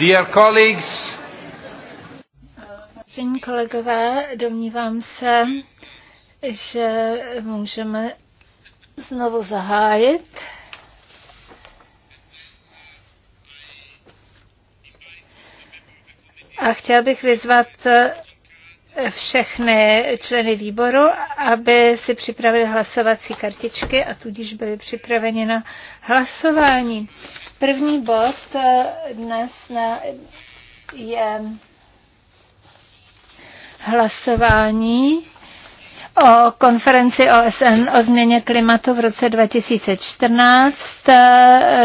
Dear colleagues, Vážení kolegové, domnívám se, že můžeme znovu zahájit. A chtěl bych vyzvat všechny členy výboru, aby si připravili hlasovací kartičky a tudíž byli připraveni na hlasování. První bod eh, dnes je hlasování o konferenci OSN o změně klimatu v roce 2014 eh,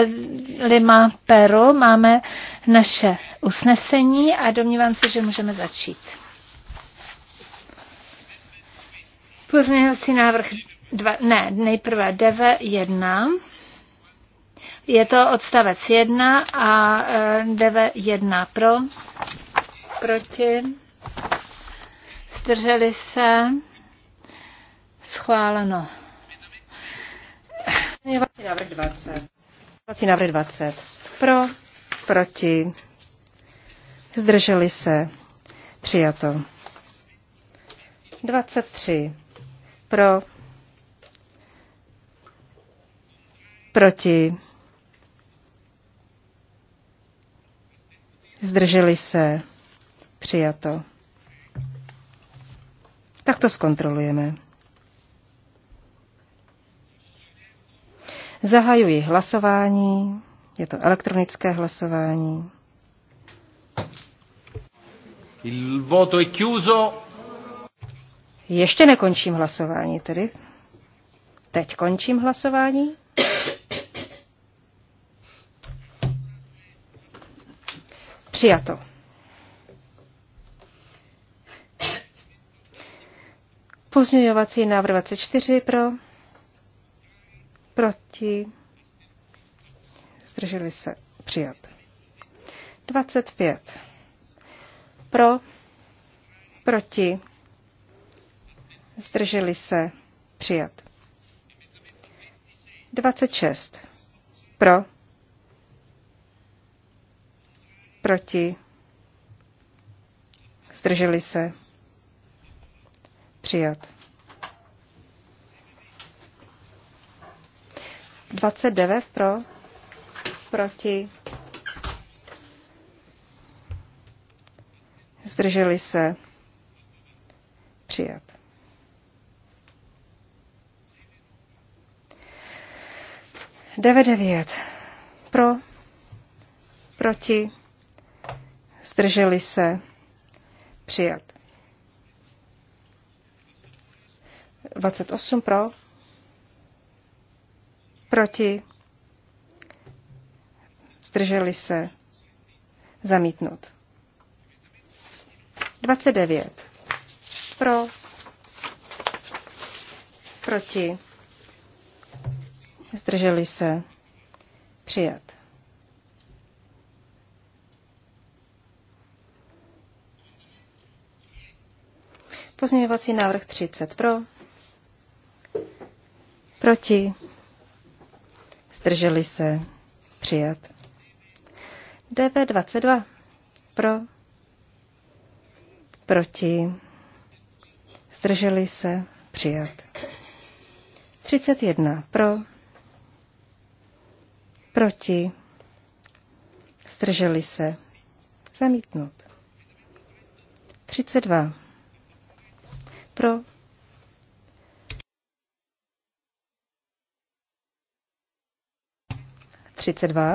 Lima, Peru. Máme naše usnesení a domnívám se, že můžeme začít. Pozměňovací návrh dva, ne, nejprve 9.1. Je to odstavec 1 a 9, e, pro, proti, zdrželi se, schváleno. Pozměňovací návrh 20. Pozměňovací návrh 20. Pro, proti, zdrželi se, přijato. 23. Pro, Proti? Zdrželi se? Přijato. Tak to zkontrolujeme. Zahajuji hlasování. Je to elektronické hlasování. Il voto è chiuso. Ještě nekončím hlasování tedy. Teď končím hlasování. Přijato. Pozměňovací návrh 24 pro, proti, zdrželi se, přijat. 25 pro, proti, zdrželi se, přijat. 26 pro, Proti? Zdrželi se? Přijat. 29 pro? Proti? Zdrželi se? Přijat. Devět devět. Pro, proti, zdrželi se, přijat. 28 pro, proti, zdrželi se, zamítnut. 29 pro, proti, zdrželi se, přijat. Pozměňovací návrh 30 pro. Proti. Zdrželi se. Přijat. DV22 pro. Proti. Zdrželi se. Přijat. 31 pro. Proti. Zdrželi se. Zamítnut. 32 pro. Třicet dva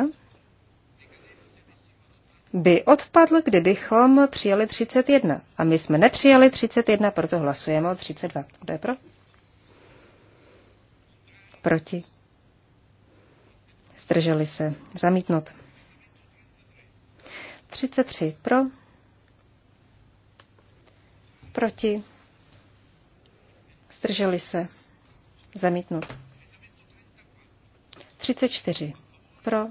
by odpadl, kdybychom přijali 31. A my jsme nepřijali 31, proto hlasujeme o 32. Kdo je pro? Proti. Zdrželi se. Zamítnout. 33 pro. Proti. Zdrželi se. Zamítnut. 34. Pro.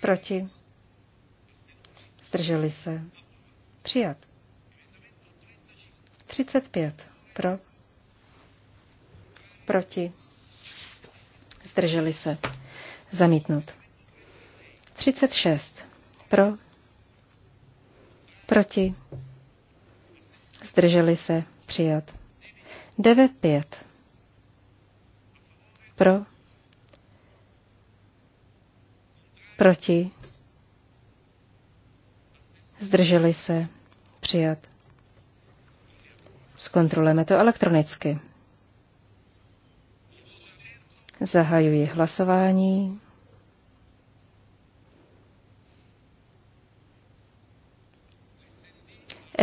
Proti. Zdrželi se. Přijat. 35. Pro. Proti. Zdrželi se. Zamítnut. 36. Pro. Proti. Zdrželi se. Přijat. 9.5. Pro. Proti. Zdrželi se. Přijat. Zkontrolujeme to elektronicky. Zahajuji hlasování.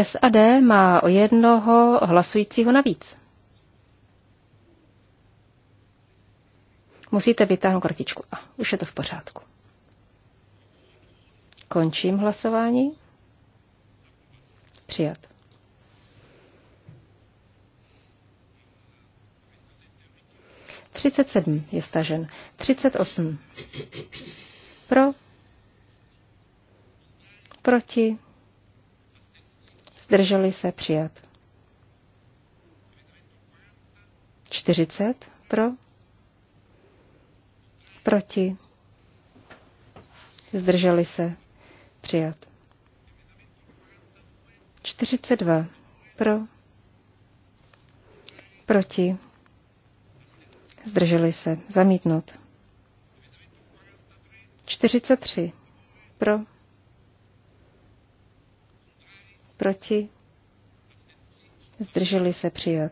SAD má o jednoho hlasujícího navíc. Musíte vytáhnout kartičku. A už je to v pořádku. Končím hlasování. Přijat. Třicet sedm je stažen. Třicet osm. Pro. Proti zdrželi se přijat. 40 pro, proti, zdrželi se přijat. 42 pro, proti, zdrželi se zamítnout. 43 pro, Proti? Zdrželi se přijat.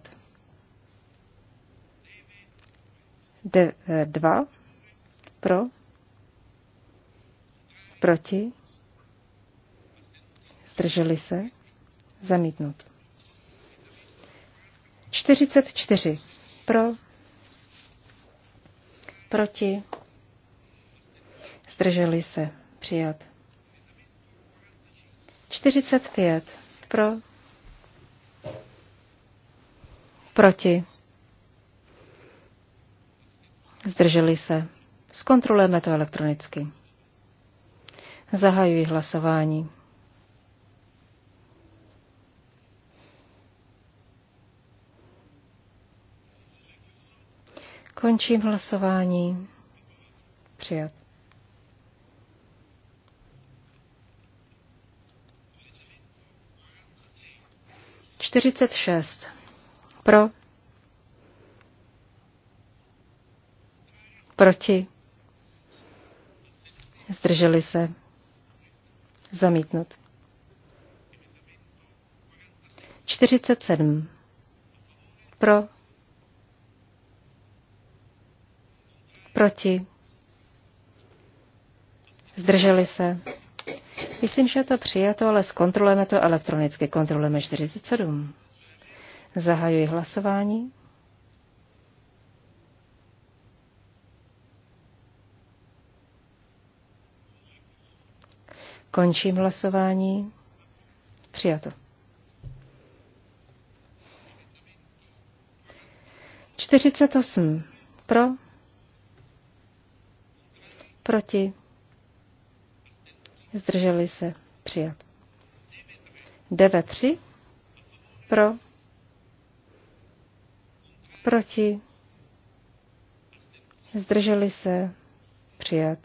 De, eh, dva. Pro? Proti? Zdrželi se? zamítnout. 44. Pro? Proti? Zdrželi se? Přijat. 45 pro? Proti. Zdrželi se. Zkontrolujeme to elektronicky. Zahajuji hlasování. Končím hlasování. Přijat. 46. Pro. Proti. Zdrželi se. Zamítnut. 47. Pro. Proti. Zdrželi se. Myslím, že je to přijato, ale zkontrolujeme to elektronicky. Kontrolujeme 47. Zahajuji hlasování. Končím hlasování. Přijato. 48. Pro. Proti zdrželi se přijat. 9-3 pro, proti, zdrželi se přijat.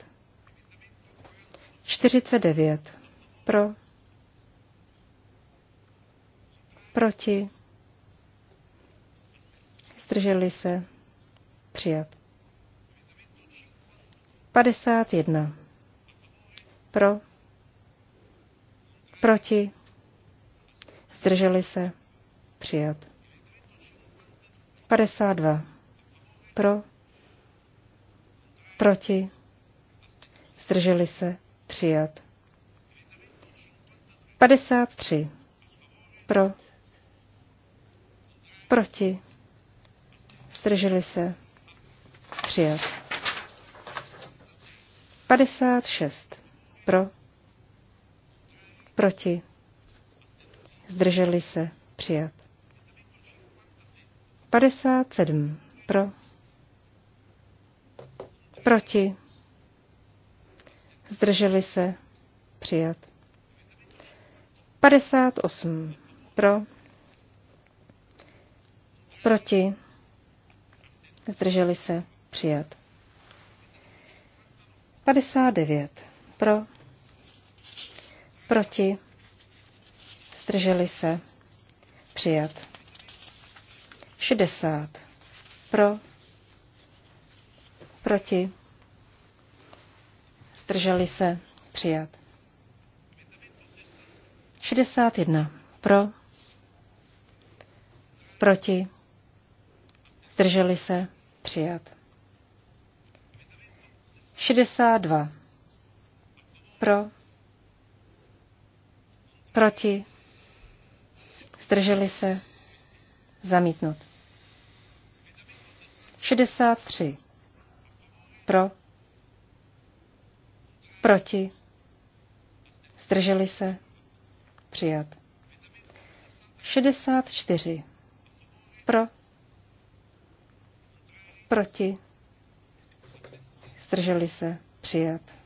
49 pro, proti, zdrželi se přijat. 51 pro, Proti? Zdrželi se? Přijat. 52. Pro? Proti? Zdrželi se? Přijat. 53. Pro? Proti? Zdrželi se? Přijat. 56. Pro? Proti. Zdrželi se. Přijat. 57. Pro. Proti. Zdrželi se. Přijat. 58. Pro. Proti. Zdrželi se. Přijat. 59. Pro. Proti? Zdrželi se? Přijat. 60. Pro? Proti? Zdrželi se? Přijat. 61. Pro? Proti? Zdrželi se? Přijat. 62. Pro? Proti? Zdrželi se? Zamítnut. 63. Pro? Proti? Zdrželi se? Přijat. 64. Pro? Proti? Zdrželi se? Přijat.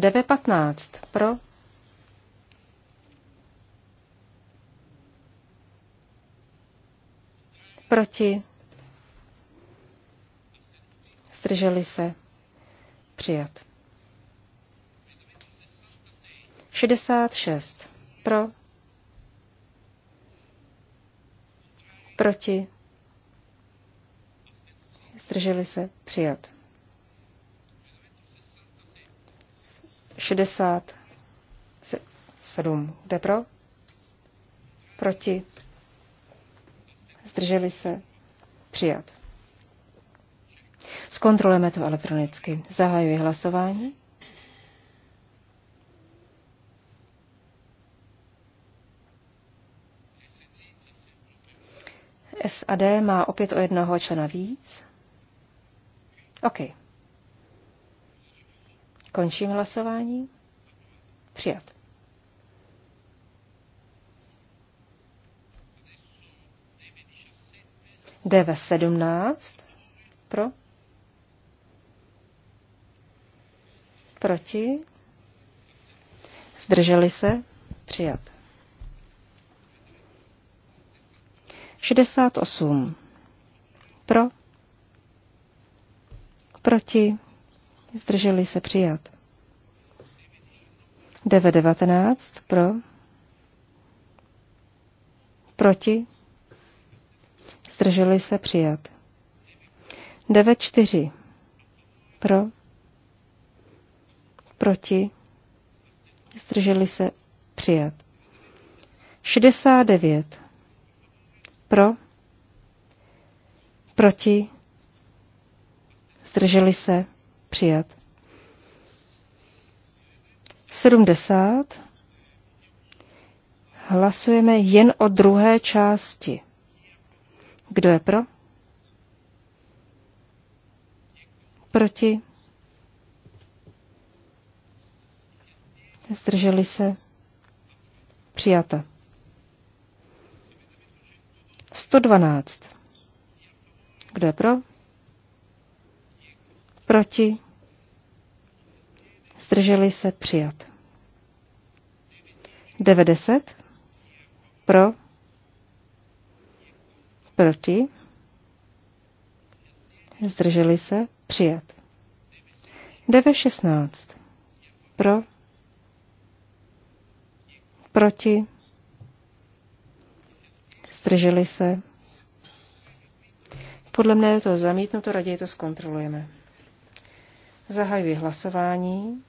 9.15 pro. Proti. Zdrželi se. Přijat. 66 pro. Proti. Zdrželi se. Přijat. 67. Kde pro? Proti? Zdrželi se? Přijat. Zkontrolujeme to elektronicky. Zahajuji hlasování. SAD má opět o jednoho člena víc. OK. Končím hlasování. Přijat. DV17 pro. Proti. Zdrželi se. Přijat. 68 pro. Proti zdrželi se přijat. 9.19 pro, proti, zdrželi se přijat. 9.4 pro, proti, zdrželi se přijat. 69 pro, proti, zdrželi se přijat. Přijat. 70. Hlasujeme jen o druhé části. Kdo je pro? Proti? Zdrželi se? Přijata. 112. Kdo je pro? Proti? Zdrželi se přijat. 90. Pro? Proti? Zdrželi se přijat. 9.16. Pro? Proti? Zdrželi se? Podle mne je to zamítnuto, raději to zkontrolujeme. Zahajuji hlasování.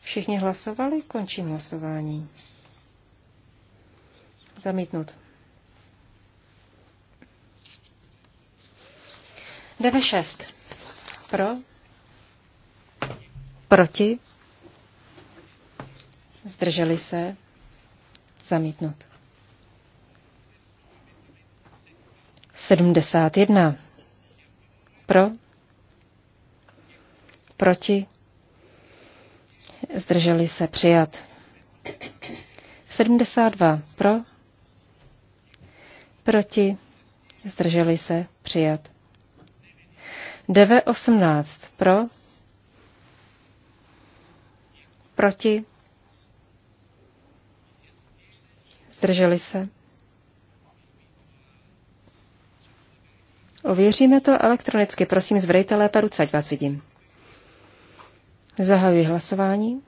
Všichni hlasovali? Končím hlasování. Zamítnut. Jdeme šest. Pro. Proti. Zdrželi se. Zamítnut. 71. Pro? Proti? Zdrželi se přijat. 72. Pro? Proti? Zdrželi se přijat. 9.18. Pro? Proti? Zdrželi se. Ověříme to elektronicky. Prosím, zvrejte lépe ruce, ať vás vidím. Zahajuji hlasování.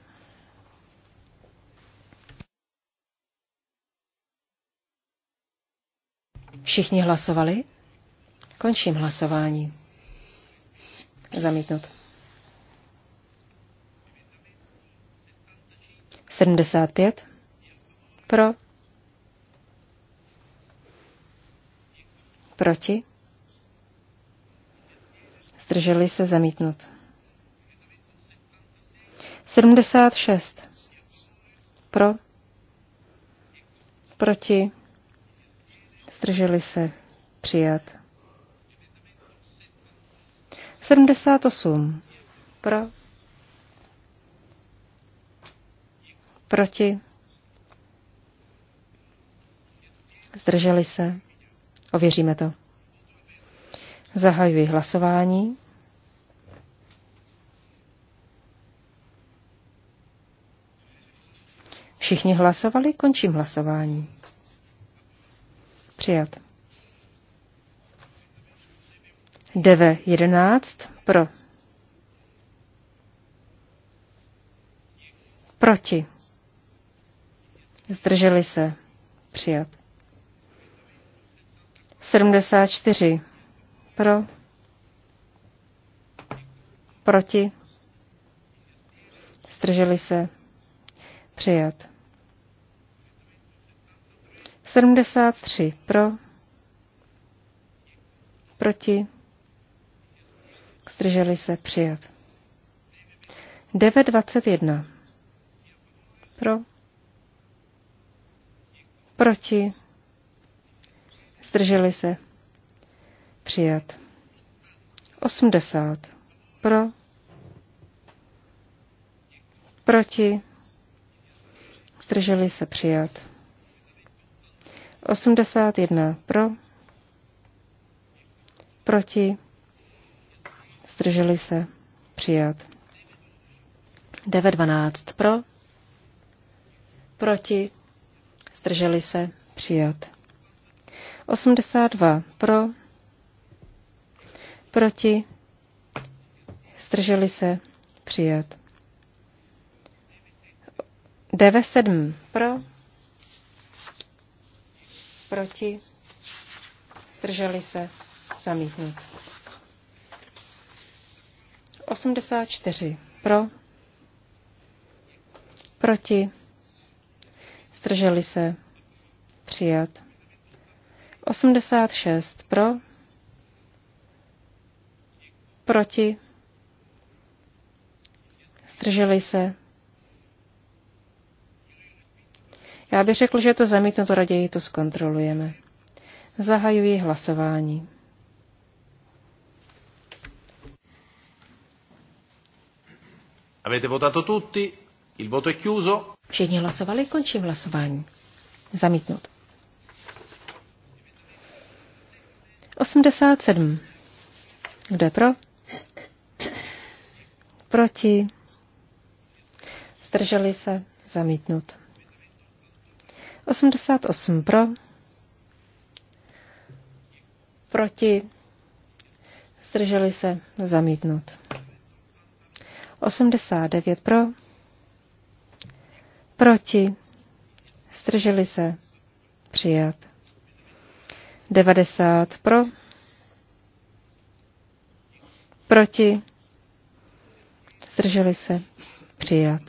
Všichni hlasovali? Končím hlasování. Zamítnut. 75. Pro. Proti zdrželi se zamítnut. 76. Pro, proti, zdrželi se přijat. 78. Pro, proti, zdrželi se. Ověříme to. Zahajuji hlasování. Všichni hlasovali, končím hlasování. Přijat. DV 11 pro. Proti. Zdrželi se. Přijat. 74 pro. Proti. strželi se. Přijat. 73 pro. Proti. strželi se. Přijat. 921 pro. Proti. Zdrželi se. Přijat. 80. Pro. Proti. Zdrželi se přijat. 81. Pro. Proti. Zdrželi se přijat. 9.12. Pro. Proti. Zdrželi se přijat. 82. Pro Proti? Zdrželi se? Přijat. DV7 pro? Proti? Zdrželi se? zamítnout. 84 pro? Proti? Zdrželi se? Přijat. 86 pro? Proti? Strželi se? Já bych řekl, že to zamítnuto raději to zkontrolujeme. Zahajuji hlasování. Avete votato tutti? Il voto è chiuso. Všichni hlasovali, končím hlasování. Zamítnut. 87. Kdo je pro? Proti? Zdrželi se? Zamítnut. 88 pro. Proti? Zdrželi se? Zamítnut. 89 pro. Proti? Zdrželi se? Přijat. 90 pro. Proti? Zdrželi se. Přijat.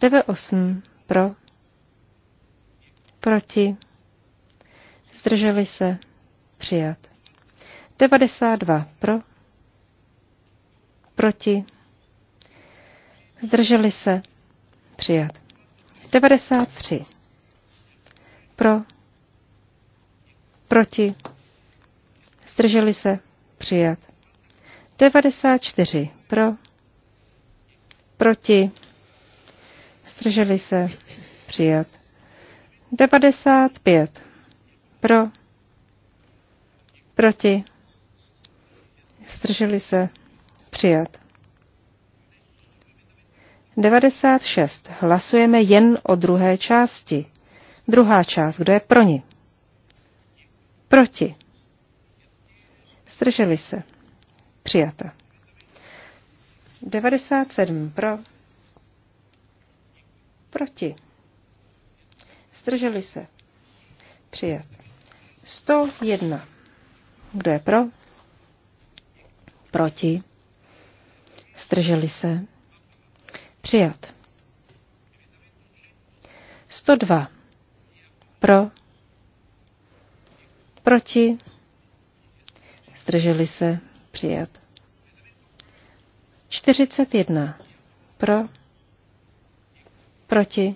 98 pro. Proti. Zdrželi se. Přijat. 92 pro. Proti. Zdrželi se. Přijat. 93 pro. Proti. Zdrželi se. Přijat. 94 pro Proti? Zdrželi se? Přijat. 95. Pro? Proti? Zdrželi se? Přijat. 96. Hlasujeme jen o druhé části. Druhá část. Kdo je pro ní? Proti. Zdrželi se. Přijata. 97 pro, proti, zdrželi se, přijat. 101, kdo je pro, proti, zdrželi se, přijat. 102 pro, proti, zdrželi se, přijat. 41 pro, proti,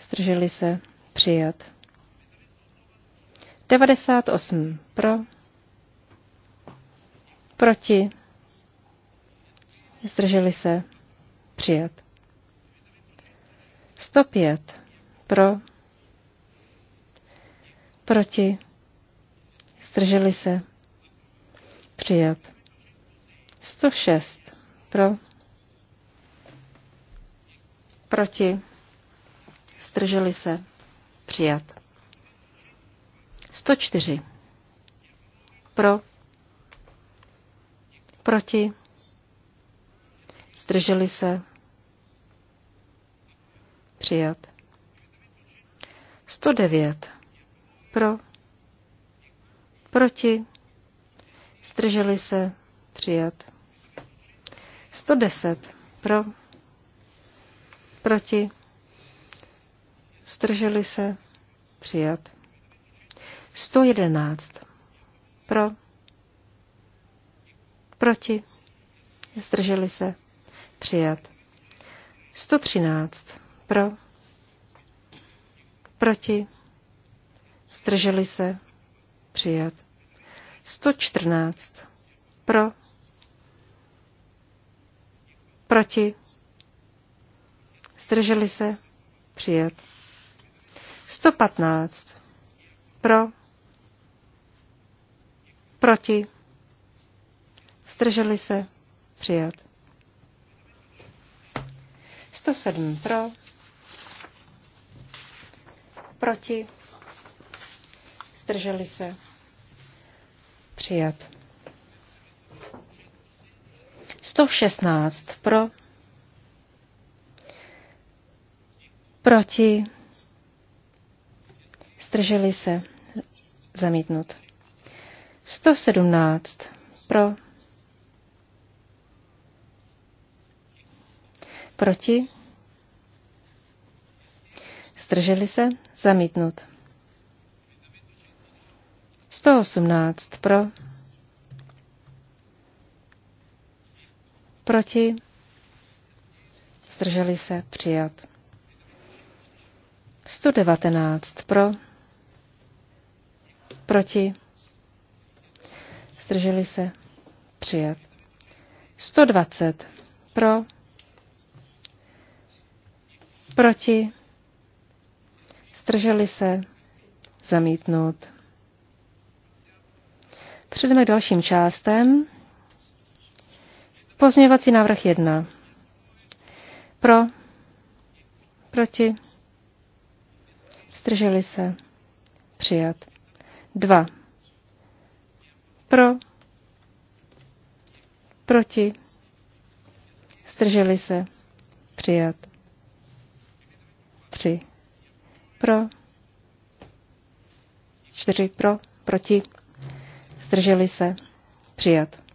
zdrželi se, přijat. 98 pro, proti, zdrželi se, přijat. 105 pro, proti, zdrželi se, přijat. 106 pro, proti, strželi se, přijat. 104 pro, proti, strželi se, přijat. 109 pro, proti, strželi se, přijat. 110 pro, proti, strželi se, přijat. 111 pro, proti, strželi se, přijat. 113 pro, proti, strželi se, přijat. 114 pro, Proti? Zdrželi se? Přijet. 115. Pro? Proti? Zdrželi se? Přijat. 107 pro, proti, zdrželi se, přijat. 116 pro, proti, strželi se, zamítnut. 117 pro, proti, strželi se, zamítnut. 118 pro, Proti? Zdrželi se přijat. 119 pro. Proti? Zdrželi se přijat. 120 pro. Proti? Zdrželi se zamítnout. Přejdeme k dalším částem. Pozměňovací návrh jedna. Pro. Proti. Zdrželi se. Přijat. Dva. Pro. Proti. Zdrželi se. Přijat. Tři. Pro. Čtyři. Pro. Proti. Zdrželi se. Přijat.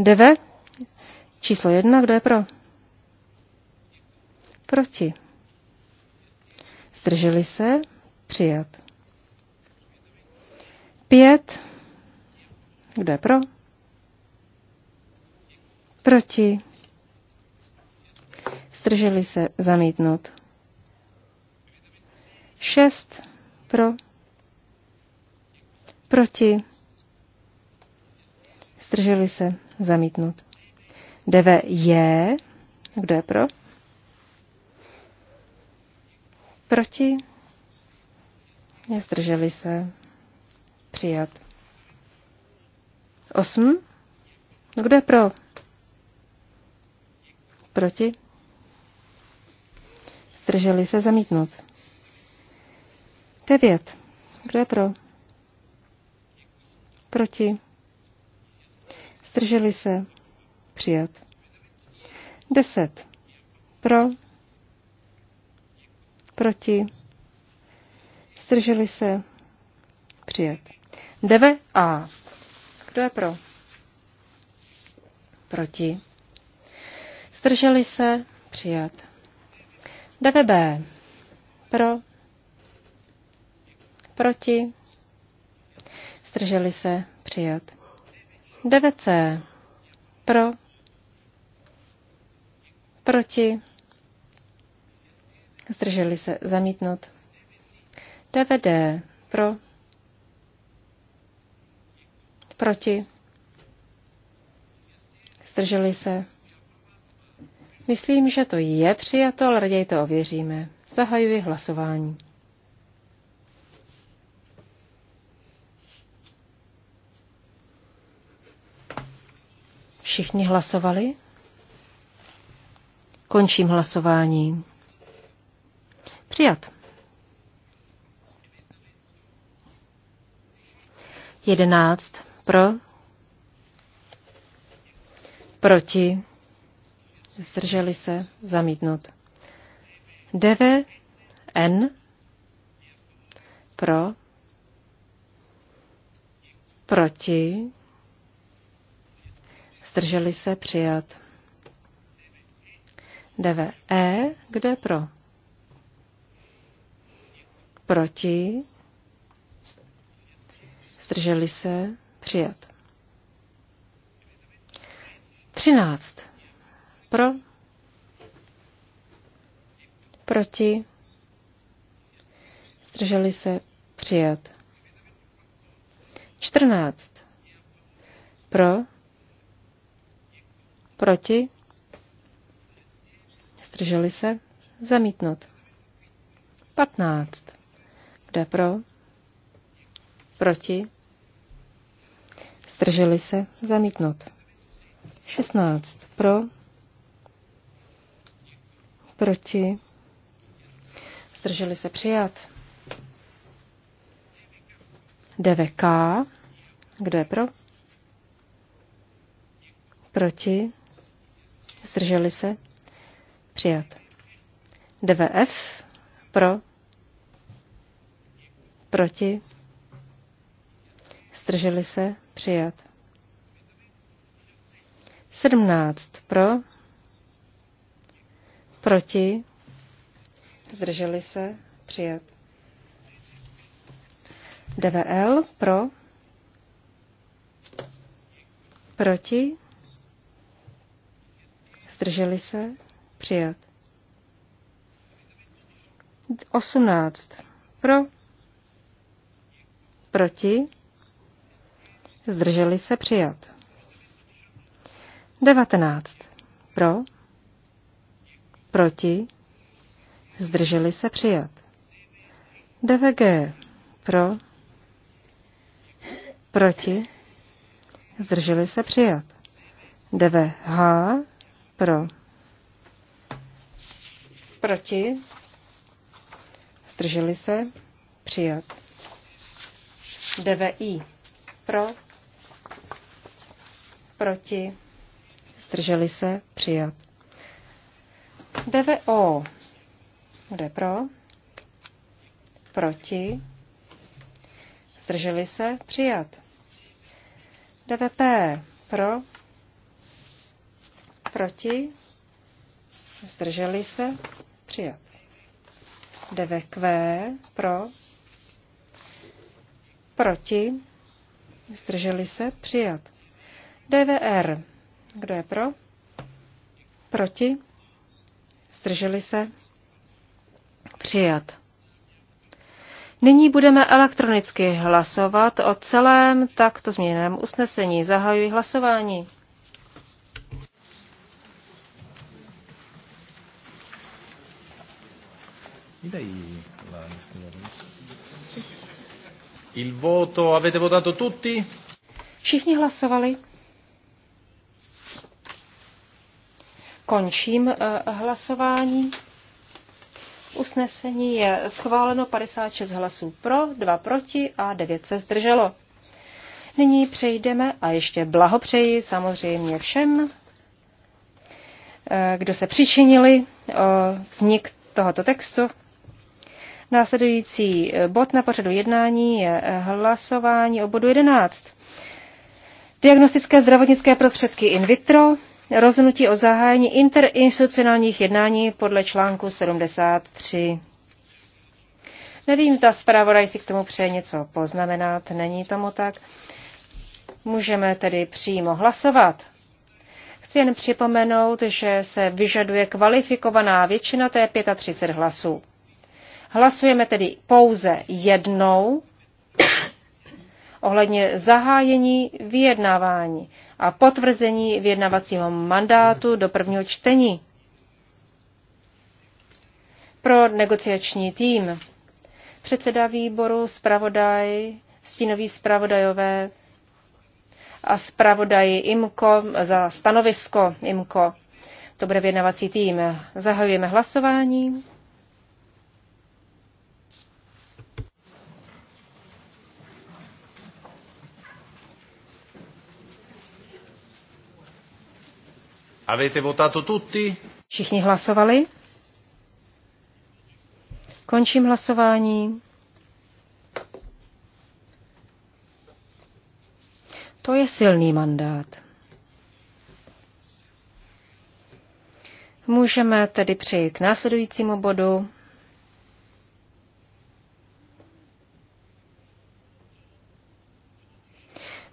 Deve. číslo jedna, kdo je pro? Proti. Zdrželi se? Přijat. Pět. Kdo je pro? Proti. Zdrželi se? Zamítnout. Šest. Pro. Proti. Zdrželi se? zamítnut. DV je, kdo je pro? Proti? Nezdrželi se. Přijat. Osm? Kdo je pro? Proti? Zdrželi se zamítnout. Devět. Kdo je pro? Proti? Zdrželi se? Přijat. deset Pro? Proti? Zdrželi se? Přijat. Deve a Kdo je pro? Proti. Zdrželi se? Přijat. Deve b Pro? Proti? Zdrželi se? Přijat. 9C. Pro. Proti. Zdrželi se zamítnout. 9D. Pro. Proti. Zdrželi se. Myslím, že to je přijato, ale raději to ověříme. Zahajuji hlasování. Všichni hlasovali? Končím hlasování. Přijat. Jedenáct pro, proti, zdrželi se, zamítnut. Deve, N, pro, proti, Zdrželi se přijat. DVE, kdo je pro? Proti? Zdrželi se přijat. 13. Pro? Proti? Zdrželi se přijat. 14. Pro? Proti? Zdrželi se? Zamítnut. 15. Kde pro? Proti? Zdrželi se? Zamítnut. 16. Pro? Proti? Zdrželi se přijat. DVK. Kdo je pro? Proti? zdrželi se, přijat. DVF pro, proti, zdrželi se, přijat. 17 pro, proti, zdrželi se, přijat. DVL pro, proti, Zdrželi se? Přijat. 18. Pro. Proti. Zdrželi se? Přijat. 19. Pro. Proti. Zdrželi se? Přijat. DVG. Pro. Proti. Zdrželi se? Přijat. DVH pro. Proti. Zdrželi se. Přijat. DVI. Pro. Proti. Zdrželi se. Přijat. DVO. Bude pro. Proti. Zdrželi se. Přijat. DVP. Pro Proti? Zdrželi se? Přijat. DVQ pro? Proti? Zdrželi se? Přijat. DVR. Kdo je pro? Proti? Zdrželi se? Přijat. Nyní budeme elektronicky hlasovat o celém takto změněném usnesení. Zahajuji hlasování. Mi dai la Sì. Il voto avete votato tutti? Všichni hlasovali. Končím uh, hlasování. Usnesení je schváleno 56 hlasů pro, 2 proti a 9 se zdrželo. Nyní přejdeme a ještě blahopřeji samozřejmě všem, eh, kdo se přičinili o eh, vznik tohoto textu. Následující eh, bod na pořadu jednání je eh, hlasování o bodu 11. Diagnostické zdravotnické prostředky in vitro, rozhodnutí o zahájení interinstitucionálních jednání podle článku 73. Nevím, zda zpravodaj si k tomu přeje něco poznamenat, není tomu tak. Můžeme tedy přímo hlasovat. Chci jen připomenout, že se vyžaduje kvalifikovaná většina, to je 35 hlasů. Hlasujeme tedy pouze jednou ohledně zahájení vyjednávání a potvrzení vyjednavacího mandátu do prvního čtení pro negociační tým. Předseda výboru, zpravodaj, stínoví zpravodajové a zpravodaji IMKO za stanovisko IMKO. To bude vyjednavací tým. Zahajujeme hlasování. Avete votato tutti? Všichni hlasovali? Končím hlasování. To je silný mandát. Můžeme tedy přejít k následujícímu bodu.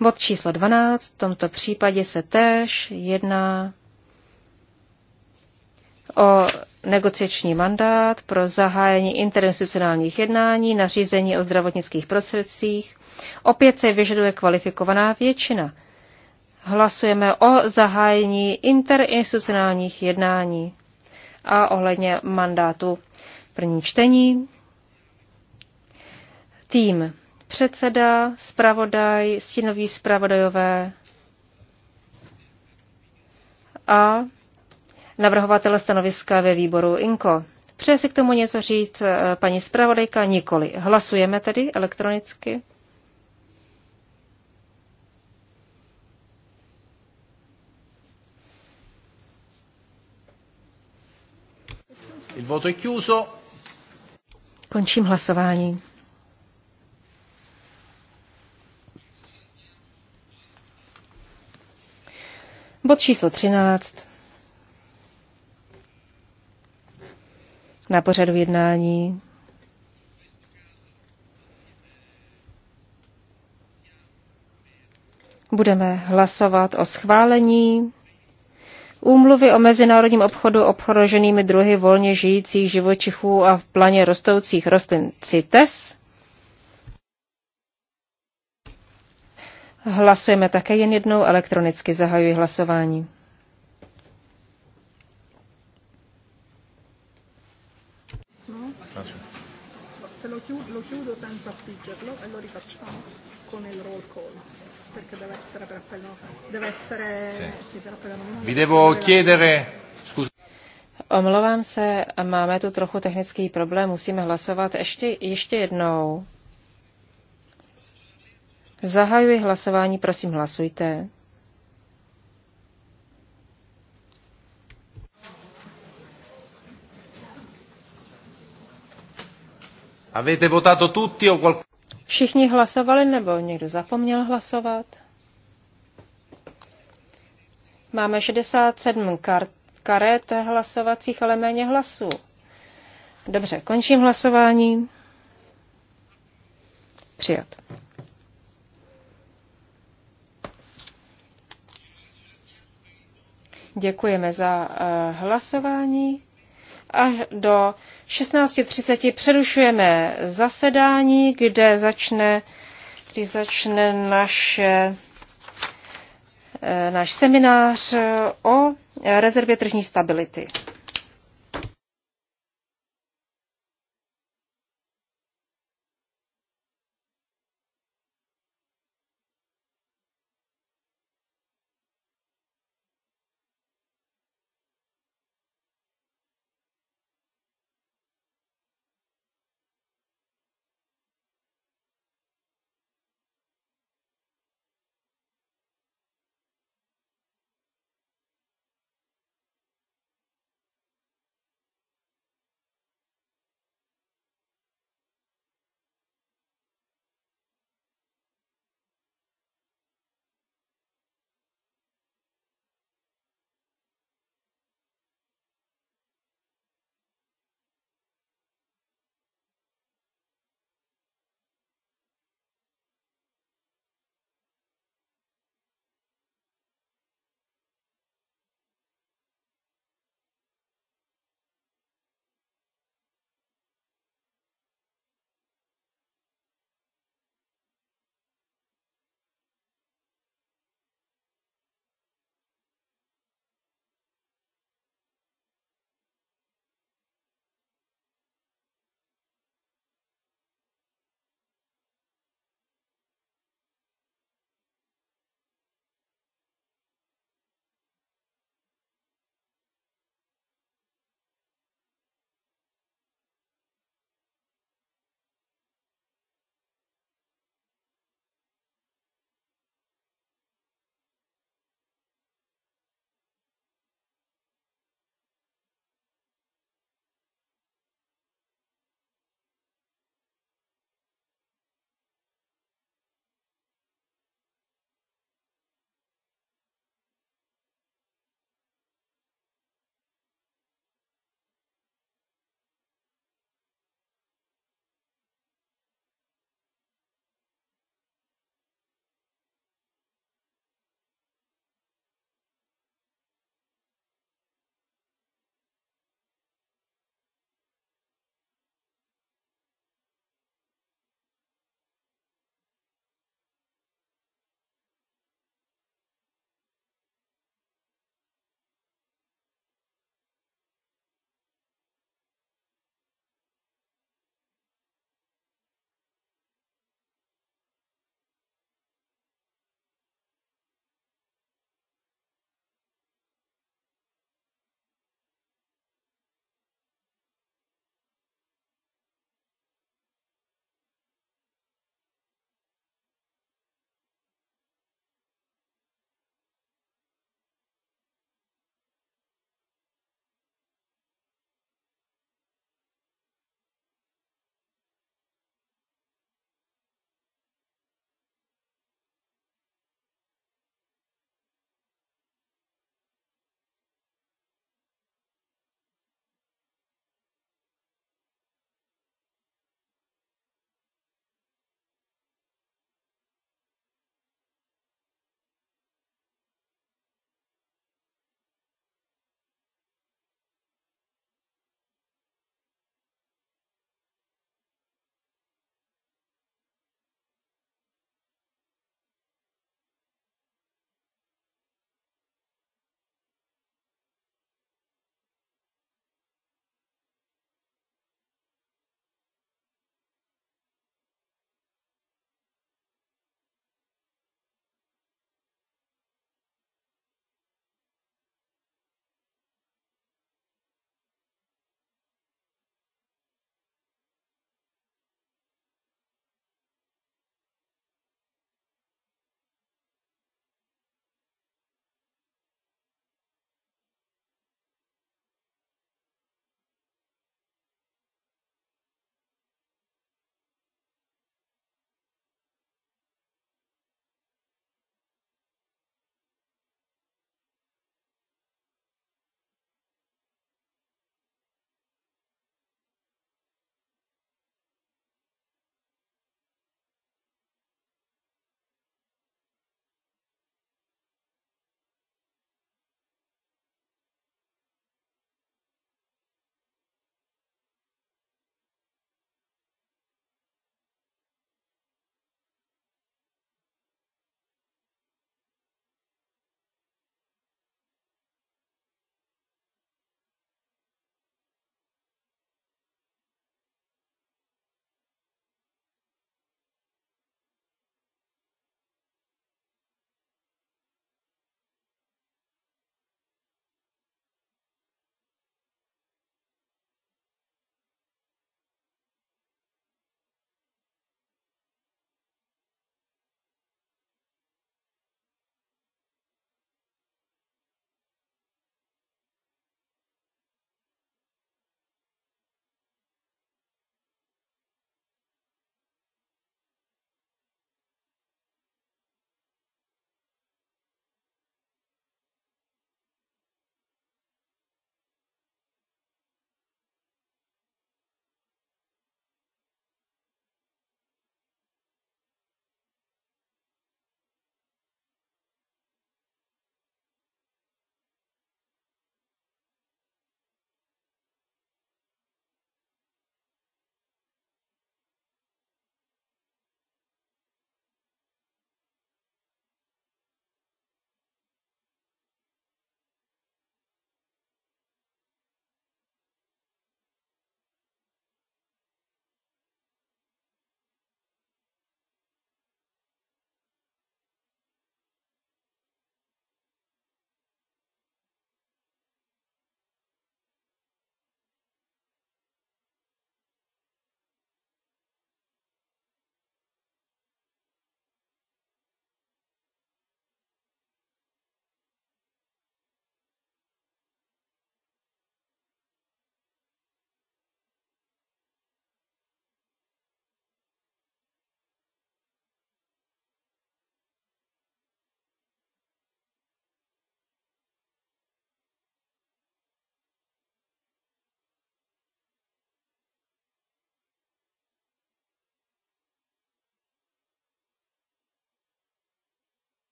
Bod číslo 12, v tomto případě se též jedná o negociační mandát pro zahájení interinstitucionálních jednání, nařízení o zdravotnických prostředcích. Opět se vyžaduje kvalifikovaná většina. Hlasujeme o zahájení interinstitucionálních jednání a ohledně mandátu první čtení. Tým předseda, zpravodaj, stínoví zpravodajové a navrhovatele stanoviska ve výboru INKO. Přeje si k tomu něco říct eh, paní zpravodajka? Nikoli. Hlasujeme tedy elektronicky. Il voto Končím hlasování. Bod číslo 13. na pořadu jednání. Budeme hlasovat o schválení úmluvy o mezinárodním obchodu obchodoženými druhy volně žijících živočichů a v planě rostoucích rostlin CITES. Hlasujeme také jen jednou elektronicky. Zahajuji hlasování. chiudo, lo chiudo senza affiggerlo e lo rifacciamo con il roll call perché deve essere per appello, deve essere, sì. Sì, per appello nominale. Vi devo chiedere, scusa. Omlouvám se, máme tu trochu technický problém, musíme hlasovat ještě, ještě jednou. Zahajuji hlasování, prosím hlasujte. Avete votato tutti o qualcuno? Všichni hlasovali nebo někdo zapomněl hlasovat? Máme 67 kar- karet hlasovacích, ale méně hlasů. Dobře, končím hlasování. Přijat. Děkujeme za eh, hlasování a do 16.30 přerušujeme zasedání, kde začne, kdy začne naše, eh, náš seminář o rezervě tržní stability.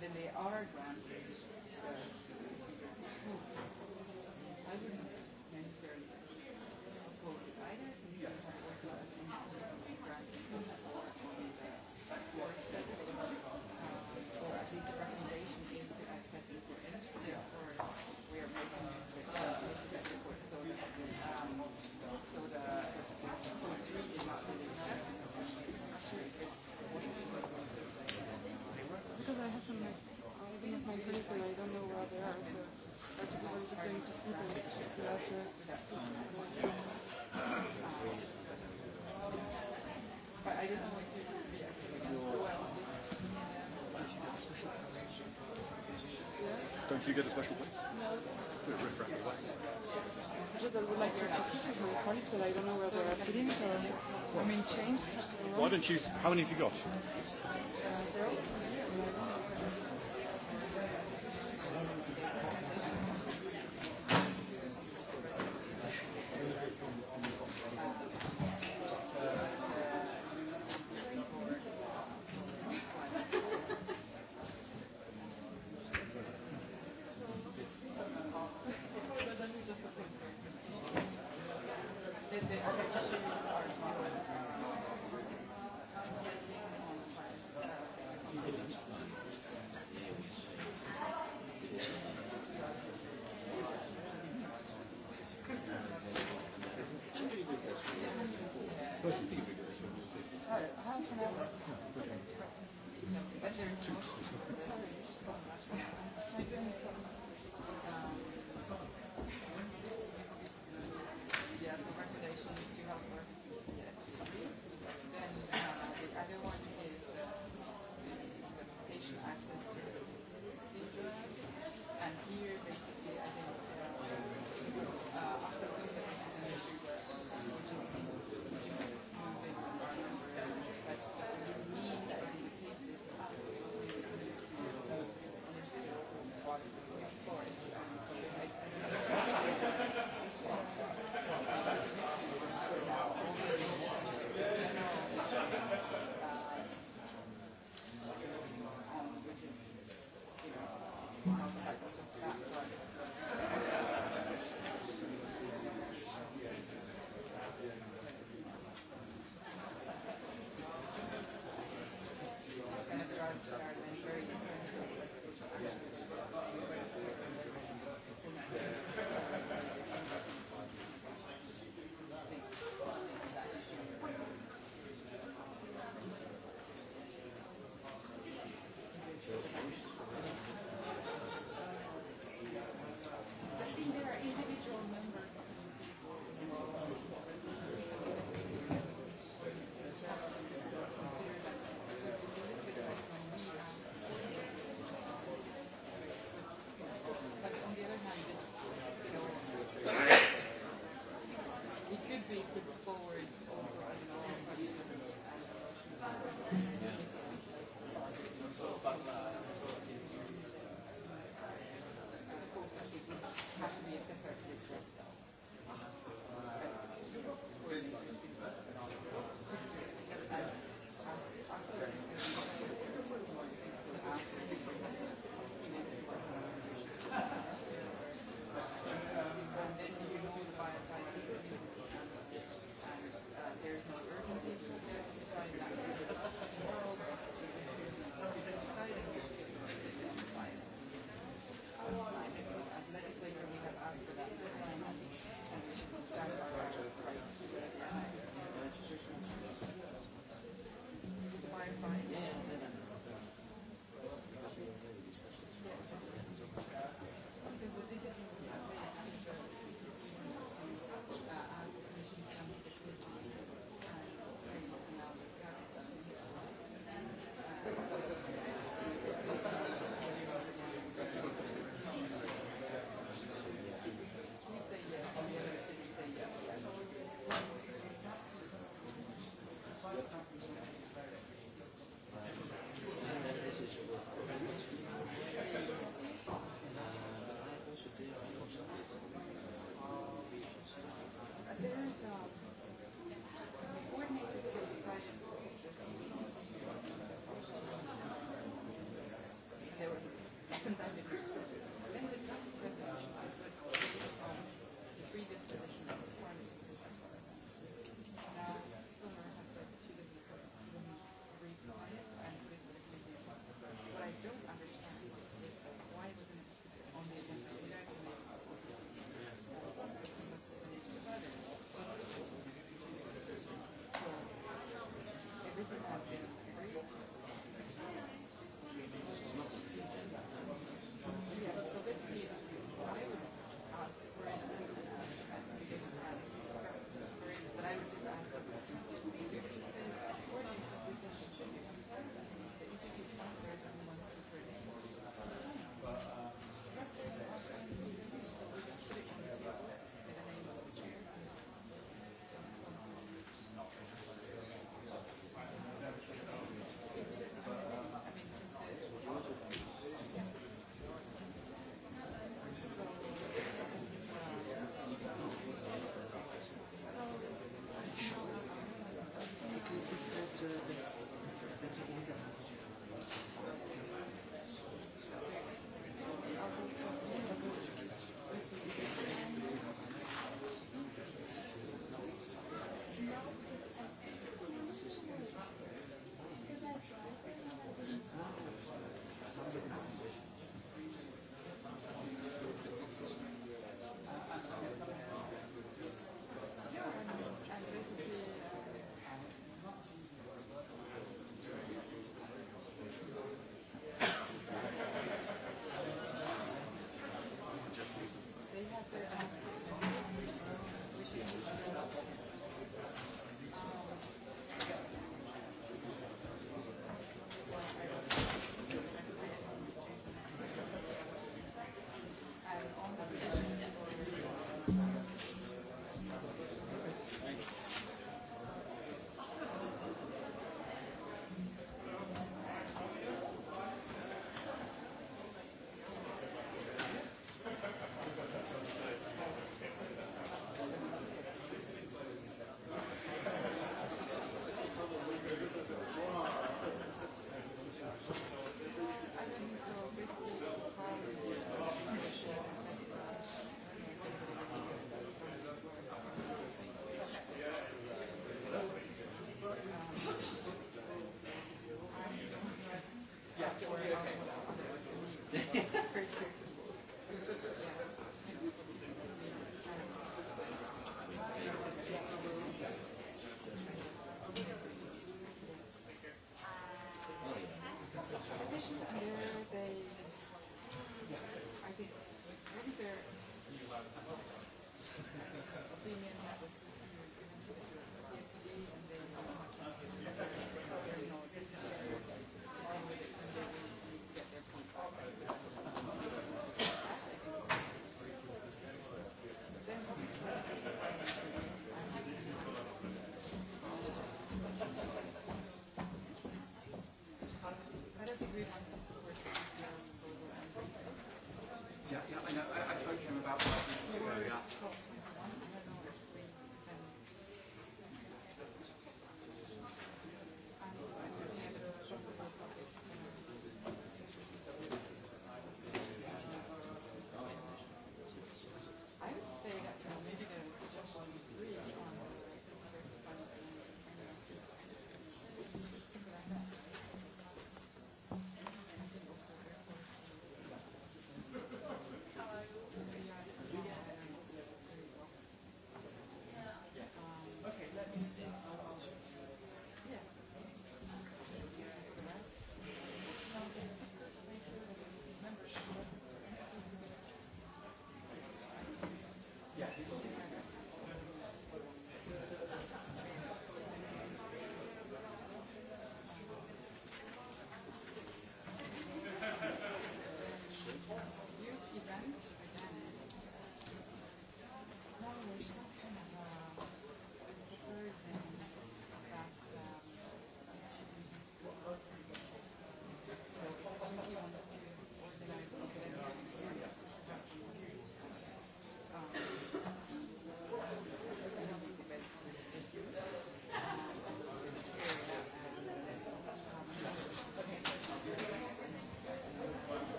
than they are Don't you get a special place? No. Good referendum. Just I would like to see my colleagues, but I don't know where they are sitting, so I mean, change. Why don't you? How many have you got? Uh,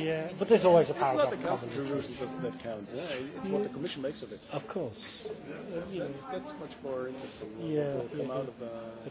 Yeah, but there's always a paragraph. It's not the council rules that, that count. Yeah, it's yeah. what the commission makes of it. Of course. Yeah, that's, yeah. that's, that's much more interesting. Yeah, yeah, come yeah. out of uh,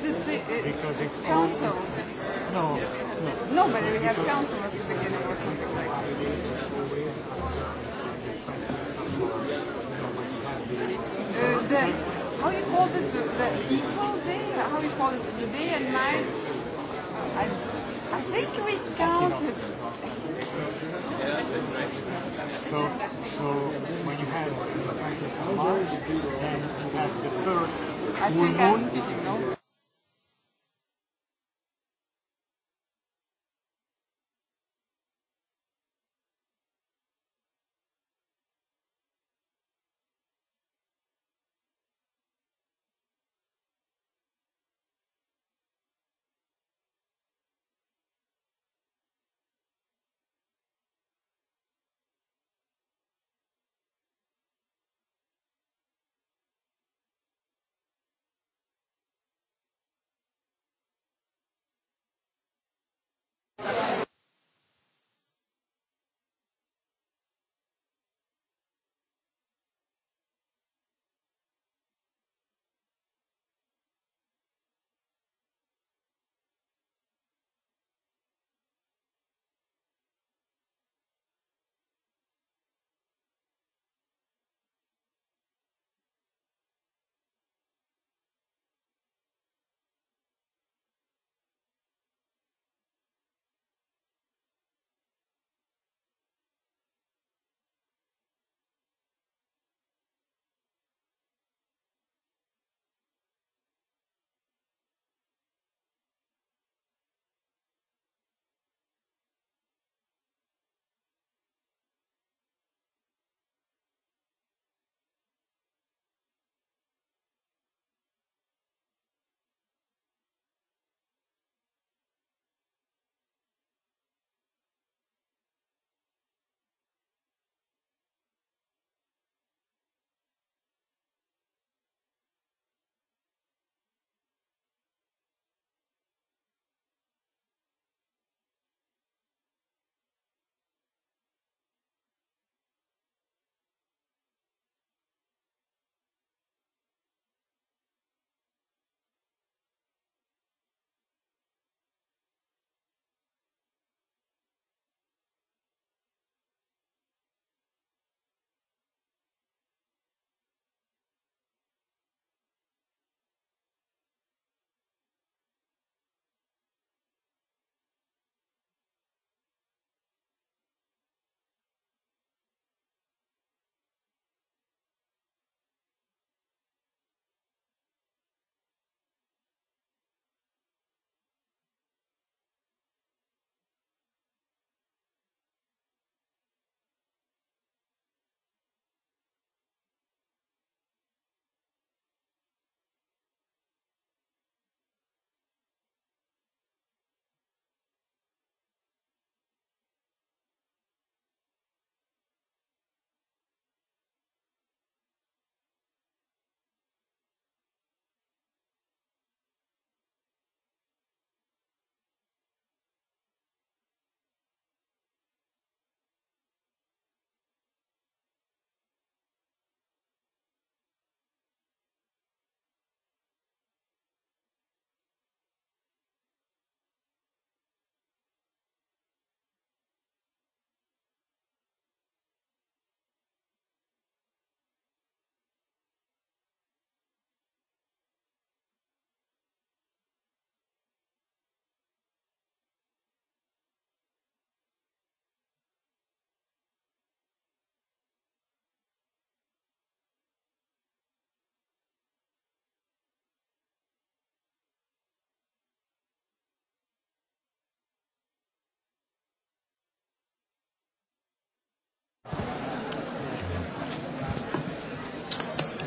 because it's, it, because it's, it's council. No, no. No, but we had council at the beginning or something like that. Uh, the, how you call this the, the equal day? How you call it the day and night? I, I think we counted. So, so when you have the Salah, then you have the first full moon,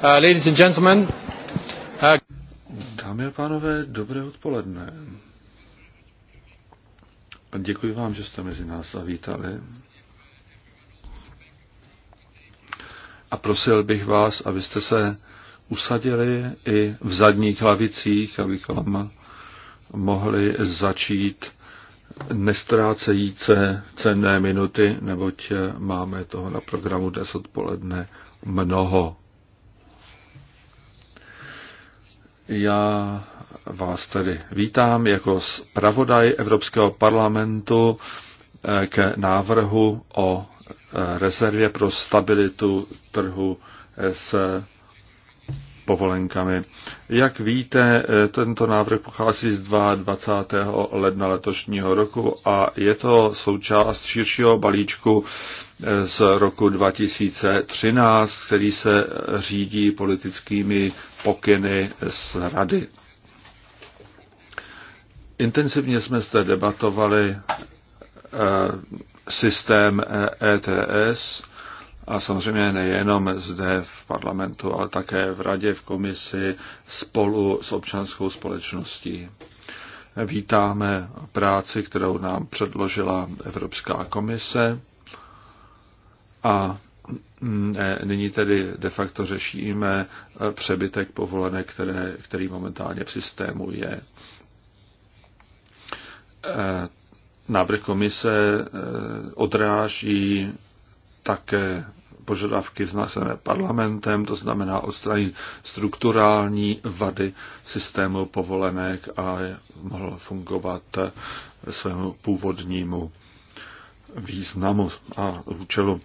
Uh, uh, Dámy a pánové, dobré odpoledne. Děkuji vám, že jste mezi nás zavítali. A prosil bych vás, abyste se usadili i v zadních lavicích, abychom mohli začít nestrácejíce cenné minuty, neboť máme toho na programu 10 odpoledne mnoho. Já vás tedy vítám jako zpravodaj Evropského parlamentu eh, k návrhu o eh, rezervě pro stabilitu trhu s povolenkami. Jak víte, eh, tento návrh pochází z 22. ledna letošního roku a je to součást širšího balíčku eh, z roku 2013, který se řídí politickými pokyny z Rady. Intenzivně jsme zde debatovali eh, systém ETS, e a samozřejmě nejenom zde v parlamentu, ale také v radě, v komisi spolu s občanskou společností. Vítáme práci, kterou nám předložila Evropská komise a mm, e, nyní tedy de facto řešíme e, přebytek povolenek, které, který momentálně v systému je. E, návrh komise odráží také požadavky vznesené parlamentem, to znamená odstranit strukturální vady systému povolenek a mohl fungovat svému původnímu významu a účelu.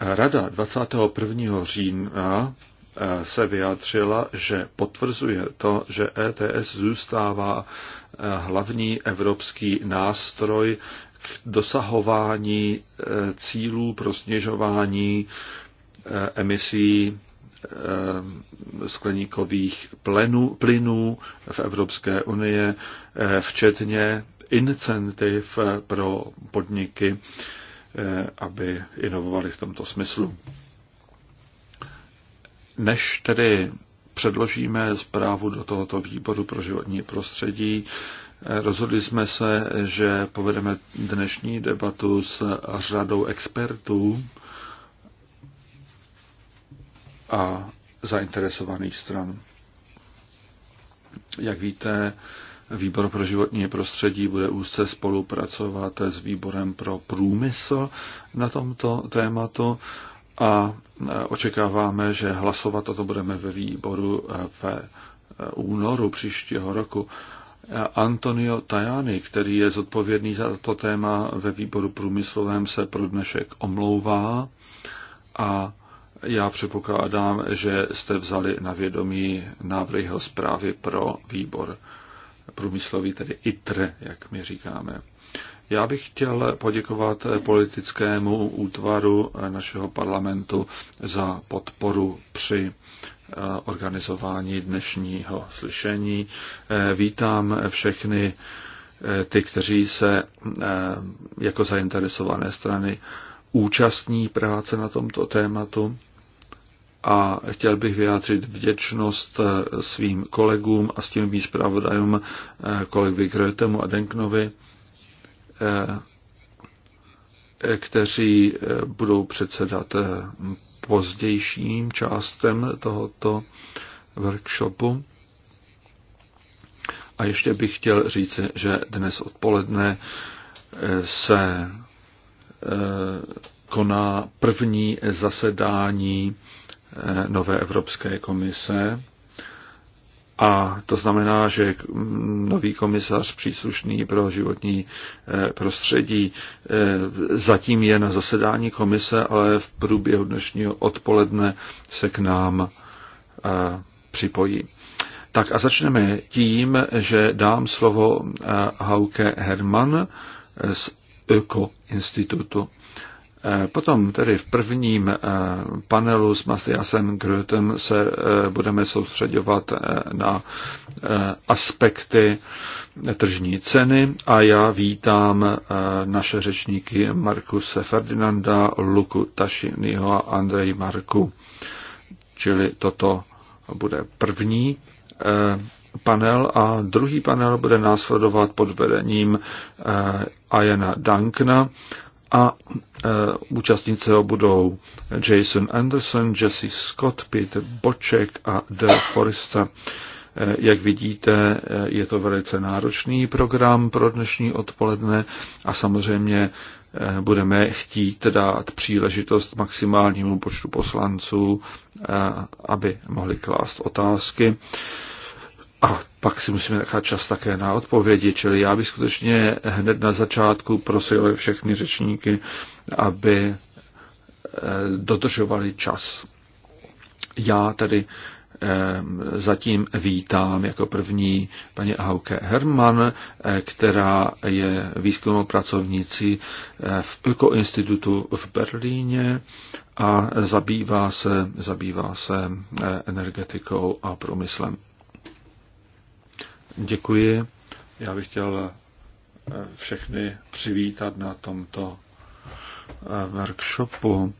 Rada 21. října eh, se vyjádřila, že potvrzuje to, že ETS zůstává eh, hlavní evropský nástroj dosahování eh, cílů pro snižování eh, emisí eh, skleníkových plenů, plynů v Evropské unie, včetně incentiv pro podniky, aby inovovali v tomto smyslu. Než tedy předložíme zprávu do tohoto výboru pro životní prostředí. Rozhodli jsme se, že povedeme dnešní debatu s řadou expertů a zainteresovaných stran. Jak víte, Výbor pro životní prostředí bude úzce spolupracovat s Výborem pro průmysl na tomto tématu a e, očekáváme, že hlasovat o to budeme ve výboru e, v e, únoru příštího roku. Antonio Tajani, který je zodpovědný za to téma ve výboru průmyslovém, se pro dnešek omlouvá a já předpokládám, že jste vzali na vědomí návrh jeho zprávy pro výbor průmyslový, tedy ITR, jak my říkáme. Já bych chtěl poděkovat politickému útvaru našeho parlamentu za podporu při eh, organizování dnešního slyšení. Eh, vítám všechny eh, ty, kteří se jako zainteresované strany účastní práce na tomto tématu a chtěl bych vyjádřit vděčnost svým kolegům a s tím výzpravodajům kolegovi Grötemu a Denknovi Eh, kteří eh, budou předsedat eh, pozdějším částem tohoto workshopu. A ještě bych chtěl říct, že dnes odpoledne se koná první zasedání nové Evropské komise a to znamená, že nový komisař příslušný pro životní eh, prostředí eh, zatím je na zasedání komise, ale v průběhu dnešního odpoledne se k nám eh, připojí. Tak a začneme tím, že dám slovo Hauke Hermann z Öko institutu. Eh, potom tedy v prvním eh, panelu s Matthiasem Grötem se eh, budeme soustředovat na aspekty tržní ceny a já vítám naše řečníky Markuse Ferdinanda, Luku Tašinyho a Andrej Marku. Čili toto bude první panel a druhý panel bude následovat pod vedením Ajena Dankna a Eh, Účastnit se ho budou Jason Anderson, Jesse Scott, Peter Boček a The Forrester. Eh, jak vidíte, eh, je to velice náročný program pro dnešní odpoledne a samozřejmě budeme chtít dát příležitost maximálnímu počtu poslanců, aby mohli klást otázky. A pak si musíme nechat čas také na odpovědi, čili já bych skutečně hned na začátku prosil všechny řečníky, aby eh, dodržovali čas. Já tady eh, zatím vítám jako první paní Hauke Hermann, eh, která je výzkumnou pracovnicí v Ökoinstitutu v Berlíně a zabývá se, zabývá se energetikou a průmyslem. Děkuji. Já bych chtěl eh, všechny přivítat na tomto eh, workshopu.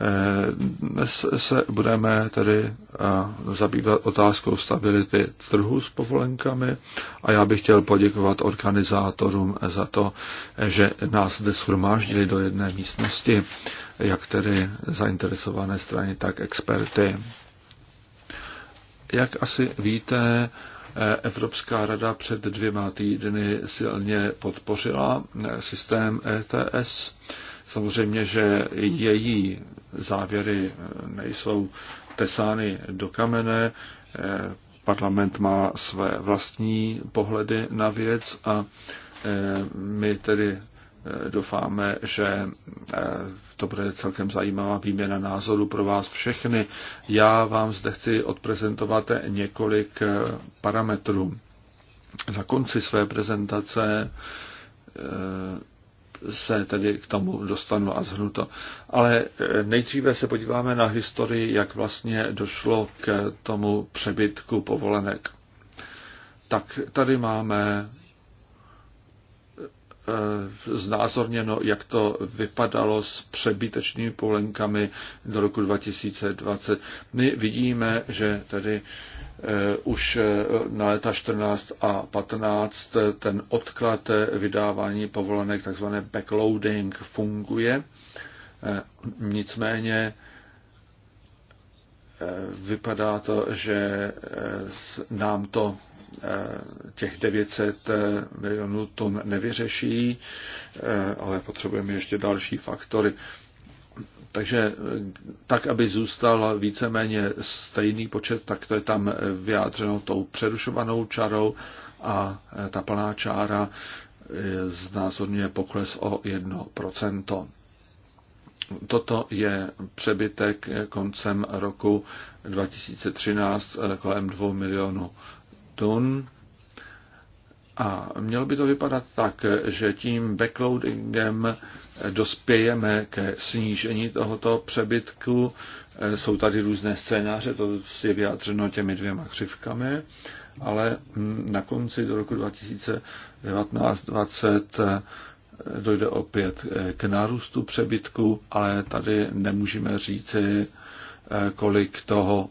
Eh, dnes se budeme tedy zabývat otázkou stability trhu s povolenkami a já bych chtěl poděkovat organizátorům za to, že nás zde shromáždili do jedné místnosti, jak tedy zainteresované strany, tak experty. Jak asi víte, Evropská rada před dvěma týdny silně podpořila systém ETS. Samozřejmě, že její závěry nejsou tesány do kamene. Parlament má své vlastní pohledy na věc a e, my tedy e, doufáme, že e, to bude celkem zajímavá výměna názoru pro vás všechny. Já vám zde chci odprezentovat několik eh, parametrů. Na konci své prezentace eh, se tedy k tomu dostanu a zhrnu to. Ale eh, nejdříve se podíváme na historii, jak vlastně došlo k tomu přebytku povolenek. Tak tady máme Eh, znázorněno, jak to vypadalo s přebytečnými polenkami do roku 2020. My vidíme, že tedy eh, už eh, na leta 14 a 15 ten odklad vydávání povolenek, takzvané backloading, funguje. Nicméně vypadá to, že nám to těch 900 eh, milionů tun nevyřeší, eh, ale potřebujeme ještě další faktory. Takže eh, tak, aby zůstal víceméně stejný počet, tak to je tam vyjádřeno tou přerušovanou čarou a ta plná čára znázorňuje pokles o 1%. Toto je přebytek koncem roku 2013 kolem 2 milionů tun. A mělo by to vypadat tak, že tím backloadingem dospějeme ke snížení tohoto přebytku. Jsou tady různé scénáře, to je vyjádřeno těmi dvěma křivkami, ale na konci do roku 2019-2020 dojde opět k nárůstu přebytku, ale tady nemůžeme říci, kolik toho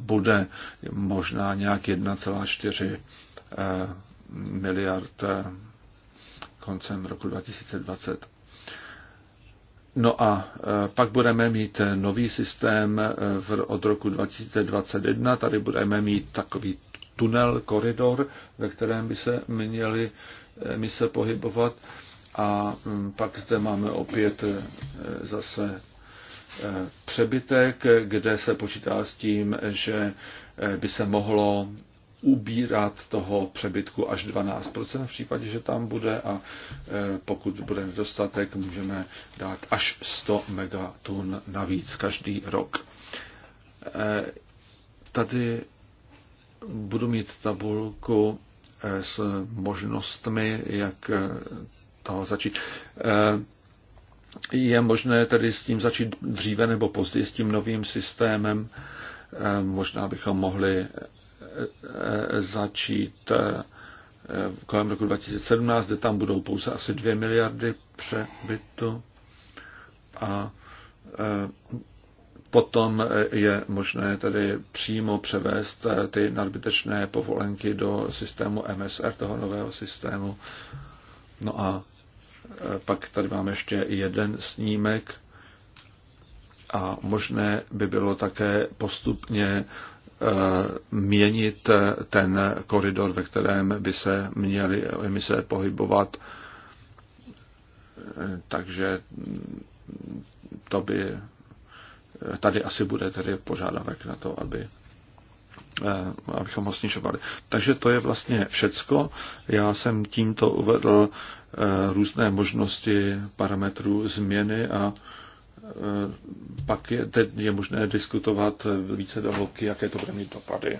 bude, možná nějak 1,4 eh, miliard eh, koncem roku 2020. No a eh, pak budeme mít nový systém od roku 2021. Tady budeme mít takový tunel, koridor, ve kterém by se měli my se pohybovat. A mm, pak zde máme opět zase přebytek, kde se počítá s tím, že eh, by se mohlo ubírat toho přebytku až 12% v případě, že tam bude a eh, pokud bude nedostatek, můžeme dát až 100 megatun navíc každý rok. Eh, tady budu mít tabulku s možnostmi, jak toho začít. Je možné tedy s tím začít dříve nebo později s tím novým systémem. Eh, možná bychom mohli eh, eh, začít kolem roku 2017, kde tam budou pouze asi 2 miliardy přebytu a potom je možné tedy přímo převést ty nadbytečné povolenky do systému MSR, toho nového systému. No a Eh, pak tady máme ještě jeden snímek a možné by bylo také postupně eh, měnit ten koridor, ve kterém by se měly emise eh, pohybovat. Takže mm, to by, tady asi bude tedy požádavek na to, aby abychom ho snižovali. Takže to je vlastně všecko. Já jsem tímto uvedl Eh, různé možnosti parametrů změny a eh, pak je, teď je možné diskutovat více do hloubky, jaké to bude mít dopady.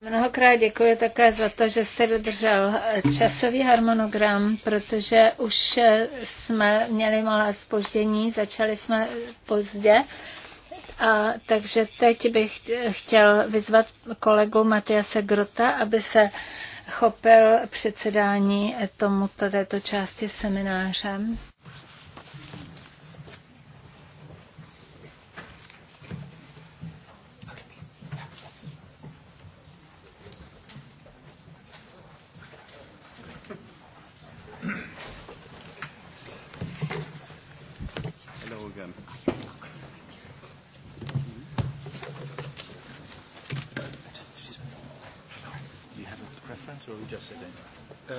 Mnohokrát děkuji také za to, že jste dodržel eh, časový harmonogram, protože už jsme měli malé spoždění, začali jsme pozdě. A, takže teď bych chtěl vyzvat kolegu Matiase Grota, aby se chopil předsedání tomuto této části semináře. just said Uh,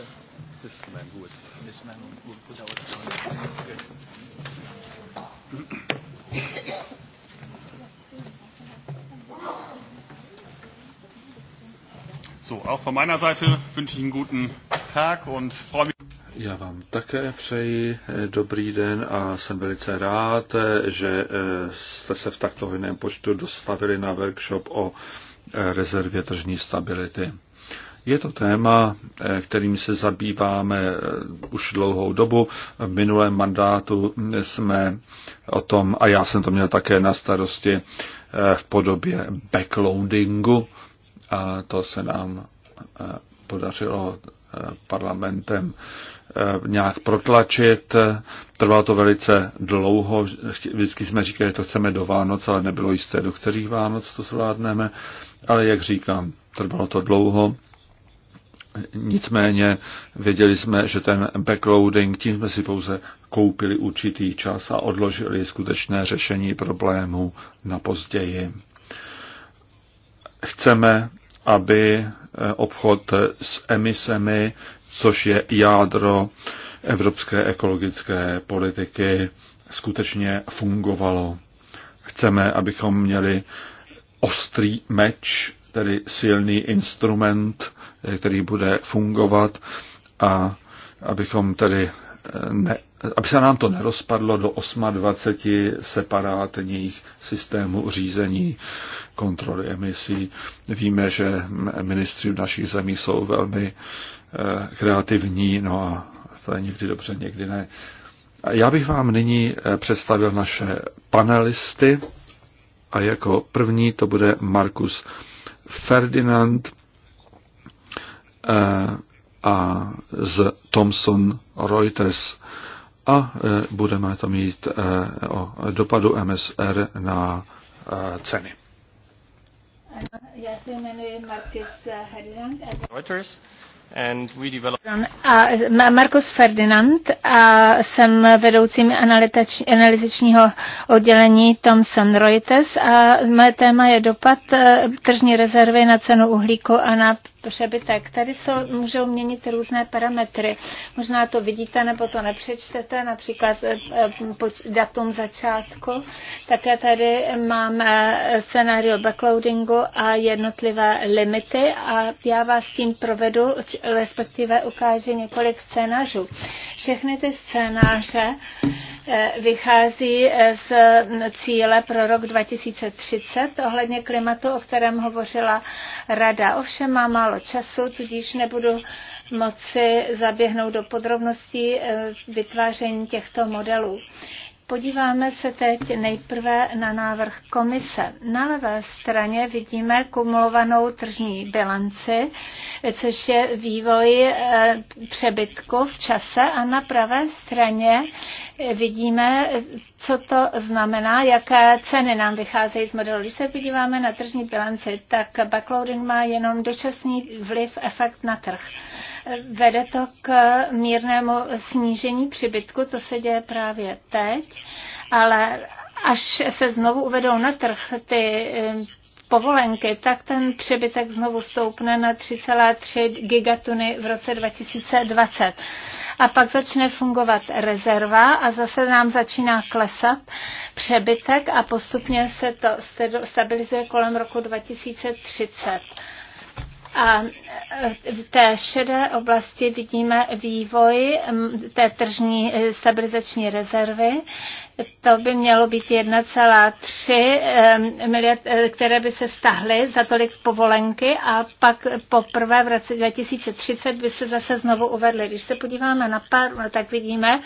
this man who was. This man who, who put Good. So, auch von meiner Seite wünsche ich einen guten Tag und freue mich. Já vám také přeji eh, dobrý den a jsem velice rád, eh, že jste se v takto hojném počtu dostavili na workshop o rezervě tržní stability. Je to téma, eh, kterým se zabýváme eh, už dlouhou dobu. V minulém mandátu mm, jsme o tom, a já jsem to měl také na starosti eh, v podobě backloadingu, a to se nám podařilo parlamentem nějak protlačit. Trvalo to velice dlouho. Vždycky jsme říkali, že to chceme do Vánoc, ale nebylo jisté, do kterých Vánoc to zvládneme. Ale jak říkám, trvalo to dlouho Nicméně věděli jsme, že ten backloading, tím jsme si pouze koupili určitý čas a odložili skutečné řešení problému na později. Chceme, aby eh, obchod s emisemi, což je jádro evropské ekologické politiky, skutečně fungovalo. Chceme, abychom měli ostrý meč tedy silný instrument, eh, který bude fungovat a abychom tedy eh, ne, aby se nám to nerozpadlo do 28 separátních systémů řízení kontroly emisí. Víme, že ministři v našich zemích jsou velmi eh, kreativní, no a to je někdy dobře, někdy ne. Já bych vám nyní představil naše panelisty a jako první to bude Markus Ferdinand eh, a z Thomson Reuters a eh, budeme to mít eh, o dopadu MSR na ceny. Já se jmenuji Marcus Herdinand. Reuters. A Markus Ferdinand a jsem vedoucím analytičního oddělení Thomson Reuters a moje téma je dopad eh, tržní rezervy na cenu uhlíku a na přebytek. Tady jsou, můžou měnit různé parametry. Možná to vidíte nebo to nepřečtete, například eh, eh, datum začátku. Také tady máme eh, scénario backloadingu a jednotlivé limity a já vás tím provedu, respektive ukážu několik scénářů. Všechny ty scénáře E, vychází e, z cíle pro rok 2030 ohledně klimatu, o kterém hovořila Rada. Ovšem má málo času, tudíž nebudu moci zaběhnout do podrobností e, vytváření těchto modelů. Podíváme se teď nejprve na návrh komise. Na levé straně vidíme kumulovanou tržní bilanci, což je vývoj přebytku v čase a na pravé straně vidíme, co to znamená, jaké ceny nám vycházejí z modelu. Když se podíváme na tržní bilanci, tak backloading má jenom dočasný vliv, efekt na trh. Vede to k mírnému snížení přibytku, to se děje právě teď, ale až se znovu uvedou na trh ty povolenky, tak ten přebytek znovu stoupne na 3,3 gigatuny v roce 2020. A pak začne fungovat rezerva a zase nám začíná klesat přebytek a postupně se to stabilizuje kolem roku 2030. A e, v té šedé oblasti vidíme vývoj té tržní e, stabilizační rezervy, to by mělo být 1,3 miliard, eh, které by se stahly za tolik povolenky a pak poprvé v roce 2030 by se zase znovu uvedly. Když se podíváme na pár, no, tak vidíme,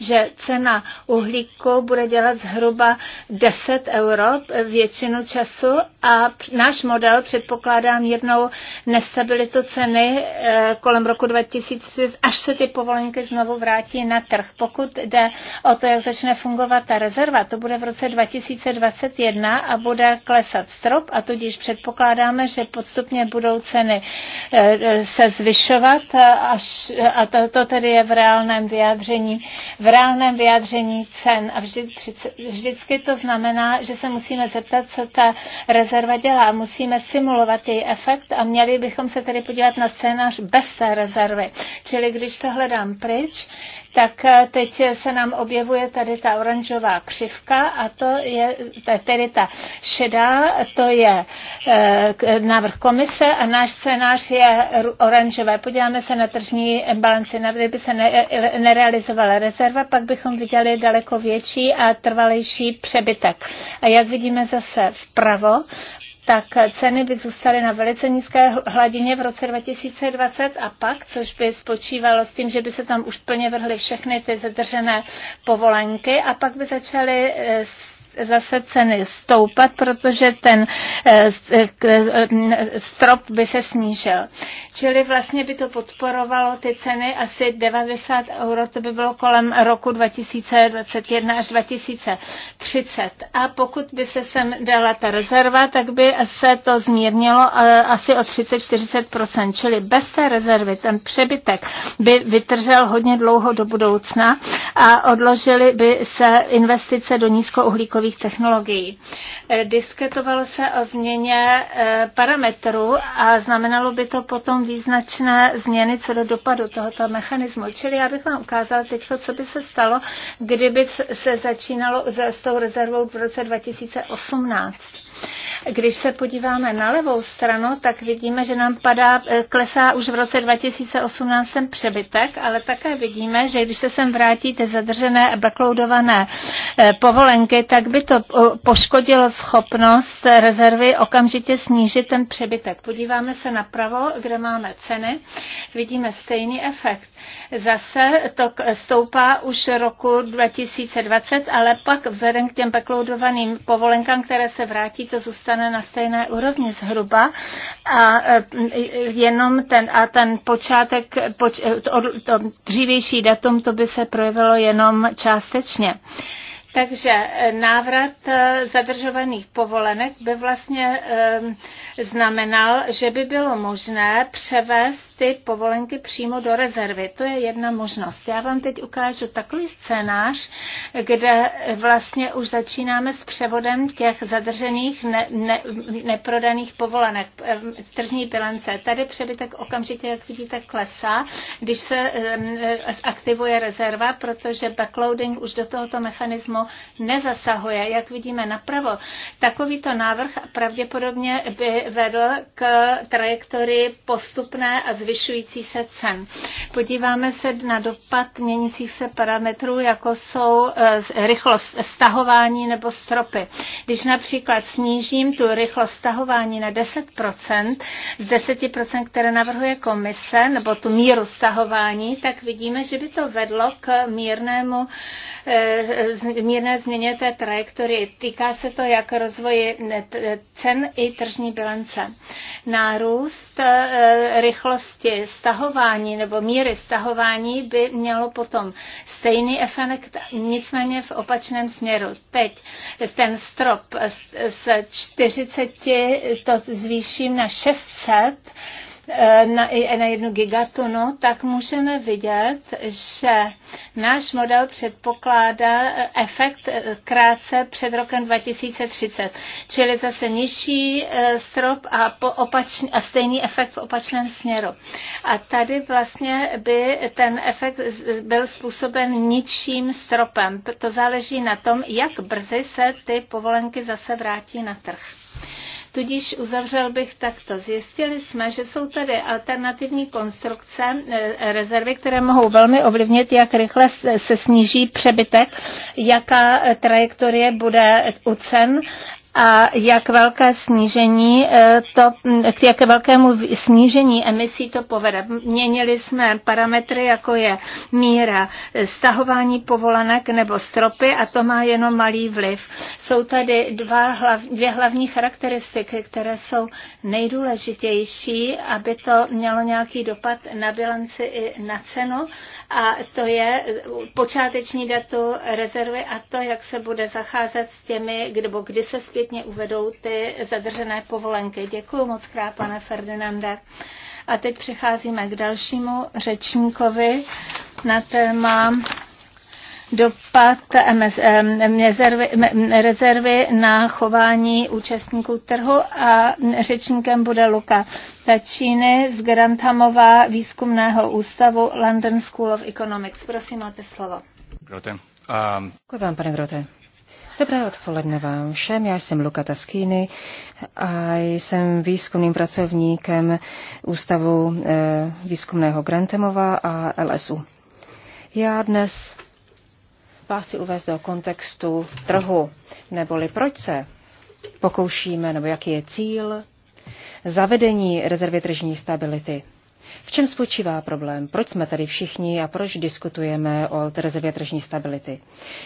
že cena uhlíku bude dělat zhruba 10 euro většinu času a náš model předpokládá mírnou nestabilitu ceny eh, kolem roku 2030, až se ty povolenky znovu vrátí na trh. Pokud jde o to, jak začne fungovat zůstává ta rezerva, to bude v roce 2021 a bude klesat strop a tudíž předpokládáme, že podstupně budou ceny eh, eh, se zvyšovat eh, až, a to, to tedy je v reálném vyjádření, v reálném vyjádření cen a vždy, vždycky to znamená, že se musíme zeptat, co ta rezerva dělá. Musíme simulovat její efekt a měli bychom se tedy podívat na scénář bez té rezervy. Čili když to hledám pryč, tak eh, teď se nám objevuje tady ta oranžová křivka a to je tedy ta šedá, to je eh, návrh komise a náš scénář je oranžové. Podíváme se na tržní balanci, kdyby se ne, nerealizovala rezerva, pak bychom viděli daleko větší a trvalejší přebytek. A jak vidíme zase vpravo, tak ceny by zůstaly na velice nízké hladině v roce 2020 a pak, což by spočívalo s tím, že by se tam už plně vrhly všechny ty zadržené povolenky a pak by začaly eh, zase ceny stoupat, protože ten eh, eh, eh, strop by se snížil. Čili vlastně by to podporovalo ty ceny asi 90 euro, to by bylo kolem roku 2021 až 2030. A pokud by se sem dala ta rezerva, tak by se to zmírnilo asi o 30-40%. Čili bez té rezervy ten přebytek by vytržel hodně dlouho do budoucna a odložili by se investice do nízkouhlíkových nových technologií. Eh, diskutovalo se o změně eh, parametrů a znamenalo by to potom význačné změny co do dopadu tohoto mechanismu. Čili já bych vám ukázala teď, co by se stalo, kdyby se začínalo s tou rezervou v roce 2018. Když se podíváme na levou stranu, tak vidíme, že nám padá, eh, klesá už v roce 2018 sem přebytek, ale také vidíme, že když se sem vrátí ty zadržené a backloadované eh, povolenky, tak by to eh, poškodilo schopnost rezervy okamžitě snížit ten přebytek. Podíváme se napravo, kde máme ceny, vidíme stejný efekt. Zase to stoupá už roku 2020, ale pak vzhledem k těm backloadovaným povolenkám, které se vrátí to zůstane na stejné úrovni zhruba a eh, jenom ten a ten počátek, poč, eh, to, to dřívější datum, to by se projevilo jenom částečně. Takže eh, návrat zadržovaných povolenek by vlastně znamenal, že by bylo možné převést ty povolenky přímo do rezervy. To je jedna možnost. Já vám teď ukážu takový scénář, kde vlastně už začínáme s převodem těch zadržených ne, ne, neprodaných povolenek eh, tržní bilance. Tady přebytek okamžitě, jak vidíte, klesá, když se eh, eh, aktivuje rezerva, protože backloading už do tohoto mechanismu nezasahuje. Jak vidíme napravo, takovýto návrh pravděpodobně by vedl k trajektorii postupné a zvýšení zvyšující se cen. Podíváme se na dopad měnících se parametrů, jako jsou e, rychlost stahování nebo stropy. Když například snížím tu rychlost stahování na 10%, z 10%, které navrhuje komise, nebo tu míru stahování, tak vidíme, že by to vedlo k mírnému, e, mírné změně té trajektorie. Týká se to jak rozvoji e, cen i tržní bilance. Nárůst rychlost oblasti stahování nebo míry stahování by mělo potom stejný efekt, nicméně v opačném směru. Teď ten strop z 40 to zvýším na 600, Eh, na, na jednu gigatonu, tak můžeme vidět, že náš model předpokládá eh, efekt eh, krátce před rokem 2030, čili zase nižší strop a, po opačný, a stejný efekt v opačném směru. A tady vlastně by ten efekt byl způsoben ničím stropem. To záleží na tom, jak brzy se ty povolenky zase vrátí na trh. Tudíž uzavřel bych takto. Zjistili jsme, že jsou tady alternativní konstrukce eh, rezervy, které mohou velmi ovlivnit, jak rychle se sníží přebytek, jaká eh, trajektorie bude u cen a jak velké snížení eh, to, hm, k jaké velkému snížení emisí to povede. Měnili jsme parametry, jako je míra eh, stahování povolenek nebo stropy a to má jenom malý vliv. Jsou tady dva dvě hlavní charakteristiky, které jsou nejdůležitější, aby to mělo nějaký dopad na bilanci i na cenu a to je eh, počáteční datu rezervy a to, jak se bude zacházet s těmi, nebo kdy se zpět zpětně uvedou ty zadržené povolenky. Děkuji moc krát, pane Ferdinande. A teď přecházíme k dalšímu řečníkovi na téma dopad rezervy na chování účastníků trhu a řečníkem bude Luka Tačíny z Grantamova výzkumného ústavu London School of Economics. Prosím, máte slovo. Grote. Um... Děkuji vám, pane Grote. Dobré odpoledne vám všem, já jsem Luka Taskýny a jsem výzkumným pracovníkem Ústavu eh, výzkumného Grantemova a LSU. Já dnes vás si uvést do kontextu trhu, neboli proč se pokoušíme, nebo jaký je cíl zavedení rezervy tržní stability v čem spočívá problém? Proč jsme tady všichni a proč diskutujeme o rezervě tržní stability?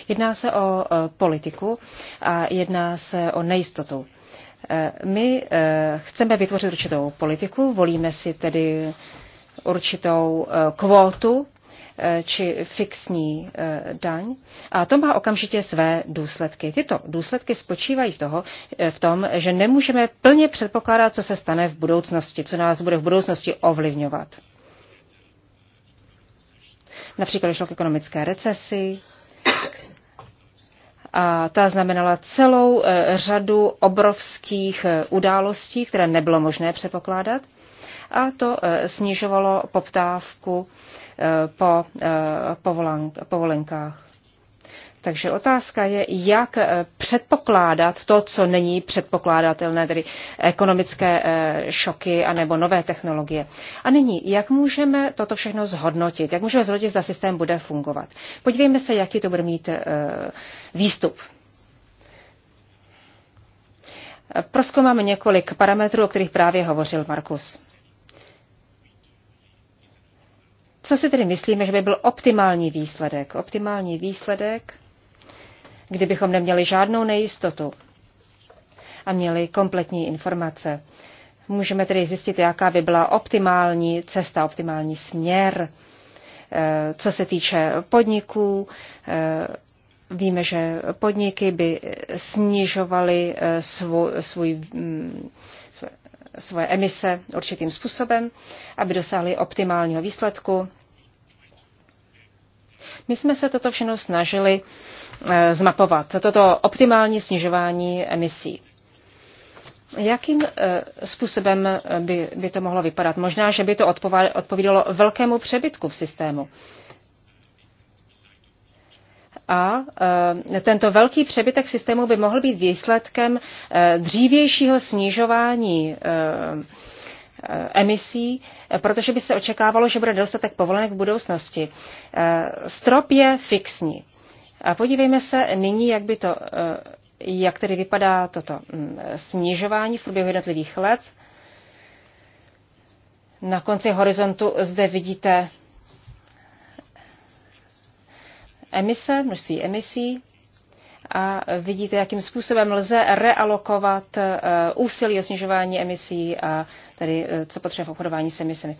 Jedná se o e, politiku a jedná se o nejistotu. E, my e, chceme vytvořit určitou politiku, volíme si tedy určitou kvótu Eh, či fixní eh, daň. A to má okamžitě své důsledky. Tyto důsledky spočívají v, toho, eh, v tom, že nemůžeme plně předpokládat, co se stane v budoucnosti, co nás bude v budoucnosti ovlivňovat. Například došlo k ekonomické recesi, a ta znamenala celou řadu obrovských událostí, které nebylo možné předpokládat a to e, snižovalo poptávku e, po e, povolenkách. Takže otázka je, jak předpokládat to, co není předpokládatelné, tedy ekonomické šoky anebo nové technologie. A nyní, jak můžeme toto všechno zhodnotit? Jak můžeme zhodnotit, zda systém bude fungovat? Podívejme se, jaký to bude mít výstup. Proskoumáme několik parametrů, o kterých právě hovořil Markus. Co si tedy myslíme, že by byl optimální výsledek? Optimální výsledek, kdybychom neměli žádnou nejistotu a měli kompletní informace. Můžeme tedy zjistit, jaká by byla optimální cesta, optimální směr, eh, co se týče podniků. Eh, víme, že podniky by snižovaly eh, svůj, svůj mm, svoje emise určitým způsobem, aby dosáhli optimálního výsledku. My jsme se toto všechno snažili eh, zmapovat, toto optimální snižování emisí. Jakým eh, způsobem eh, by, by to mohlo vypadat? Možná, že by to odpovídalo velkému přebytku v systému a e, tento velký přebytek systému by mohl být výsledkem e, dřívějšího snižování e, emisí, protože by se očekávalo, že bude dostatek povolenek v budoucnosti. Strop je fixní. A podívejme se nyní, jak by to, jak tedy vypadá toto mm, snižování v průběhu jednotlivých let. Na konci horizontu zde vidíte emise, množství emisí a vidíte, jakým způsobem lze realokovat eh, úsilí o snižování emisí a tedy eh, co potřebuje v obchodování s emisemi.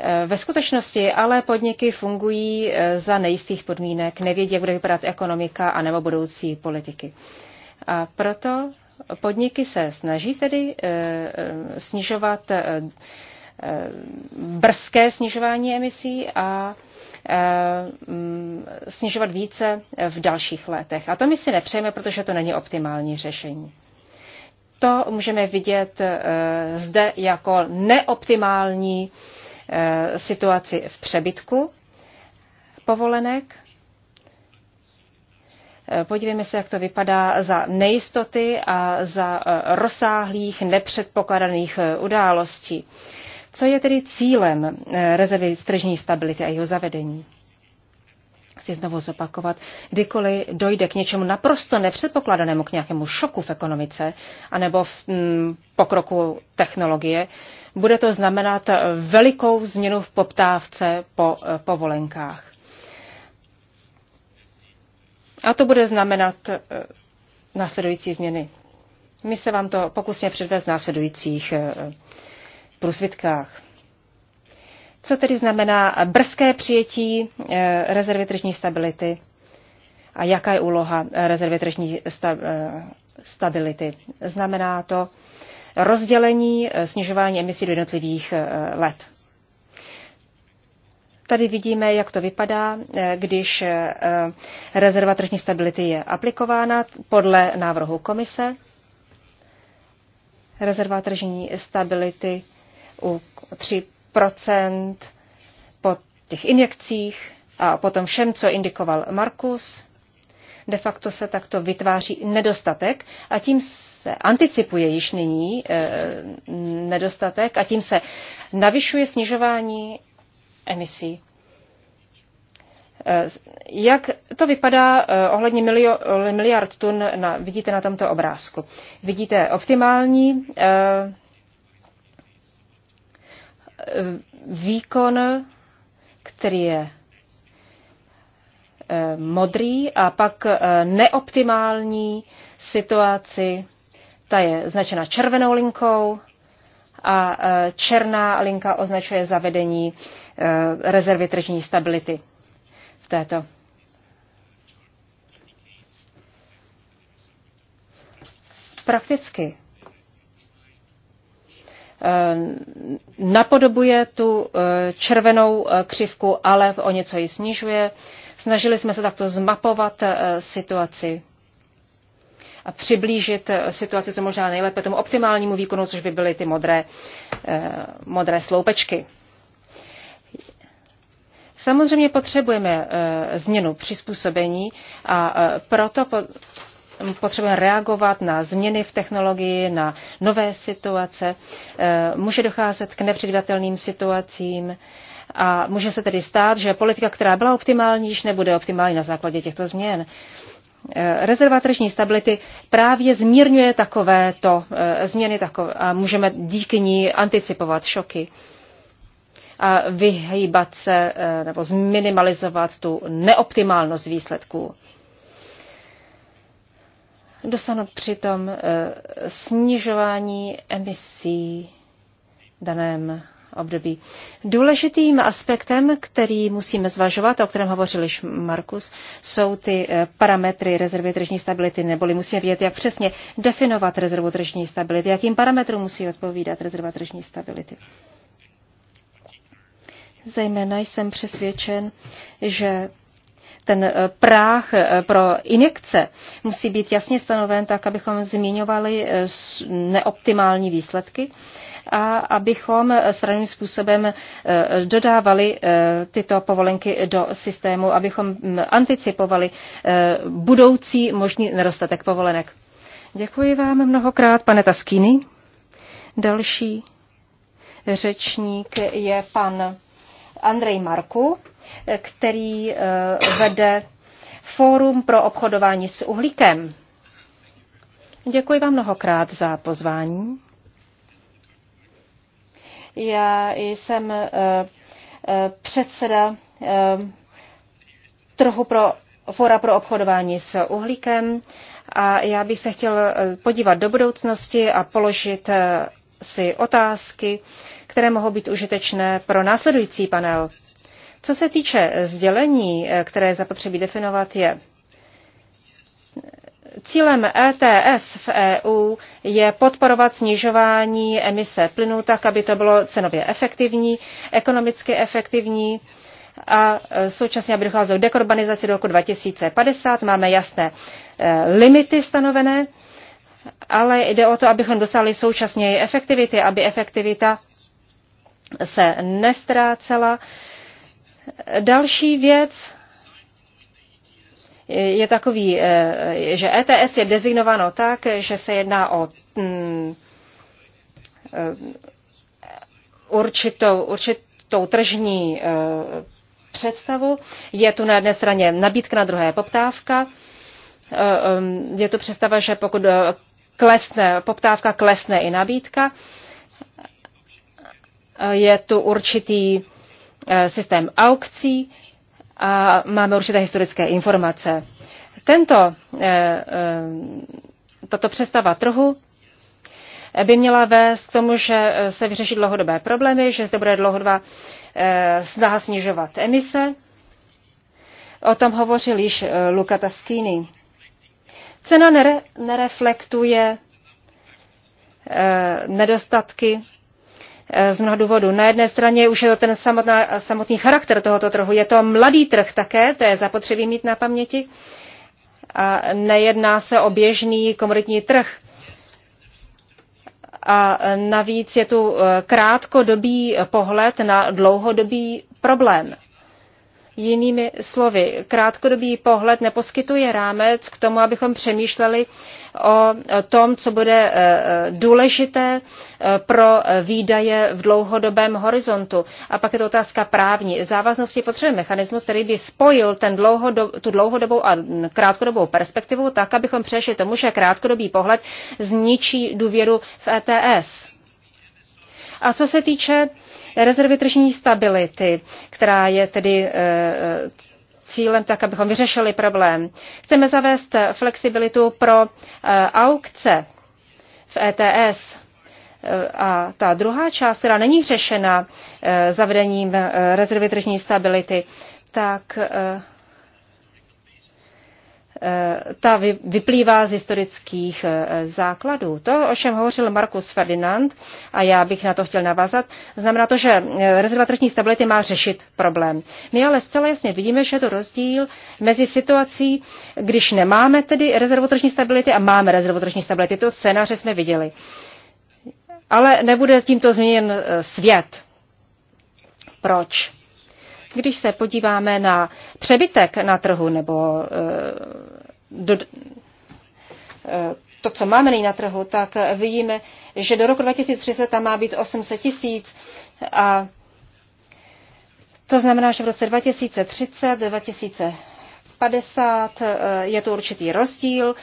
Eh, ve skutečnosti ale podniky fungují za nejistých podmínek, nevědí, jak bude vypadat ekonomika a nebo budoucí politiky. A proto podniky se snaží tedy snižovat brzké snižování emisí a Eh, mm, snižovat více v dalších letech. A to my si nepřejeme, protože to není optimální řešení. To můžeme vidět eh, zde jako neoptimální eh, situaci v přebytku povolenek. Podívejme se, jak to vypadá za nejistoty a za rozsáhlých nepředpokladaných událostí. Co je tedy cílem eh, rezervy tržní stability a jeho zavedení? Chci znovu zopakovat, kdykoliv dojde k něčemu naprosto nepředpokladanému, k nějakému šoku v ekonomice anebo v mm, pokroku technologie, bude to znamenat eh, velikou změnu v poptávce po eh, povolenkách. A to bude znamenat následující změny. My se vám to pokusně předvést v následujících průsvitkách. Co tedy znamená brzké přijetí eh, rezervy tržní stability a jaká je úloha eh, rezervy tržní sta, eh, stability? Znamená to rozdělení, snižování emisí do jednotlivých let. Tady vidíme, jak to vypadá, když rezerva tržní stability je aplikována podle návrhu komise. Rezerva tržní stability u 3 po těch injekcích a potom všem, co indikoval Markus. De facto se takto vytváří nedostatek a tím se anticipuje již nyní e, nedostatek a tím se navyšuje snižování emisí. Eh, jak to vypadá eh, ohledně miliard tun, na, vidíte na tomto obrázku. Vidíte optimální výkon, který je eh, modrý a pak eh, neoptimální situaci, ta je značena červenou linkou a eh, černá linka označuje zavedení rezervy tržní stability v této. Prakticky Eh, napodobuje tu eh, červenou eh, křivku, ale o něco ji snižuje. Snažili jsme se takto zmapovat situaci a přiblížit situaci co možná nejlépe tomu optimálnímu výkonu, což by byly ty modré, modré sloupečky. Samozřejmě potřebujeme změnu přizpůsobení a proto potřebujeme reagovat na změny v technologii, na nové situace. Eh, může docházet k nepředvídatelným situacím a může se tedy stát, že politika, která byla optimální, již nebude optimální na základě těchto změn. Eh, rezerva tržní stability právě zmírňuje takovéto eh, změny takové, a můžeme díky ní anticipovat šoky a vyhýbat se nebo zminimalizovat tu neoptimálnost výsledků dosáhnout přitom eh, snižování emisí v daném období. Důležitým aspektem, který musíme zvažovat, o kterém hovořil již Markus, jsou ty eh, parametry rezervy tržní stability, neboli musíme vědět, jak přesně definovat rezervu tržní stability, jakým parametrům musí odpovídat rezerva tržní stability. Zejména jsem přesvědčen, že ten eh, práh eh, pro injekce musí být jasně stanoven tak, abychom zmiňovali eh, neoptimální výsledky a abychom sraným způsobem dodávali tyto povolenky do systému, abychom mm, anticipovali budoucí možný nedostatek povolenek. Děkuji vám mnohokrát, pane Taskýny. Další řečník je pan Andrej Marku který eh, vede Fórum pro obchodování s uhlíkem. Děkuji vám mnohokrát za pozvání. Já jsem eh, eh, předseda trhu pro Fóra pro obchodování s uhlíkem a já bych se chtěl podívat do budoucnosti a položit si otázky, které mohou být užitečné pro následující panel. Co se týče sdělení, eh, které je zapotřebí definovat, je Cílem ETS v EU je podporovat snižování emise plynů tak, aby to bylo cenově efektivní, ekonomicky efektivní a eh, současně, aby docházelo k dekarbonizaci do roku 2050. Máme jasné eh, limity stanovené, ale jde o to, abychom dosáhli současně efektivity, aby efektivita se nestrácela Další věc je takový, eh, že ETS je dezignováno tak, že se jedná o mm, eh, určitou, určitou tržní eh, představu. Je tu na jedné straně nabídka, na druhé poptávka. Je tu představa, že pokud klesne poptávka, klesne i nabídka. Je tu určitý Eh, systém aukcí a máme určité historické informace. Tento, eh, eh, tato přestava trhu by měla vést k tomu, že se vyřeší dlouhodobé problémy, že zde bude dlouhodobá snaha snižovat emise. O tom hovořil již Luca Taschini. Cena nere- nereflektuje nedostatky Eh, z mnoha důvodů. Na jedné straně už je to ten samotná, samotný charakter tohoto trhu. Je to mladý trh také, to je zapotřebí mít na paměti. A nejedná se o běžný komoditní trh. A navíc je tu eh, krátkodobý pohled na dlouhodobý problém. Jinými slovy, krátkodobý pohled neposkytuje rámec k tomu, abychom přemýšleli o tom, co bude eh, eh, důležité eh, pro výdaje v dlouhodobém horizontu. A pak je to otázka právní. Závaznosti potřebuje mechanismus, který by spojil ten dlouhodo, tu dlouhodobou a krátkodobou perspektivu tak, abychom přešli tomu, že krátkodobý pohled zničí důvěru v ETS. A co se týče rezervy tržní stability, která je tedy e, e, cílem tak, abychom vyřešili problém. Chceme zavést flexibilitu pro e, aukce v ETS. A ta druhá část, která není řešena zavedením rezervy tržní stability, tak Eh, ta vyplývá z historických eh, základů. To, o čem hovořil Markus Ferdinand, a já bych na to chtěl navázat, znamená to, že eh, rezerva tržní stability má řešit problém. My ale zcela jasně vidíme, že je to rozdíl mezi situací, když nemáme tedy rezervu tržní stability a máme rezervu tržní stability. To scénáře jsme viděli. Ale nebude tímto změněn svět. Proč? Když se podíváme na přebytek na trhu nebo eh, do, eh, to, co máme nyní na trhu, tak vidíme, že do roku 2030 tam má být 800 tisíc a to znamená, že v roce 2030, 2050 eh, je to určitý rozdíl,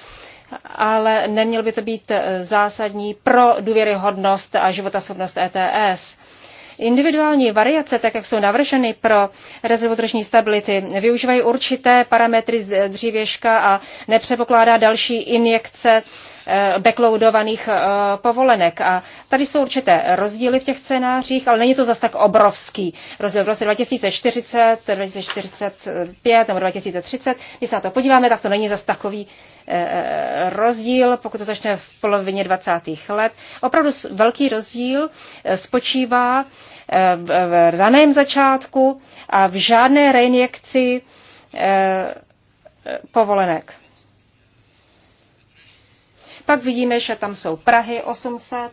ale neměl by to být zásadní pro důvěryhodnost a životaschopnost ETS. Individuální variace, tak jak jsou navrženy pro rezervu tržní stability, využívají určité parametry z dřívěžka a nepřepokládá další injekce Eh, backloadovaných eh, povolenek. A tady jsou určité rozdíly v těch scénářích, ale není to zas tak obrovský rozdíl. V roce 2040, 2045 nebo 2030, když se na to podíváme, tak to není zas takový eh, rozdíl, pokud to začne v polovině 20. let. Opravdu velký rozdíl spočívá v raném začátku a v žádné reinjekci povolenek. Pak vidíme, že tam jsou Prahy 800,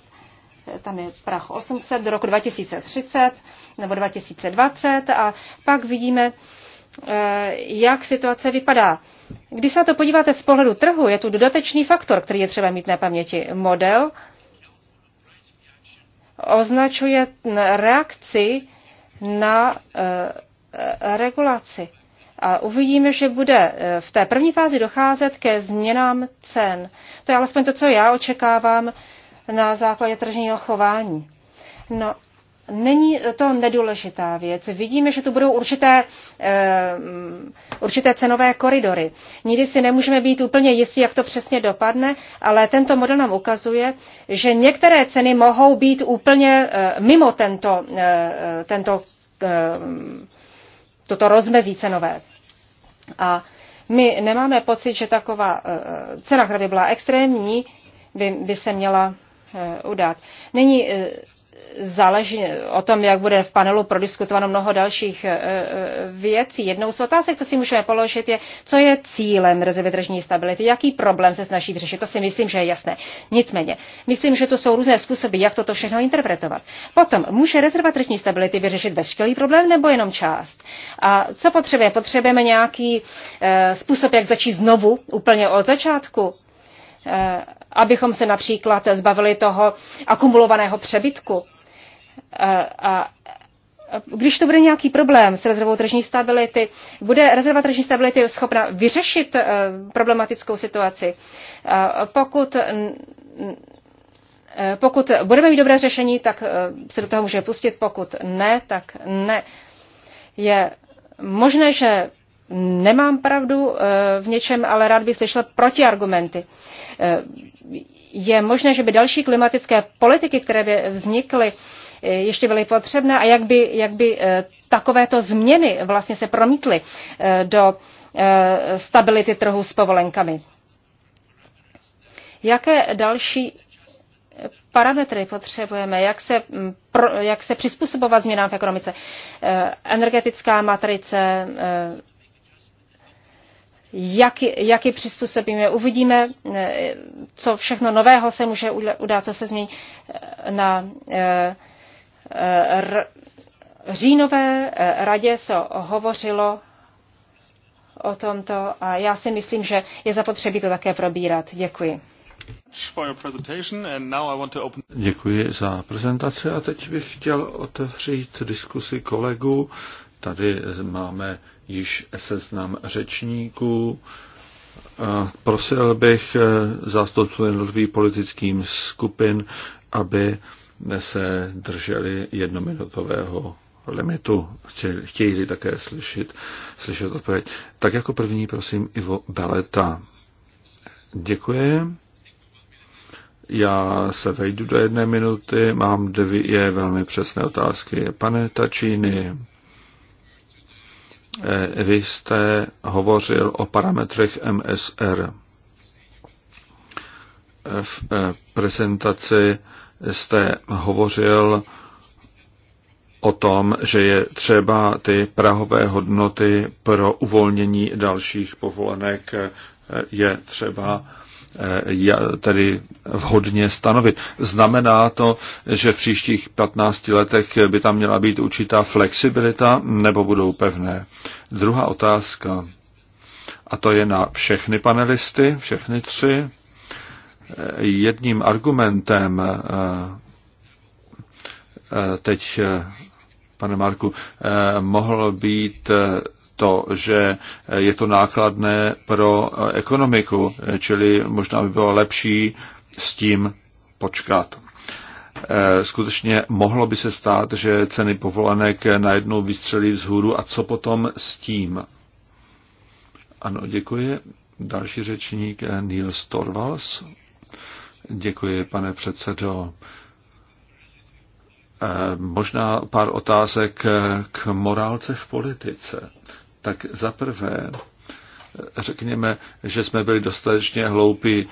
tam je Prah 800 do roku 2030 nebo 2020 a pak vidíme, eh, jak situace vypadá. Když se na to podíváte z pohledu trhu, je tu dodatečný faktor, který je třeba mít na paměti. Model označuje reakci na eh, eh, regulaci. A uvidíme, že bude eh, v té první fázi docházet ke změnám cen. To je alespoň to, co já očekávám na základě tržního chování. No, není to nedůležitá věc. Vidíme, že tu budou určité, eh, určité cenové koridory. Nikdy si nemůžeme být úplně jistí, jak to přesně dopadne, ale tento model nám ukazuje, že některé ceny mohou být úplně eh, mimo tento, tento, toto rozmezí cenové. A my nemáme pocit, že taková eh, cena, která by byla extrémní, by, by se měla eh, udát. Nyní eh, záleží o tom, jak bude v panelu prodiskutováno mnoho dalších e, e, věcí. Jednou z otázek, co si můžeme položit, je, co je cílem rezervy tržní stability, jaký problém se snaží vyřešit. To si myslím, že je jasné. Nicméně, myslím, že to jsou různé způsoby, jak toto všechno interpretovat. Potom, může rezerva tržní stability vyřešit veškerý problém nebo jenom část? A co potřebuje? Potřebujeme nějaký e, způsob, jak začít znovu, úplně od začátku? Eh, abychom se například zbavili toho akumulovaného přebytku. Eh, a eh, když to bude nějaký problém s rezervou tržní stability, bude rezerva tržní stability schopna vyřešit problematickou situaci. Pokud, pokud budeme mít dobré řešení, tak se do toho může pustit, pokud ne, tak ne. Je možné, že nemám pravdu eh, v něčem, ale rád bych slyšel protiargumenty. Eh, je možné, že by další klimatické politiky, které by vznikly, eh, ještě byly potřebné a jak by, jak by takovéto změny vlastně se promítly do stability trhu s povolenkami. Jaké další parametry potřebujeme, jak se, mm, jak se přizpůsobovat změnám v ekonomice. Energetická matrice, jak, jak ji přizpůsobíme. Uvidíme, eh, co všechno nového se může udát, co se změní eh, na eh, říjnové radě se hovořilo o tomto a já si myslím, že je zapotřebí to také probírat. Děkuji. Děkuji za prezentaci a teď bych chtěl otevřít diskusi kolegů. Tady máme již seznam řečníků. Prosil bych eh, zástupců jednotlivých politických skupin, aby se drželi jednominutového limitu. Chtějí také slyšet, slyšet odpověď. Tak jako první prosím Ivo Beleta. Děkuji. Já se vejdu do jedné minuty, mám dvě velmi přesné otázky. Pane Tačíny, Eh, vy jste hovořil o parametrech MSR. V eh, prezentaci jste hovořil o tom, že je třeba ty prahové hodnoty pro uvolnění dalších povolenek eh, je třeba Eh, tedy vhodně stanovit. Znamená to, že v příštích 15 letech by tam měla být určitá flexibilita nebo budou pevné? Druhá otázka, a to je na všechny panelisty, všechny tři. Eh, jedním argumentem eh, teď, pane Marku, mohl být to, že je to nákladné pro ekonomiku, čili možná by bylo lepší s tím počkat. Eh, skutečně mohlo by se stát, že ceny povolenek najednou vystřelí vzhůru a co potom s tím? Ano, děkuji. Další řečník eh, Neil Storvals. Děkuji, pane předsedo. Eh, možná pár otázek k morálce v politice tak za prvé řekněme, že jsme byli dostatečně hloupí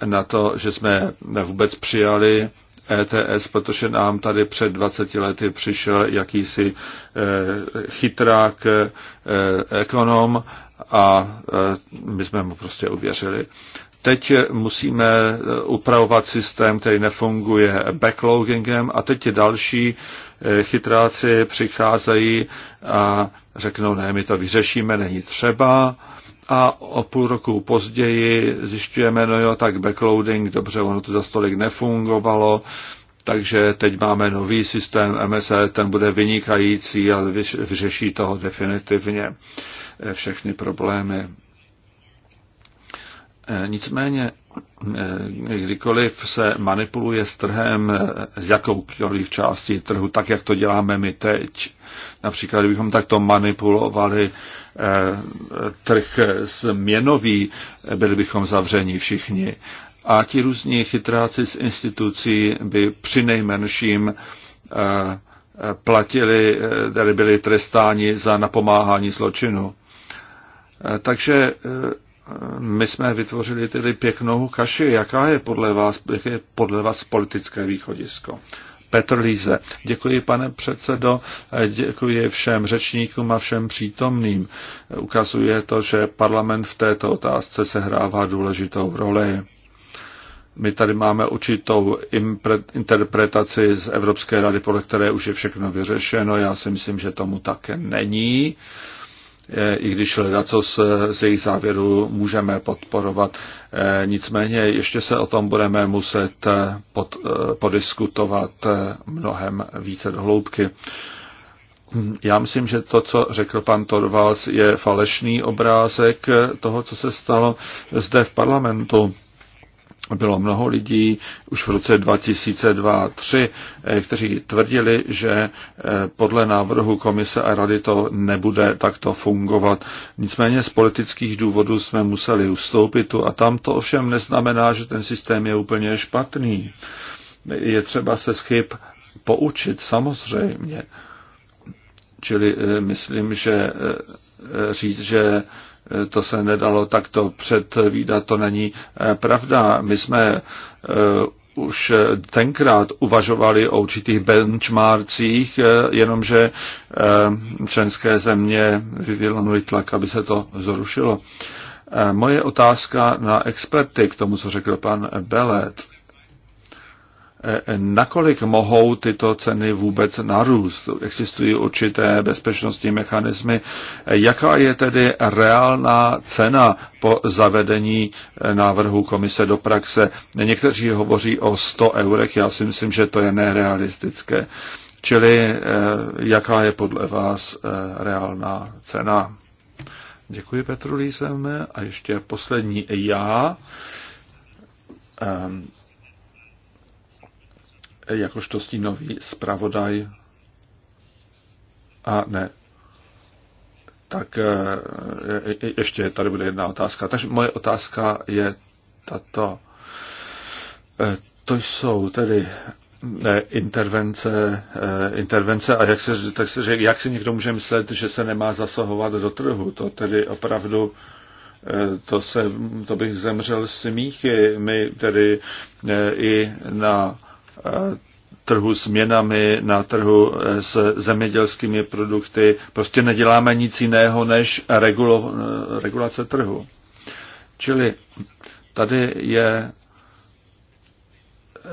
eh, na to, že jsme vůbec přijali ETS, protože nám tady před 20 lety přišel jakýsi eh, chytrák eh, ekonom a my jsme mu prostě uvěřili. Teď musíme eh, upravovat systém, který nefunguje backloggingem a teď další eh, chytráci přicházejí a řeknou, ne, my to vyřešíme, není třeba a o půl roku později zjišťujeme, no jo, tak backloading, dobře, ono to za stolik nefungovalo, takže teď máme nový systém MSE, ten bude vynikající a vyřeší toho definitivně eh, všechny problémy. Eh, nicméně, eh, kdykoliv se manipuluje s trhem z eh, jakoukoliv části trhu, tak jak to děláme my teď, například kdybychom takto manipulovali trh s měnový, byli bychom zavřeni všichni. A ti různí chytráci z institucí by při nejmenším platili, tedy byli trestáni za napomáhání zločinu. Takže my jsme vytvořili tedy pěknou kaši. Jaká je podle vás, jaké je podle vás politické východisko? Petr Líze. Děkuji, pane předsedo, děkuji všem řečníkům a všem přítomným. Ukazuje to, že parlament v této otázce sehrává důležitou roli. My tady máme určitou interpretaci z Evropské rady, podle které už je všechno vyřešeno. Já si myslím, že tomu také není. Uh, E, i když co se z jejich závěru můžeme podporovat. E, nicméně ještě se o tom budeme muset e, pod, podiskutovat mnohem více do hloubky. Já myslím, že to, co řekl pan Torvalds, je falešný obrázek toho, co se stalo zde v parlamentu bylo mnoho lidí už v roce 2002-2003, eh, kteří tvrdili, že eh, podle návrhu komise a rady to nebude takto fungovat. Nicméně z politických důvodů jsme museli ustoupit tu a tam to ovšem neznamená, že ten systém je úplně špatný. Je třeba se z chyb poučit samozřejmě. Čili eh, myslím, že říct, že Eh, to se nedalo takto předvídat, to není eh, pravda. My jsme eh, už tenkrát uvažovali o určitých benchmarkcích, jenomže členské země vyvinuly tlak, aby se to zrušilo. Moje otázka na experty k tomu, co řekl pan Belet. Eh, nakolik mohou tyto ceny vůbec narůst. Existují určité bezpečnostní mechanismy. Eh, jaká je tedy reálná cena po zavedení eh, návrhu komise do praxe? Někteří hovoří o 100 eurech, já si myslím, že to je nerealistické. Čili jaká je podle vás reálná cena? Děkuji Petru Lísem a ještě poslední já. Ehm, jakožto stínový zpravodaj a ne. Tak e, e, e, ještě tady bude jedna otázka. Takže moje otázka je tato. To jsou tedy intervence, intervence a jak se, tak se, jak se někdo může myslet, že se nemá zasahovat do trhu. To tedy opravdu to, se, to bych zemřel s smíchy. My tedy i na trhu s měnami, na trhu s zemědělskými produkty. Prostě neděláme nic jiného než regulo, regulace trhu. Čili tady je eh,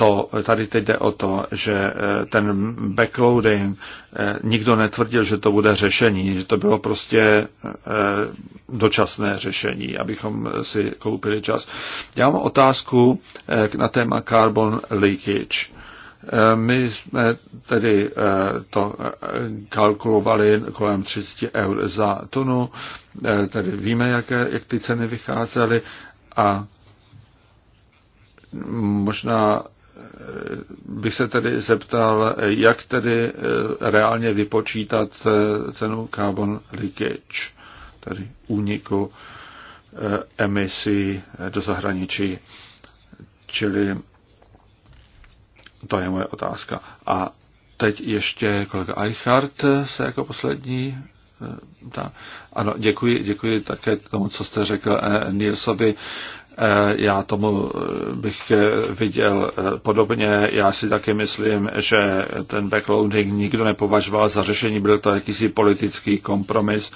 to, tady teď jde o to, že eh, ten backloading, eh, nikdo netvrdil, že to bude řešení, že to bylo prostě eh, dočasné řešení, abychom si koupili čas. Já mám otázku na téma carbon leakage. My jsme tedy to kalkulovali kolem 30 eur za tunu, tedy víme, jaké, jak ty ceny vycházely a možná bych se tedy zeptal, jak tedy eh, reálně vypočítat eh, cenu carbon leakage, tedy úniku eh, emisí do zahraničí. Čili to je moje otázka. A teď ještě kolega Eichhardt se jako poslední ta, ano, děkuji, děkuji také tomu, co jste řekl Nilsovi. Eh, já tomu eh, bych eh, viděl podobně. Já si taky myslím, že ten backloading nikdo nepovažoval za řešení, byl to jakýsi politický kompromis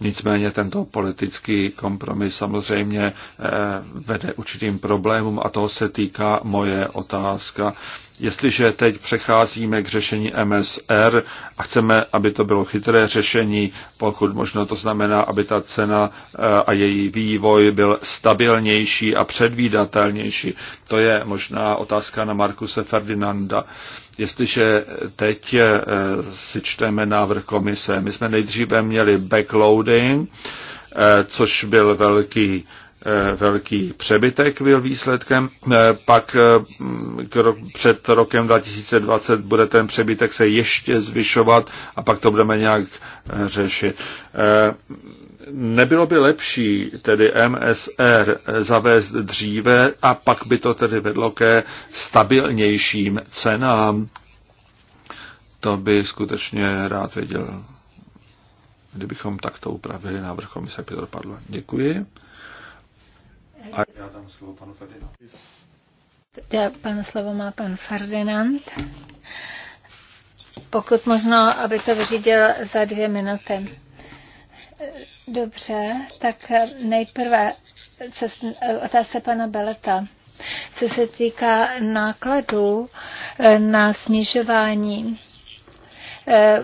Nicméně tento politický kompromis samozřejmě eh, vede určitým problémům a toho se týká moje otázka. Jestliže teď přecházíme k řešení MSR a chceme, aby to bylo chytré řešení, pokud možno to znamená, aby ta cena eh, a její vývoj byl stabilnější a předvídatelnější, to je možná otázka na Markuse Ferdinanda. Jestliže teď eh, si čteme návrh komise, my jsme nejdříve měli backloading, eh, což byl velký Eh, velký přebytek byl výsledkem, eh, pak eh, před rokem 2020 bude ten přebytek se ještě zvyšovat a pak to budeme nějak řešit. Nebylo by lepší tedy MSR zavést dříve a pak by to tedy vedlo ke stabilnějším cenám? To by skutečně rád věděl, kdybychom takto upravili návrh komise, jak by to dopadlo. Děkuji. A já dám slovo panu Pan slovo má pan Ferdinand. Pokud možno, aby to vyřídil za dvě minuty. Dobře, tak nejprve otázka pana Beleta. Co se týká nákladů eh, na snižování, eh,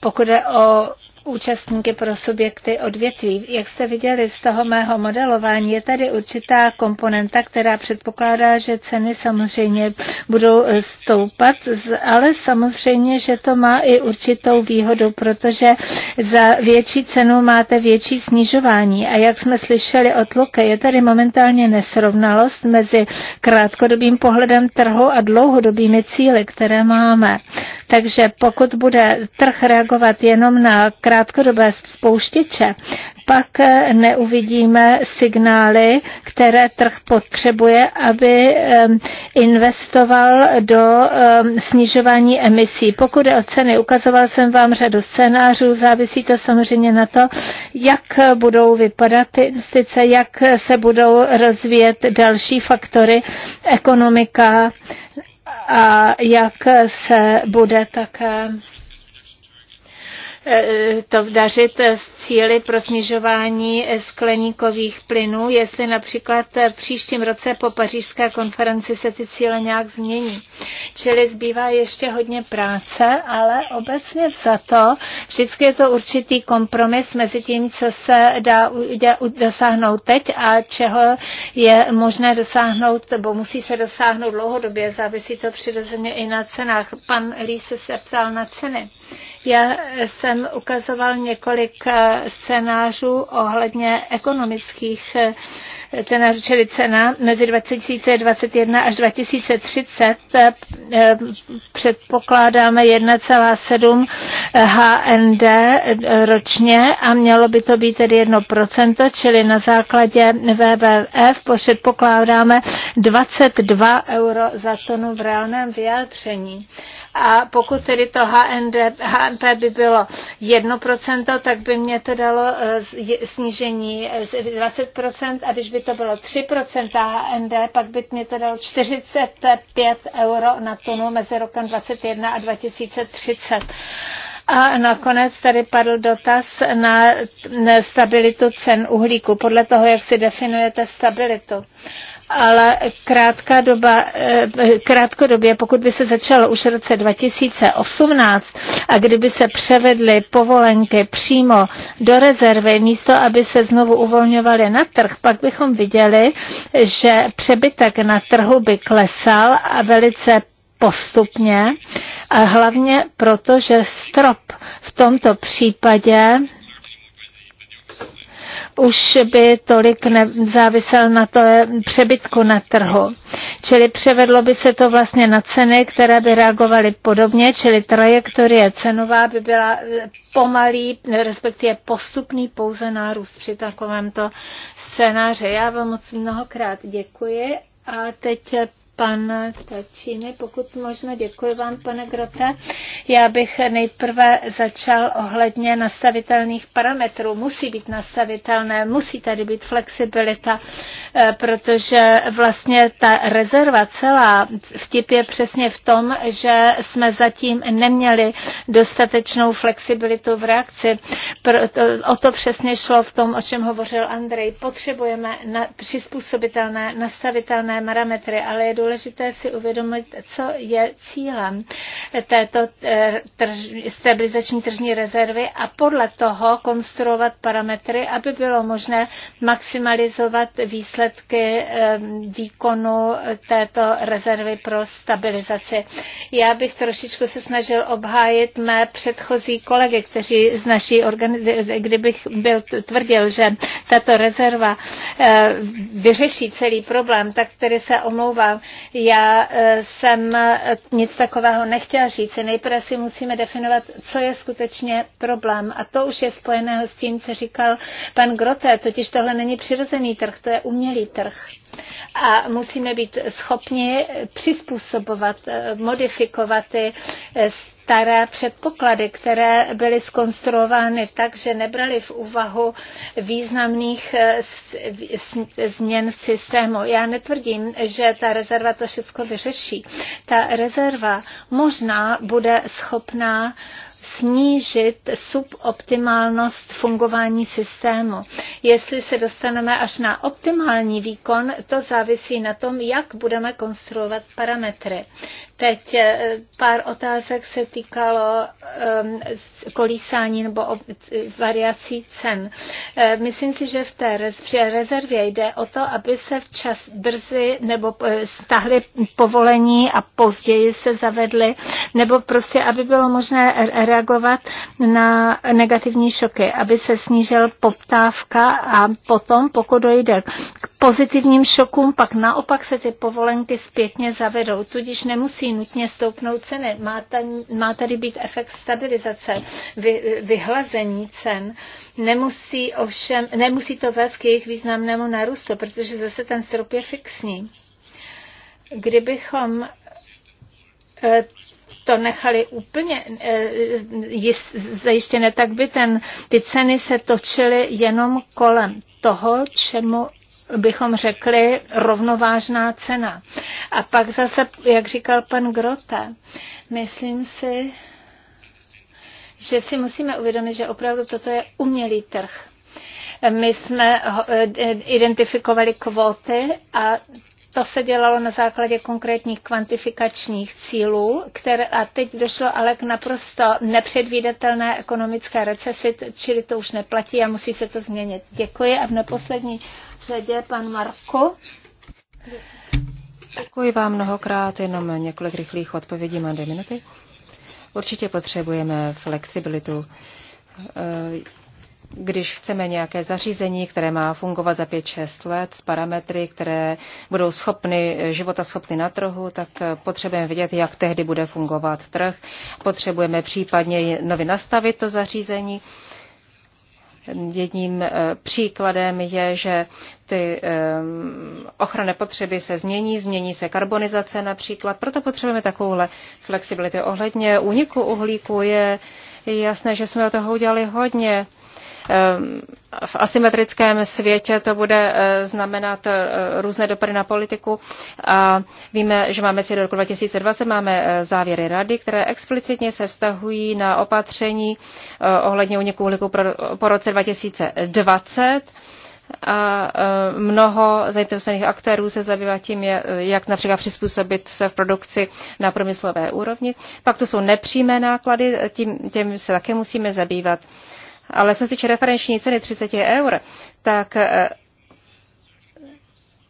pokud je o účastníky pro subjekty odvětví. Jak jste viděli z toho mého modelování, je tady určitá komponenta, která předpokládá, že ceny samozřejmě budou eh, stoupat, ale samozřejmě, že to má i určitou výhodu, protože za větší cenu máte větší snižování. A jak jsme slyšeli od Luke, je tady momentálně nesrovnalost mezi krátkodobým pohledem trhu a dlouhodobými cíly, které máme. Takže pokud bude trh reagovat jenom na krátkodobý krátkodobé spouštěče, pak eh, neuvidíme signály, které trh potřebuje, aby investoval do snižování emisí. Pokud je o ceny, ukazoval jsem vám řadu scénářů, závisí to samozřejmě na to, jak budou vypadat ty investice, jak se budou rozvíjet další faktory, ekonomika a jak se bude také Eh, eh, to dařit s eh, cíly pro snižování skleníkových plynů, jestli například v příštím roce po pařížské konferenci se ty cíle nějak změní. Čili zbývá ještě hodně práce, ale obecně za to vždycky je to určitý kompromis mezi tím, co se dá dosáhnout teď a čeho je možné dosáhnout, nebo musí se dosáhnout dlouhodobě, závisí to přirozeně i na cenách. Pan Lí se ptal na ceny. Já se jsem ukazoval několik eh, scénářů ohledně ekonomických ten eh, čili cena mezi 2021 až 2030 eh, předpokládáme 1,7 HND ročně a mělo by to být tedy 1%, čili na základě WWF předpokládáme 22 euro za tonu v reálném vyjádření. A pokud tedy to HND, HNP by bylo 1%, tak by mě to dalo eh, snížení 20% eh, a když by to bylo 3% HND, pak by mě to dalo 45 euro na tunu mezi rokem 2021 a 2030. A nakonec tady padl dotaz na stabilitu cen uhlíku, podle toho, jak si definujete stabilitu ale krátká doba, eh, krátkodobě, pokud by se začalo už v roce 2018 a kdyby se převedly povolenky přímo do rezervy, místo aby se znovu uvolňovaly na trh, pak bychom viděli, že přebytek na trhu by klesal a velice postupně, a hlavně proto, že strop v tomto případě už by tolik nezávisel na to přebytku na trhu. Čili převedlo by se to vlastně na ceny, které by reagovaly podobně, čili trajektorie cenová by byla pomalý, respektive postupný pouze nárůst při takovémto scénáři. Já vám moc mnohokrát děkuji a teď pan Stačíny. pokud možno děkuji vám, pane Grote. Já bych nejprve začal ohledně nastavitelných parametrů. Musí být nastavitelné, musí tady být flexibilita Eh, protože vlastně ta rezerva celá vtip je přesně v tom, že jsme zatím neměli dostatečnou flexibilitu v reakci. O to přesně šlo v tom, o čem hovořil Andrej. Potřebujeme na, přizpůsobitelné, nastavitelné parametry, ale je důležité si uvědomit, co je cílem této eh, trž, stabilizační tržní rezervy a podle toho konstruovat parametry, aby bylo možné maximalizovat výsledky výsledky výkonu této rezervy pro stabilizaci. Já bych trošičku se snažil obhájit mé předchozí kolegy, kteří z naší organizace, kdybych byl tvrdil, že tato rezerva eh, vyřeší celý problém, tak tedy se omlouvám. Já eh, jsem eh, nic takového nechtěla říct. Nejprve si musíme definovat, co je skutečně problém. A to už je spojeného s tím, co říkal pan Grote, totiž tohle není přirozený trh, to je umělý změnili trh. A musíme být schopni přizpůsobovat, eh, modifikovat ty eh, staré předpoklady, které byly skonstruovány tak, že nebrali v úvahu významných eh, změn v systému. Já netvrdím, že ta rezerva to všechno vyřeší. Ta rezerva možná bude schopná snížit suboptimálnost fungování systému. Jestli se dostaneme až na optimální výkon, to závisí na tom, jak budeme konstruovat parametry. Teď eh, pár otázek se týkalo um, kolísání nebo ob, variací cen. Eh, myslím si, že v té rezervě jde o to, aby se včas brzy nebo eh, stáhly povolení a později se zavedly, nebo prostě, aby bylo možné reagovat na negativní šoky, aby se snížil poptávka a potom, pokud dojde k pozitivním šokům, pak naopak se ty povolenky zpětně zavedou, tudíž nemusí nutně stoupnout ceny. Má, ta, má tady být efekt stabilizace, vy, vyhlazení cen. Nemusí, ovšem, nemusí to vést k jejich významnému narůstu, protože zase ten strop je fixní. Kdybychom eh, to nechali úplně eh, zajištěné, tak by ten, ty ceny se točily jenom kolem toho, čemu bychom řekli rovnovážná cena. A pak zase, jak říkal pan Grote, myslím si, že si musíme uvědomit, že opravdu toto je umělý trh. My jsme eh, identifikovali kvóty a to se dělalo na základě konkrétních kvantifikačních cílů, které, a teď došlo ale k naprosto nepředvídatelné ekonomické recesi, čili to už neplatí a musí se to změnit. Děkuji a v neposlední řadě pan Marko. Děkuji vám mnohokrát, jenom několik rychlých odpovědí, mám dvě minuty. Určitě potřebujeme flexibilitu když chceme nějaké zařízení, které má fungovat za 5-6 let s parametry, které budou schopny, života schopny na trhu, tak potřebujeme vědět, jak tehdy bude fungovat trh. Potřebujeme případně nově nastavit to zařízení. Jedním eh, příkladem je, že ty eh, ochranné potřeby se změní, změní se karbonizace například, proto potřebujeme takovouhle flexibilitu. Ohledně úniku uhlíku je jasné, že jsme o toho udělali hodně Ehm, v asymetrickém světě to bude eh, znamenat eh, různé dopady na politiku. A víme, že máme si do roku 2020, máme eh, závěry rady, které explicitně se vztahují na opatření ohledně uniku uhlíku po roce 2020 a mnoho zainteresovaných aktérů se zabývá tím, jak například přizpůsobit se v produkci na promyslové úrovni. Pak to jsou nepřímé náklady, tím, těm se také musíme zabývat. Ale co se týče referenční ceny 30 eur, tak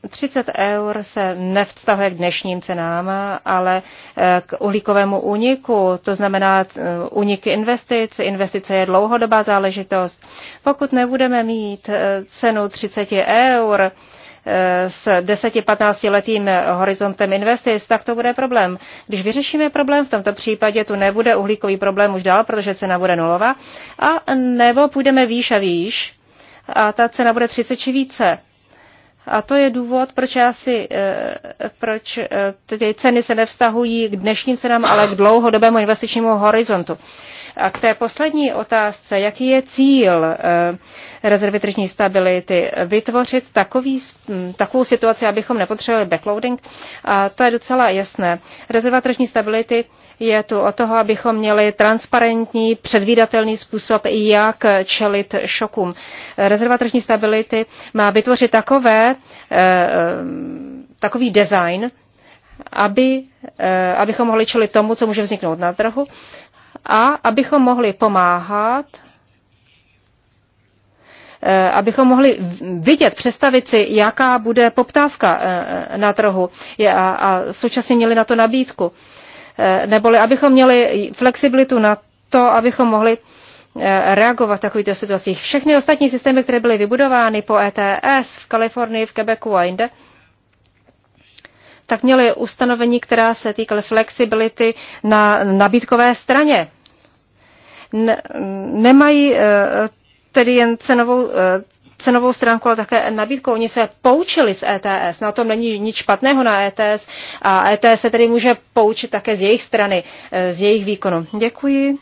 30 eh, eur se nevztahuje k dnešním cenám, ale eh, k uhlíkovému úniku, to znamená eh, únik investic. Investice je dlouhodobá záležitost. Pokud nebudeme mít cenu 30 eur, s 10-15 letým horizontem investic, tak to bude problém. Když vyřešíme problém, v tomto případě tu nebude uhlíkový problém už dál, protože cena bude nulová, a nebo půjdeme výš a výš a ta cena bude 30 či více. A to je důvod, proč, já si, eh, proč eh, ty ceny se nevztahují k dnešním cenám, ale k dlouhodobému investičnímu horizontu. A k té poslední otázce, jaký je cíl eh, rezervy tržní stability? Vytvořit takový, takovou situaci, abychom nepotřebovali backloading? A to je docela jasné. Rezerva tržní stability je tu o toho, abychom měli transparentní, předvídatelný způsob, jak čelit šokům. Rezerva tržní stability má vytvořit takové, eh, eh, takový design, aby, abychom mohli čelit tomu, co může vzniknout na trhu, a abychom mohli pomáhat, eh, abychom mohli vidět, představit si, jaká bude poptávka eh, na trhu a, současně měli na to nabídku. Eh, neboli abychom měli flexibilitu na to, abychom mohli reagovat v takovýchto situacích. Všechny ostatní systémy, které byly vybudovány po ETS v Kalifornii, v Quebecu a jinde, tak měli ustanovení, která se týkaly flexibility na nabídkové straně. Nemají eh, tedy jen cenovou, eh, cenovou stránku, ale také nabídku. Oni se poučili z ETS. Na tom není nic špatného na ETS a ETS se tedy může poučit také z jejich strany, eh, z jejich výkonu. Děkuji.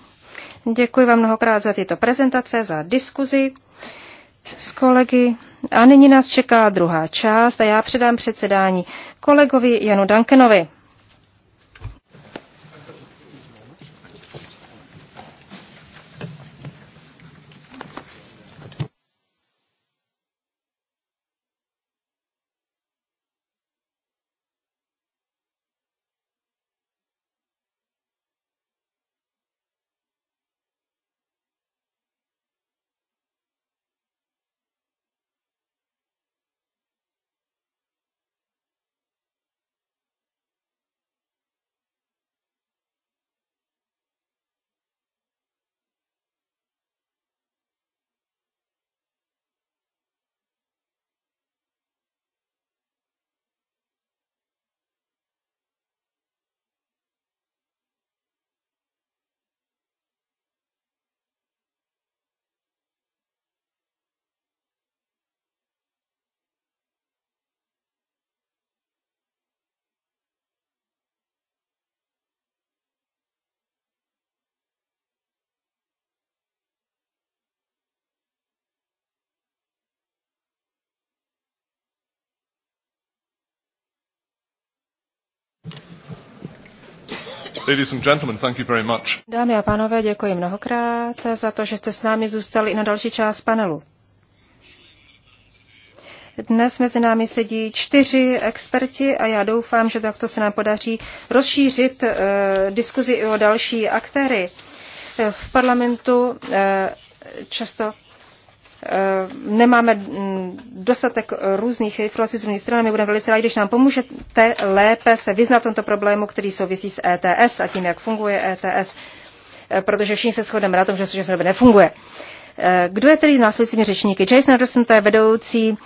Děkuji vám mnohokrát za tyto prezentace, za diskuzi s kolegy. A nyní nás čeká druhá část a já předám předsedání kolegovi Janu Dankenovi. Ladies and gentlemen, thank you very much. Dámy a pánové, děkuji mnohokrát za to, že jste s námi zůstali i na další část panelu. Dnes mezi námi sedí čtyři experti a já doufám, že takto se nám podaří rozšířit uh, diskuzi i o další aktéry. Eh, v parlamentu uh, často Eh, nemáme mm, dostatek různých informací z různých stran, my budeme velice rádi, když nám pomůžete lépe se vyznat tomto problému, který souvisí s ETS a tím, jak funguje ETS, eh, protože všichni se shodneme na tom, že v současné době nefunguje. Eh, kdo je tedy následujícími řečníky? Jason Anderson, to je vedoucí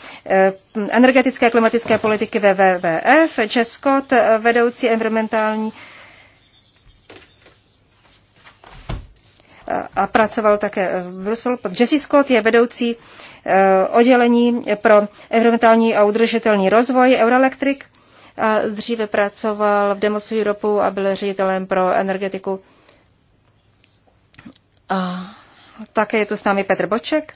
energetické a klimatické politiky ve WWF, Jess Scott, vedoucí environmentální a pracoval také v Bruselu. Jesse Scott je vedoucí eh, oddělení pro environmentální a udržitelný rozvoj Euroelectric. A dříve pracoval v Demosu Europu a byl ředitelem pro energetiku. A také je tu s námi Petr Boček,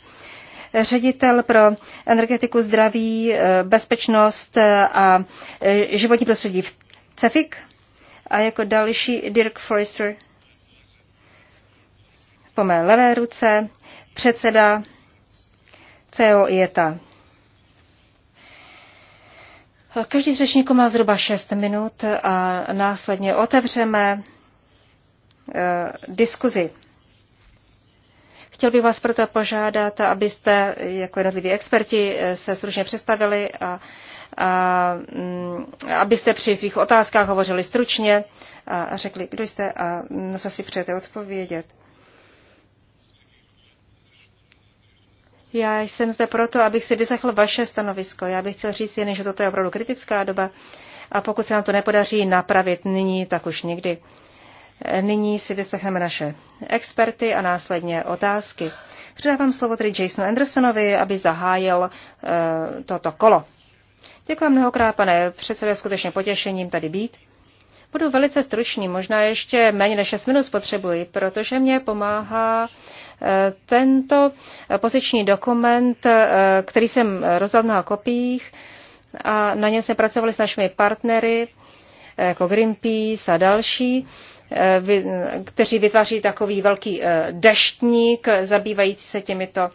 ředitel pro energetiku, zdraví, eh, bezpečnost eh, a životní prostředí v CEFIC. A jako další Dirk Forrester, po mé levé ruce předseda CEO IETA. Každý z řečníků má zhruba 6 minut a následně otevřeme eh, diskuzi. Chtěl bych vás proto požádat, abyste jako jednotliví experti eh, se stručně představili a, a mm, abyste při svých otázkách hovořili stručně a řekli, kdo jste a na co si přejete odpovědět. Já jsem zde proto, abych si vyslechl vaše stanovisko. Já bych chtěl říct jen, že toto je opravdu kritická doba a pokud se nám to nepodaří napravit nyní, tak už nikdy. Nyní si vyslechneme naše experty a následně otázky. Předávám slovo tedy Jasonu Andersonovi, aby zahájil uh, toto kolo. Děkuji mnohokrát, pane předsedo, skutečně potěšením tady být. Budu velice stručný, možná ještě méně než 6 minut spotřebuji, protože mě pomáhá tento poziční dokument, eh, který jsem rozdal v mnoha kopiích, a na něm jsme pracovali s našimi partnery, eh, jako Greenpeace a další, eh, kteří vytváří takový velký deštník zabývající se těmito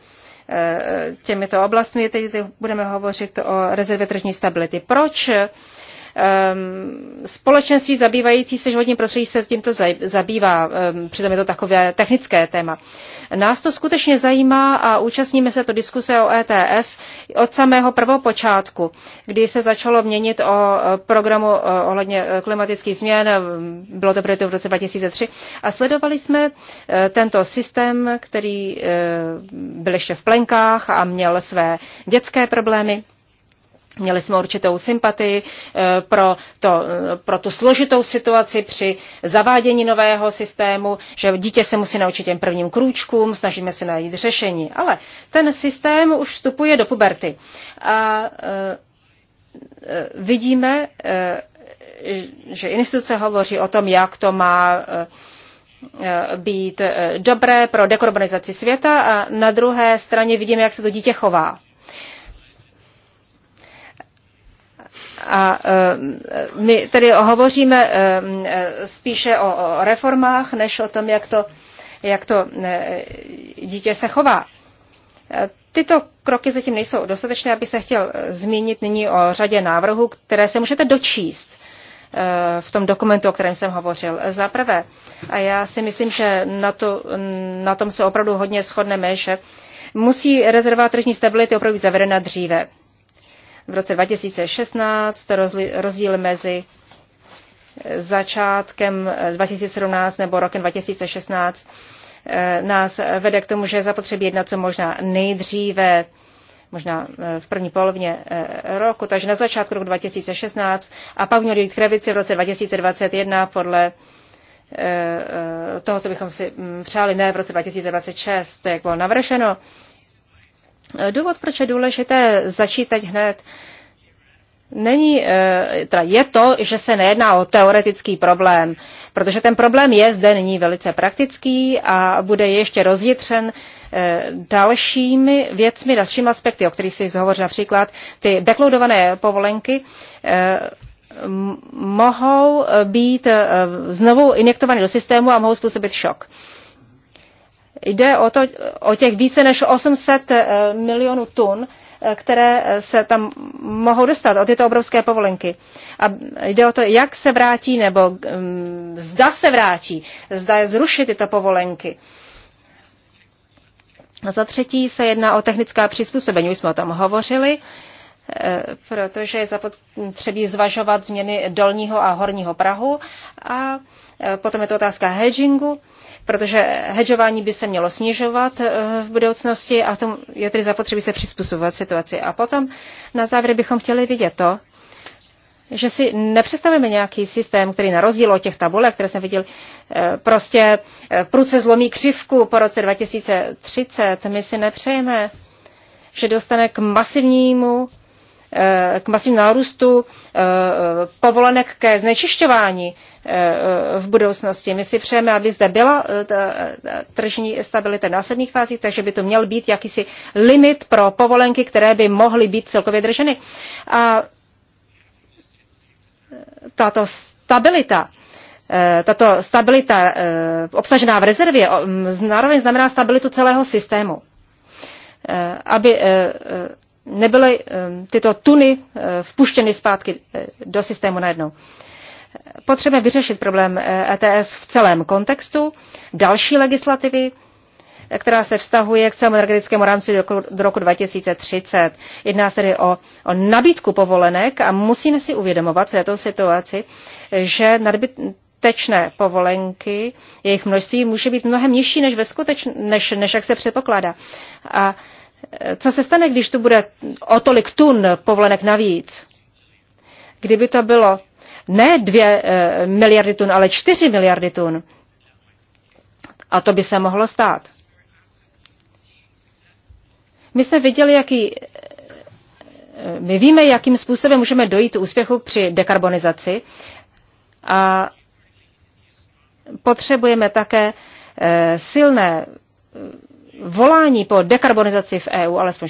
těmito oblastmi. Teď budeme hovořit o rezervě tržní stability. Proč Ehm, společenství zabývající se životním prostředí se tímto zabývá, ehm, přitom je to takové technické téma. Nás to skutečně zajímá a účastníme se to diskuse o ETS od samého prvopočátku, kdy se začalo měnit o e, programu e, ohledně e, klimatických změn, bylo to proto v roce 2003, a sledovali jsme tento systém, který byl ještě v plenkách a měl své dětské problémy. Měli jsme určitou sympatii eh, pro, to, eh, pro tu složitou situaci při zavádění nového systému, že dítě se musí naučit těm prvním krůčkům, snažíme se najít řešení. Ale ten systém už vstupuje do puberty. A eh, vidíme, že instituce hovoří o tom, jak to má být dobré pro dekarbonizaci světa a na druhé straně vidíme, jak se to dítě chová. A e, my tedy hovoříme e, e, spíše o reformách, než o tom, jak to, jak to dítě se chová. Tyto kroky zatím nejsou dostatečné, abych se chtěl zmínit nyní o řadě návrhů, které se můžete dočíst v tom dokumentu, o kterém jsem hovořil. Za prvé, a já si myslím, že na, to, na tom se opravdu hodně shodneme, že musí rezerva tržní stability opravdu být zavedena dříve v roce 2016, rozdíl mezi začátkem 2017 eh, nebo rokem 2016 eh, nás eh, vede k tomu, že zapotřebí jednat co možná nejdříve, možná v první polovině roku, takže na začátku roku 2016 a pak měli jít k revici v roce 2021 podle toho, co bychom si mm, přáli, ne v roce 2026, jak bylo navršeno. Důvod, proč je důležité začít teď hned, není, eh, teda je to, že se nejedná o teoretický problém, protože ten problém je zde nyní velice praktický a bude ještě rozjitřen eh, dalšími věcmi, dalšími aspekty, o kterých si hovořil například ty backloadované povolenky, eh, mohou být znovu injektovány do systému a mohou způsobit šok. Jde o, to, o těch více než 800 eh, milionů tun, eh, které eh, se tam mohou dostat o tyto obrovské povolenky. A jde o to, jak se vrátí nebo um, zda se vrátí, zda je zrušit tyto povolenky. A za třetí se jedná o technická přizpůsobení, už jsme o tom hovořili, protože je zapotřebí zvažovat změny dolního a horního Prahu. A potom je to otázka hedgingu protože hedžování by se mělo snižovat eh, v budoucnosti a tomu je tedy zapotřebí se přizpůsobovat situaci. A potom na závěr bychom chtěli vidět to, že si nepředstavujeme nějaký systém, který na rozdíl od těch tabulek, které jsem viděl, eh, prostě eh, pruce zlomí křivku po roce 2030. My si nepřejeme, že dostane k masivnímu Eh, k masivnímu nárůstu eh, povolenek ke znečišťování eh, v budoucnosti. My si přejeme, aby zde byla tržní stabilita v následních fázích, takže by to měl být jakýsi limit pro povolenky, které by mohly být celkově drženy. A tato stabilita tato stabilita obsažená v rezervě zároveň znamená stabilitu celého systému. Aby nebyly eh, tyto tuny eh, vpuštěny zpátky eh, do systému najednou. Potřebujeme vyřešit problém ETS e v celém kontextu další legislativy, která se vztahuje k celému energetickému rámci do roku 2030. Jedná se tedy o, o nabídku povolenek a musíme si uvědomovat v této situaci, že nadbytečné povolenky, jejich množství může být mnohem nižší než, ve skuteč, než, než jak se předpokládá. A co se stane, když tu bude o tolik tun povolenek navíc? Kdyby to bylo ne dvě eh, miliardy tun, ale čtyři miliardy tun. A to by se mohlo stát. My jsme viděli, jaký, eh, my víme, jakým způsobem můžeme dojít úspěchu při dekarbonizaci a potřebujeme také eh, silné volání po dekarbonizaci v EU, alespoň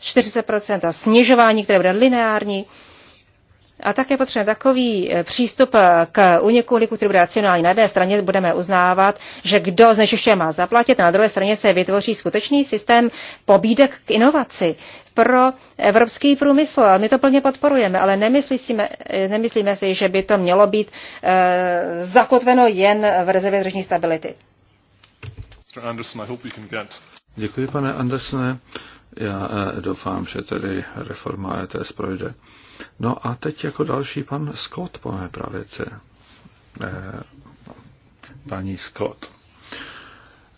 40 a snižování, které bude lineární. A také potřebujeme takový e, přístup e, k úniku uhlíku, který bude racionální. Na jedné straně budeme uznávat, že kdo znečišťuje má zaplatit, na druhé straně se vytvoří skutečný systém pobídek k inovaci pro evropský průmysl. My to plně podporujeme, ale nemyslíme, e, nemyslíme si, že by to mělo být e, zakotveno jen v rezervě tržní stability. Mr. Anderson, I hope you can get. Děkuji, pane Andersone. Já eh, doufám, že tedy reforma ETS projde. No a teď jako další pan Scott po mé pravici. Eh, paní Scott.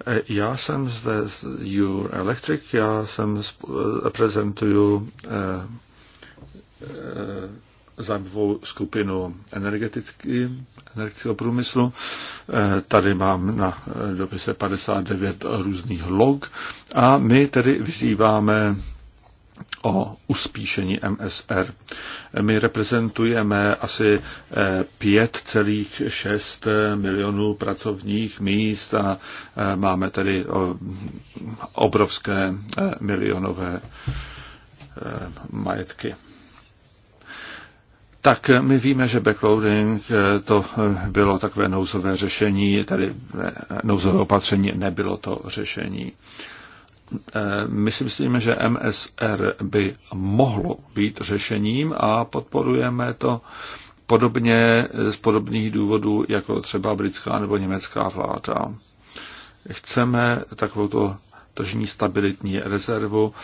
Eh, já jsem zde z Your Electric, já jsem prezentuju zájmovou skupinu energetiky, energetického průmyslu. Eh, tady mám na eh, dopise 59 různých log a my tedy vyzýváme o uspíšení MSR. My reprezentujeme asi 5,6 eh, milionů pracovních míst a máme tedy obrovské milionové majetky tak my víme, že backloading eh, to eh, bylo takové nouzové řešení, tedy eh, nouzové opatření nebylo to řešení. My si myslíme, že MSR by mohlo být řešením a podporujeme to podobně z podobných důvodů jako třeba britská nebo německá vláda. Chceme takovouto tržní stabilitní rezervu,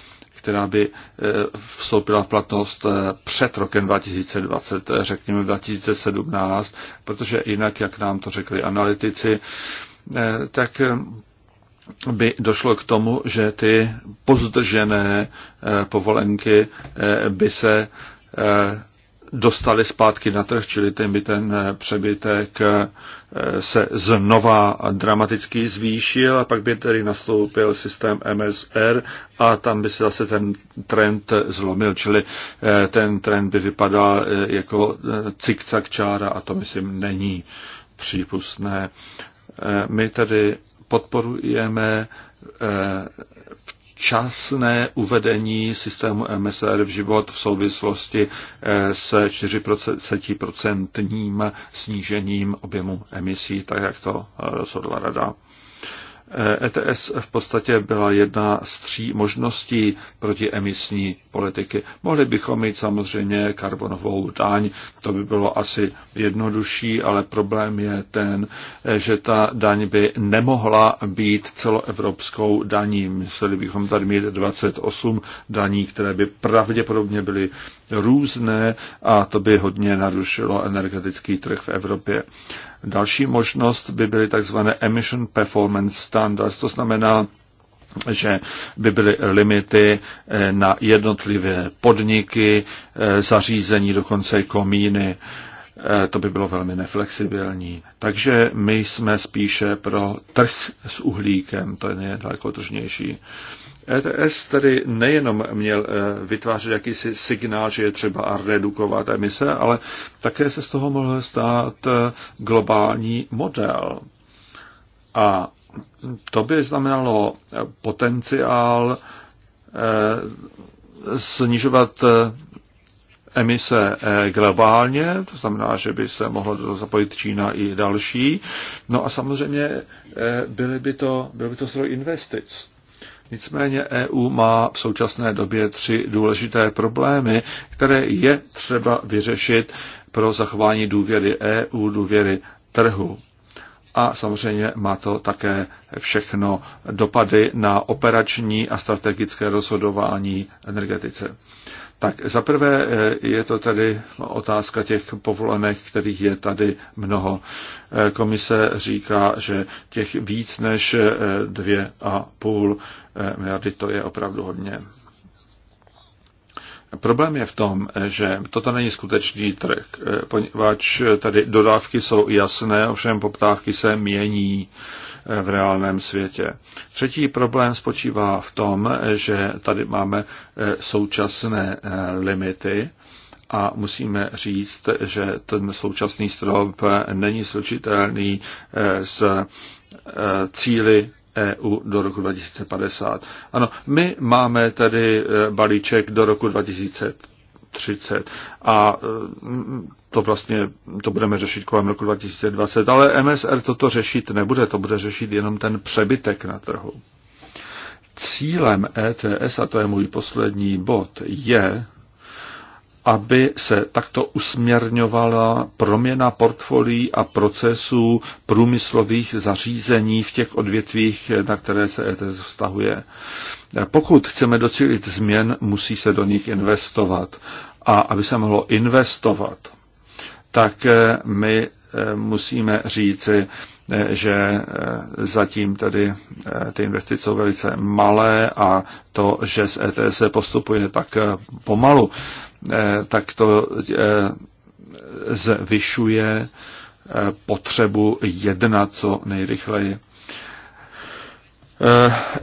která by eh, vstoupila v platnost eh, před rokem 2020, eh, řekněme 2017, protože jinak, jak nám to řekli analytici, tak by došlo k tomu, že ty pozdržené povolenky by se dostali zpátky na trh, čili ten by ten eh, přebytek eh, se znova dramaticky zvýšil a pak by tedy nastoupil systém MSR a tam by se zase ten trend zlomil, čili eh, ten trend by vypadal jako cikcak čára a to myslím není přípustné. My tedy podporujeme včasné uvedení systému MSR v život v souvislosti eh, s 4% snížením objemu emisí, tak jak to eh, rozhodla rada. ETS v podstatě byla jedna z tří možností proti emisní politiky. Mohli bychom mít samozřejmě karbonovou daň, to by bylo asi jednodušší, ale problém je ten, že ta daň by nemohla být celoevropskou daní. Mysleli bychom tady mít 28 daní, které by pravděpodobně byly různé a to by hodně narušilo energetický trh v Evropě. Další možnost by byly tzv. emission performance standards, to znamená, že by byly limity eh, na jednotlivé podniky, eh, zařízení, dokonce i komíny. Eh, to by bylo velmi neflexibilní. Takže my jsme spíše pro trh s uhlíkem, to je daleko tržnější. ETS tedy nejenom měl vytvářet jakýsi signál, že je třeba redukovat emise, ale také se z toho mohl stát globální model. A to by znamenalo potenciál eh, snižovat eh, emise eh, globálně, to znamená, že by se mohla do toho zapojit Čína i další. No a samozřejmě byly by to, byl by to zdroj investic. Nicméně EU má v současné době tři důležité problémy, které je třeba vyřešit pro zachování důvěry EU, důvěry trhu a samozřejmě má to také všechno dopady na operační a strategické rozhodování energetice. Tak zaprvé eh, je to tedy otázka těch povolenek, kterých je tady mnoho. Eh, komise říká, že těch víc než eh, dvě a půl miliardy to je opravdu hodně. Problém je v tom, že toto není skutečný trh, eh, poněvadž eh, tady dodávky jsou jasné, ovšem poptávky se mění eh, v reálném světě. Třetí problém spočívá v tom, že tady máme současné limity a musíme říct, že ten současný strop není slučitelný s cíly EU do roku 2050. Ano, my máme tedy e, balíček do roku 2030 a e, to vlastně to budeme řešit kolem roku 2020, ale MSR toto řešit nebude, to bude řešit jenom ten přebytek na trhu. Cílem ETS, a to je můj poslední bod, je aby se takto usměrňovala proměna portfolií a procesů průmyslových zařízení v těch odvětvích, na které se ETS vztahuje. Pokud chceme docílit změn, musí se do nich investovat. A aby se mohlo investovat, tak eh, my eh, musíme říci, eh, že zatím tedy ty investice jsou velice malé a to, že z ETS postupuje tak pomalu, Eh, tak to eh, zvyšuje eh, potřebu jednat co nejrychleji.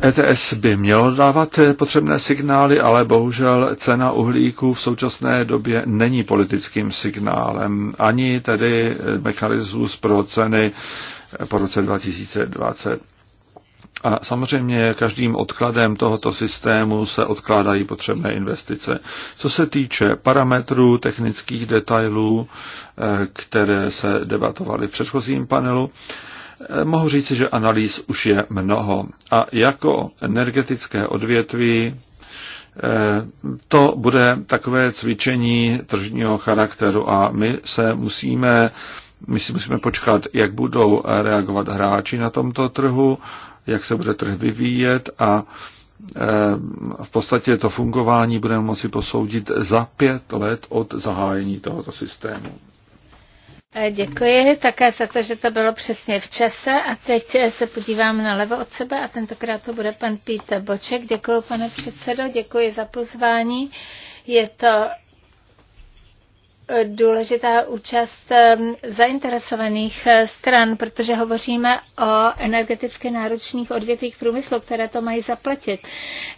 ETS e by mělo dávat potřebné signály, ale bohužel cena uhlíku v současné době není politickým signálem, ani tedy mechanismus pro ceny po roce 2020. A samozřejmě každým odkladem tohoto systému se odkládají potřebné investice. Co se týče parametrů, technických detailů, eh, které se debatovaly v předchozím panelu, eh, mohu říci, že analýz už je mnoho. A jako energetické odvětví eh, to bude takové cvičení tržního charakteru a my se musíme my si musíme počkat, jak budou reagovat hráči na tomto trhu jak se bude trh vyvíjet a eh, v podstatě to fungování budeme moci posoudit za pět let od zahájení tohoto systému. Eh, děkuji také za to, že to bylo přesně v čase a teď eh, se podívám na levo od sebe a tentokrát to bude pan Pít Boček. Děkuji, pane předsedo, děkuji za pozvání. Je to důležitá účast ehm, zainteresovaných eh, stran, protože hovoříme o energeticky náročných odvětvích průmyslu, které to mají zaplatit.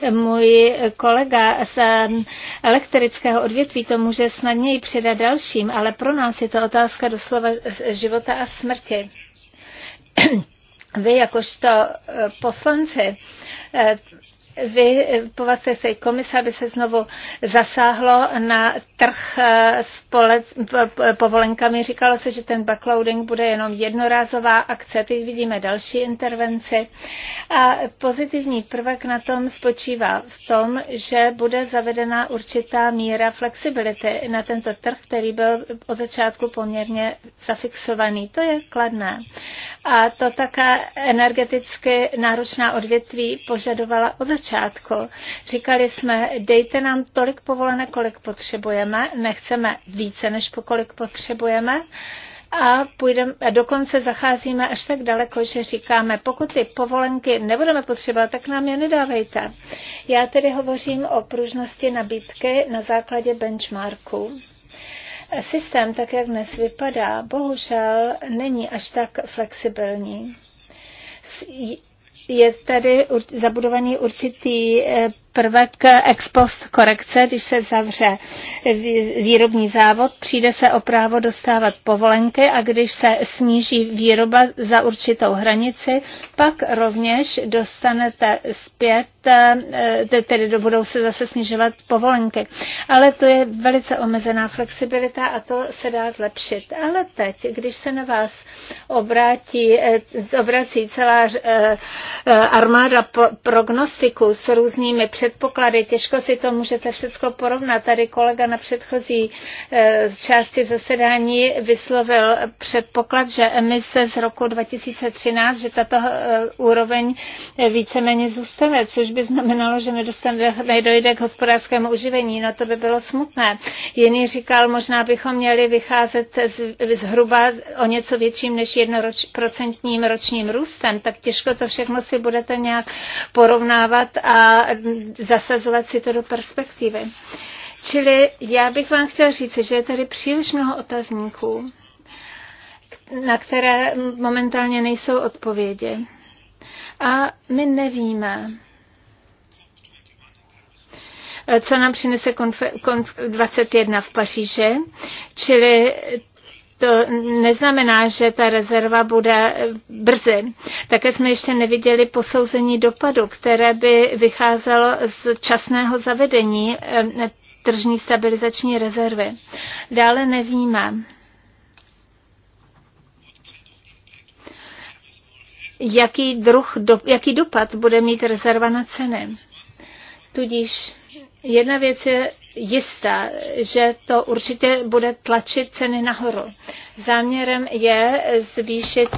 Můj kolega z ehm, elektrického odvětví to může snadněji předat dalším, ale pro nás je to otázka doslova života a smrti. Vy jakožto eh, poslanci eh, vy povazte se komise, aby se znovu zasáhlo na trh eh, s povolenkami. Říkalo se, že ten backloading bude jenom jednorázová akce. Teď vidíme další intervenci. A pozitivní prvek na tom spočívá v tom, že bude zavedena určitá míra flexibility na tento trh, který byl od začátku poměrně zafixovaný. To je kladné. A to také energeticky náročná odvětví požadovala od začátku začátku. Říkali jsme, dejte nám tolik povolené, kolik potřebujeme, nechceme více, než pokolik potřebujeme a půjdeme, a dokonce zacházíme až tak daleko, že říkáme, pokud ty povolenky nebudeme potřebovat, tak nám je nedávejte. Já tedy hovořím o pružnosti nabídky na základě benchmarku. Systém, tak jak dnes vypadá, bohužel není až tak flexibilní je tady zabudovaný určitý eh, prvek ex post korekce, když se zavře výrobní závod, přijde se o právo dostávat povolenky a když se sníží výroba za určitou hranici, pak rovněž dostanete zpět, eh, tedy budou se zase snižovat povolenky. Ale to je velice omezená flexibilita a to se dá zlepšit. Ale teď, když se na vás obrátí, eh, obrací celá eh, armáda prognostiků s různými předpoklady, těžko si to můžete všechno porovnat. Tady kolega na předchozí eh, části zasedání vyslovil předpoklad, že emise z roku 2013, že tato eh, úroveň eh, víceméně zůstane, což by znamenalo, že nedojde k hospodářskému uživení. No to by bylo smutné. Jiný říkal, možná bychom měli vycházet z, zhruba o něco větším než jednoprocentním ročním růstem, tak těžko to všechno si budete nějak porovnávat a zasazovat si to do perspektivy. Čili já bych vám chtěla říct, že je tady příliš mnoho otazníků, na které momentálně nejsou odpovědi. A my nevíme, co nám přinese konf- konf- 21 v Paříži, čili to neznamená, že ta rezerva bude eh, brzy. Také jsme ještě neviděli posouzení dopadu, které by vycházelo z časného zavedení eh, tržní stabilizační rezervy. Dále nevíme, jaký, druh, do, jaký dopad bude mít rezerva na ceny. Tudíž jedna věc je jistá, že to určitě bude tlačit ceny nahoru. Záměrem je zvýšit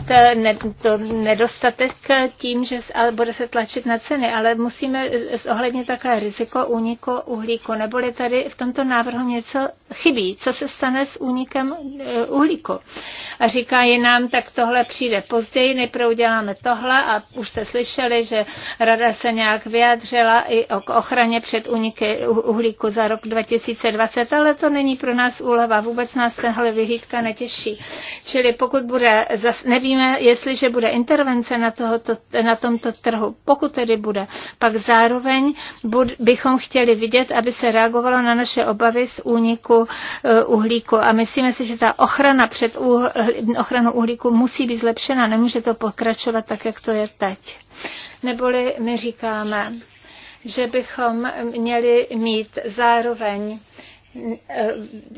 nedostatek tím, že bude se tlačit na ceny, ale musíme zohlednit také riziko úniku uhlíku. Neboli tady v tomto návrhu něco chybí. Co se stane s únikem eh, uhlíku? A říkají nám, tak tohle přijde později, nejprve uděláme tohle a už se slyšeli, že rada se nějak vyjádřila i o ochraně před úniky uhlíku za rok rok 2020, ale to není pro nás úleva. Vůbec nás tenhle vyhlídka netěší. Čili pokud bude, zas, nevíme, jestliže bude intervence na, tohoto, na tomto trhu, pokud tedy bude, pak zároveň bud, bychom chtěli vidět, aby se reagovalo na naše obavy z úniku eh, uhlíku. A myslíme si, že ta ochrana před uhl, ochranu uhlíku musí být zlepšena. Nemůže to pokračovat tak, jak to je teď. Neboli my říkáme, že bychom měli mít zároveň eh,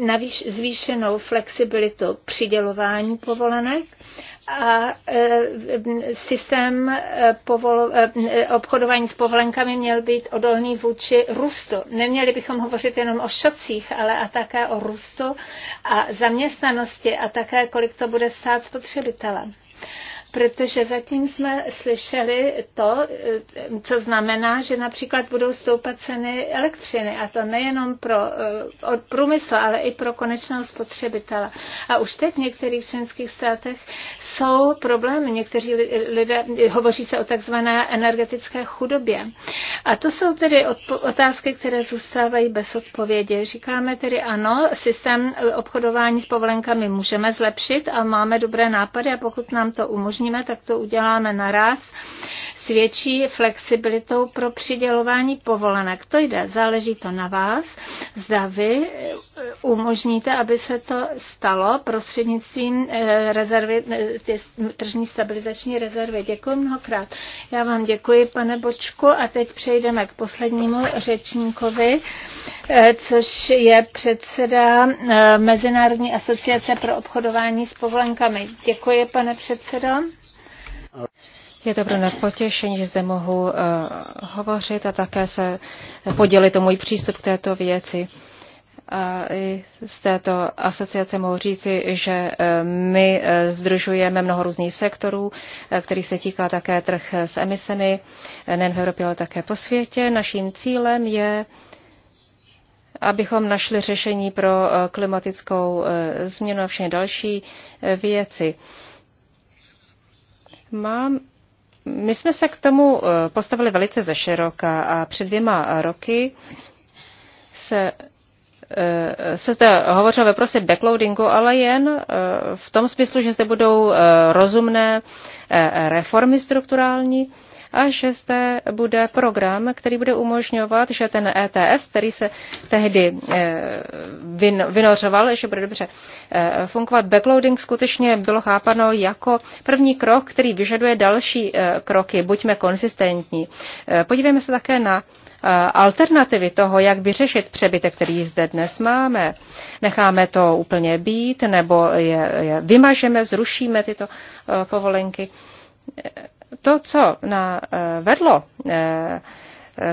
navíš, zvýšenou flexibilitu přidělování povolenek a eh, systém eh, povol, obchodování s povolenkami měl být odolný vůči růstu. Neměli bychom hovořit jenom o šocích, ale a také o růstu a zaměstnanosti a také, kolik to bude stát spotřebitele protože zatím jsme slyšeli to, eh, co znamená, že například budou stoupat ceny elektřiny a to nejenom pro eh, od průmysl, ale i pro konečného spotřebitele. A už teď v některých členských státech jsou problémy. Někteří lidé hovoří se o takzvané energetické chudobě. A to jsou tedy otázky, které zůstávají bez odpovědi. Říkáme tedy ano, systém eh, obchodování s povolenkami můžeme zlepšit a máme dobré nápady a pokud nám to umožní, zúčastníme, tak to uděláme naraz s větší flexibilitou pro přidělování povolenek. To jde, záleží to na vás, zda vy eh, umožníte, aby se to stalo prostřednictvím eh, rezervy, eh, tržní stabilizační rezervy. Děkuji mnohokrát. Já vám děkuji, pane Bočku, a teď přejdeme k poslednímu řečníkovi, což je předseda Mezinárodní asociace pro obchodování s povolenkami. Děkuji, pane předsedo. Je to pro mě potěšení, že zde mohu uh, hovořit a také se podělit o můj přístup k této věci. A i z této asociace mohu říci, že eh, my eh, združujeme mnoho různých sektorů, který se týká také trh s emisemi, nejen v Evropě, ale také po světě. Naším cílem je abychom našli řešení pro klimatickou změnu a všechny další věci. Mám my jsme se k tomu eh, postavili velice zeširoka a před dvěma roky se eh, se zde hovořilo ve prospěch backloadingu, ale jen eh, v tom smyslu, že zde budou rozumné reformy strukturální a že zde bude program, který bude umožňovat, že ten ETS, který se tehdy eh, vynořoval, že bude dobře eh, fungovat. Backloading skutečně bylo chápano jako první krok, který vyžaduje další eh, kroky. Buďme konzistentní. Podívejme se také na alternativy toho, jak vyřešit přebytek, který zde dnes máme. Necháme to úplně být, nebo je, je vymažeme, zrušíme tyto povolenky. To, co na, eh, vedlo eh,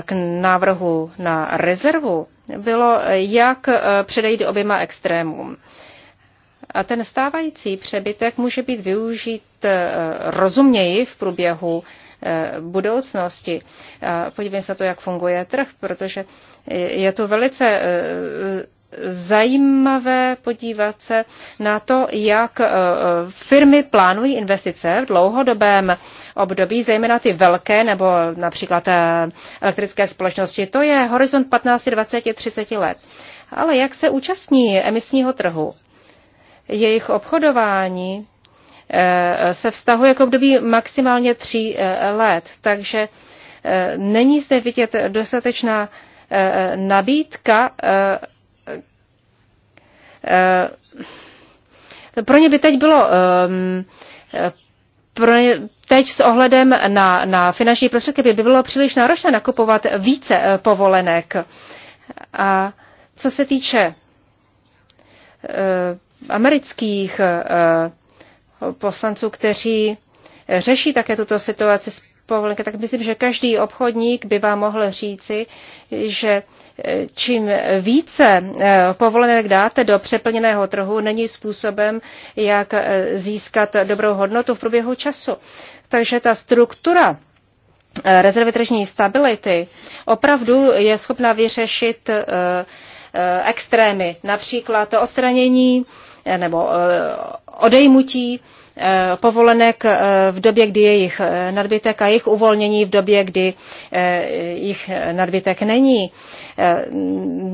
k návrhu na rezervu, bylo, jak eh, předejít oběma extrémům. A ten stávající přebytek může být využít rozuměji v průběhu budoucnosti. Podívejme se na to, jak funguje trh, protože je to velice zajímavé podívat se na to, jak eh, eh, firmy plánují investice v dlouhodobém období, zejména ty velké nebo například eh, elektrické společnosti. To je horizont 15, 20, 30 let. Ale jak se účastní emisního trhu? Jejich obchodování se vztahuje k období maximálně tří let, takže není zde vidět dostatečná nabídka Eh, pro ně by teď bylo ehm, eh, pro ně, teď s ohledem na, na finanční prostředky by, bylo příliš náročné nakupovat více eh, povolenek. A co se týče amerických poslanců, kteří řeší také tuto situaci s povolenky, tak myslím, že každý obchodník by vám mohl říci, že čím více eh, povolenek dáte do přeplněného trhu, není způsobem, jak eh, získat dobrou hodnotu v průběhu času. Takže ta struktura eh, rezervy tržní stability opravdu je schopna vyřešit extrémy, například odstranění nebo odejmutí Eh, povolenek eh, v době, kdy je jich eh, nadbytek a jejich uvolnění v době, kdy jich nadbytek není.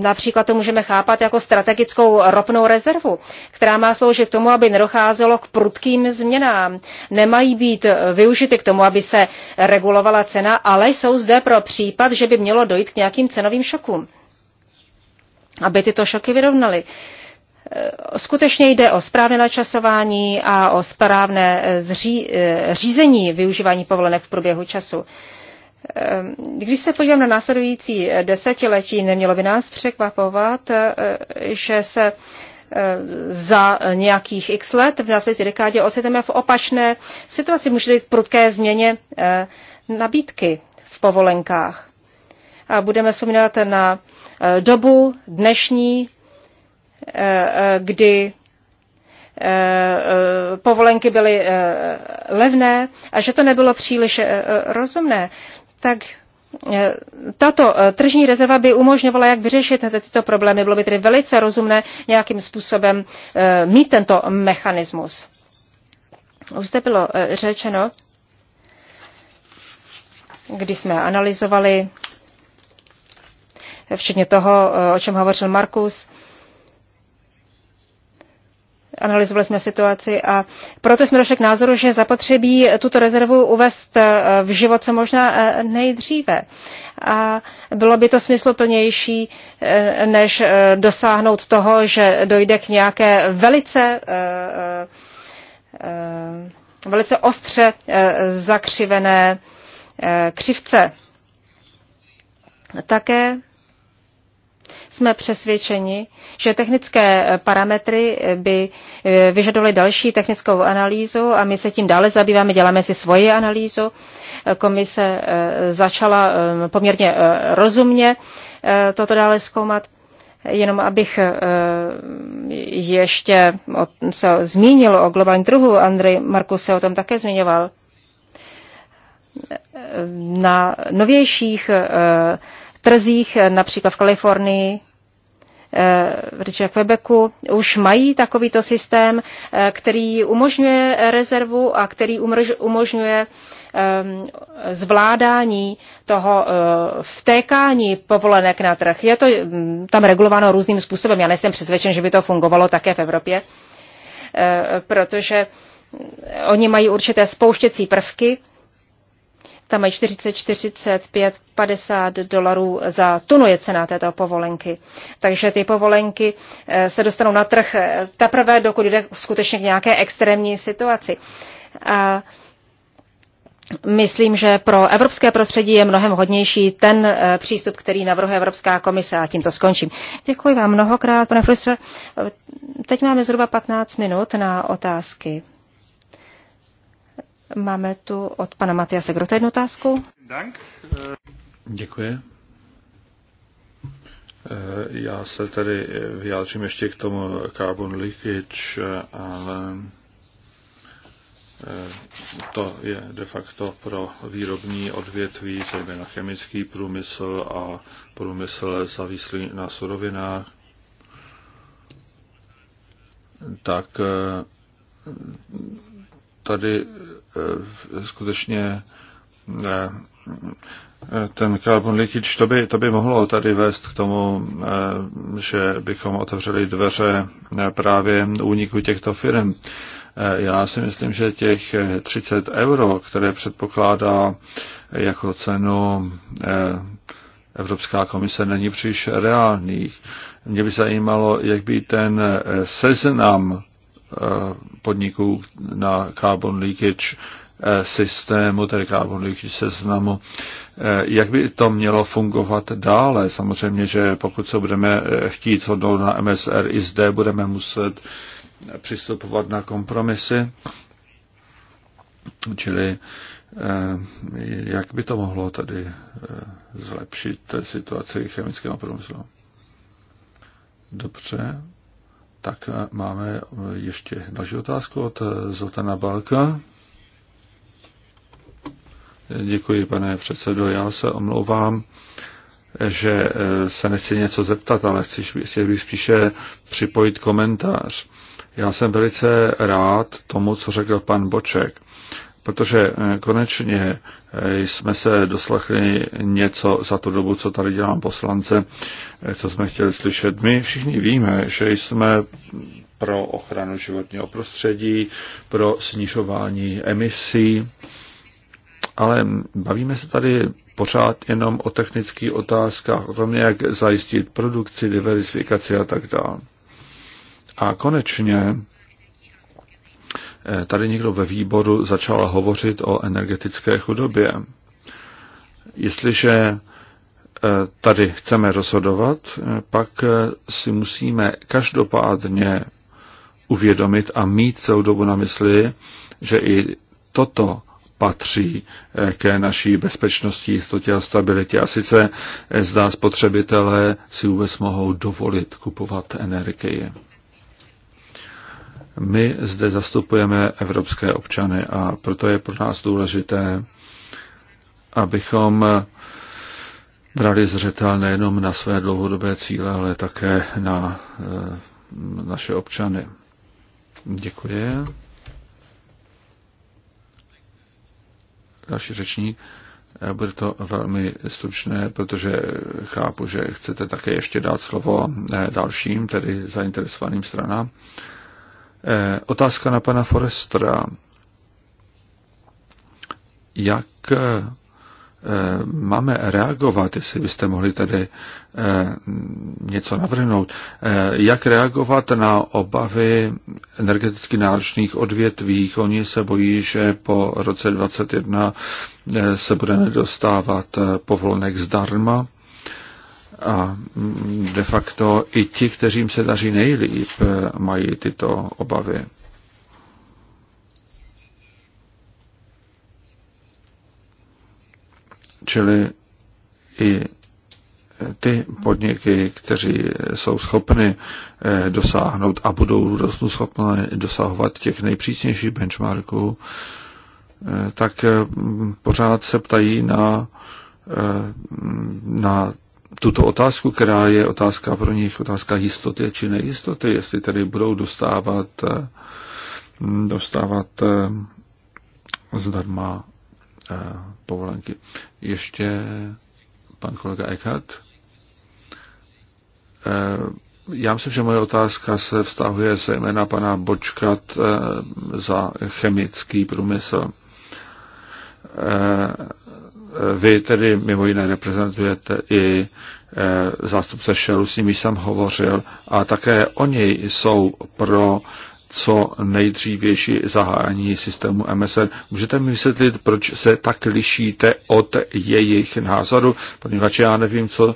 Například to můžeme chápat jako strategickou ropnou rezervu, která má sloužit k tomu, aby nedocházelo k prudkým změnám. Nemají být využity k tomu, aby se regulovala cena, ale jsou zde pro případ, že by mělo dojít k nějakým cenovým šokům aby tyto šoky vyrovnaly. Eh, skutečně jde o správné načasování a o správné eh, zří, eh, řízení využívání povolenek v průběhu času. Když se podívám na následující desetiletí, nemělo by nás překvapovat, že se za nějakých x let v následující dekádě ocitneme v opačné situaci. Může dojít prudké změně nabídky v povolenkách. A budeme vzpomínat na dobu dnešní Eh, eh, kdy eh, povolenky byly levné a že to nebylo příliš rozumné. Tak tato tržní rezerva by umožňovala, jak vyřešit tyto problémy. Bylo by tedy velice rozumné nějakým způsobem mít tento mechanismus. Už zde bylo řečeno, kdy jsme analyzovali, včetně toho, o čem hovořil Markus, analyzovali jsme situaci a proto jsme došli k názoru, že zapotřebí tuto rezervu uvést eh, v život co možná eh, nejdříve. A bylo by to smysluplnější, eh, než dosáhnout toho, že dojde k nějaké velice velice ostře zakřivené křivce. Také jsme přesvědčeni, že technické parametry by eh, vyžadovaly další technickou analýzu a my se tím dále zabýváme, děláme si svoji analýzu. Eh, komise eh, začala poměrně rozumně toto dále zkoumat. Jenom abych ještě se zmínil o globálním trhu, Andrej Markus se o tom také zmiňoval. Na novějších trzích, například v Kalifornii, v eh, Quebecu už mají takovýto systém, eh, který umožňuje rezervu a který umožňuje eh, zvládání toho vtékání povolenek na trh. Je to mm, tam regulováno různým způsobem. Já nejsem přesvědčen, že by to fungovalo také v Evropě, protože oni mají určité spouštěcí prvky, tam mají 40, 45, 50 dolarů za tunu je cena této povolenky. Takže ty povolenky eh, se dostanou na trh eh, teprve, dokud jde skutečně k nějaké extrémní situaci. A Myslím, že pro evropské prostředí je mnohem hodnější ten eh, přístup, který navrhuje Evropská komise a tímto skončím. Děkuji vám mnohokrát, pane profesor. Teď máme zhruba 15 minut na otázky. Máme tu od pana Matia Segrota jednu otázku. Děkuji. Eh, já se tedy vyjádřím ještě k tomu carbon leakage, ale eh, to je de facto pro výrobní odvětví, zejména chemický průmysl a průmysl závislý na surovinách, tak eh, tady eh, skutečně eh, ten carbon leakage, to by, to by mohlo tady vést k tomu, eh, že bychom otevřeli dveře právě úniku těchto firm. Já si myslím, že těch 30 euro, které předpokládá jako cenu Evropská komise, není příliš reálných. Mě by zajímalo, jak by ten seznam Eh, podniků na carbon leakage eh, systému, tedy carbon leakage seznamu. Eh, jak by to mělo fungovat dále? Samozřejmě, že pokud se budeme chtít hodnout na MSR i zde, budeme muset přistupovat na kompromisy. Čili jak by to mohlo tady zlepšit situaci chemického průmyslu? Dobře, tak eh, máme eh, ještě další otázku od eh, Zoltana Balka. Děkuji, pane předsedo. Já se omlouvám, že se nechci něco zeptat, ale chci, chtěl bych spíše připojit komentář. Já jsem velice rád tomu, co řekl pan Boček protože eh, konečně eh, jsme se doslechli něco za tu dobu, co tady dělám poslance, eh, co jsme chtěli slyšet. My všichni víme, že jsme pro ochranu životního prostředí, pro snižování emisí, ale bavíme se tady pořád jenom o technických otázkách, o tom, jak zajistit produkci, diversifikaci a tak dále. A konečně Eh, tady někdo ve výboru začal hovořit o energetické chudobě. Jestliže eh, tady chceme rozhodovat, eh, pak si musíme každopádně uvědomit a mít celou dobu na mysli, že i toto patří ke naší bezpečnosti, jistotě a stabilitě. A sice zdá spotřebitelé si vůbec mohou dovolit kupovat energie. My zde zastupujeme evropské občany a proto je pro nás důležité, abychom brali zřetel nejenom na své dlouhodobé cíle, ale také na eh, naše občany. Děkuji. Další řečník. Eh, bude to velmi stručné, protože chápu, že chcete také ještě dát slovo eh, dalším, tedy zainteresovaným stranám. Eh, otázka na pana Forestra, Jak eh, máme reagovat, jestli byste mohli tady eh, něco navrhnout, jak reagovat na obavy energeticky náročných odvětvích. Oni se bojí, že po roce 2021 se bude nedostávat povolenek zdarma a de facto i ti, kteřím se daří nejlíp, eh, mají tyto obavy. Čili i eh, ty podniky, kteří jsou schopny eh, dosáhnout a budou dostu schopné dosahovat těch nejpřísnějších benchmarků, tak pořád se ptají na, na tuto otázku, která je otázka pro nich, otázka jistoty či nejistoty, jestli tedy budou dostávat, eh, dostávat eh, zdarma eh, povolenky. Ještě pan kolega Eckhart. Já myslím, že moje otázka se vztahuje zejména pana Bočkat za chemický průmysl. Vy tedy mimo jiné reprezentujete i e, zástupce Shellu, s nimi jsem hovořil, a také oni jsou pro co nejdřívější zahájení systému MSN. Můžete mi vysvětlit, proč se tak lišíte od jejich názoru, poněvadž já nevím, co,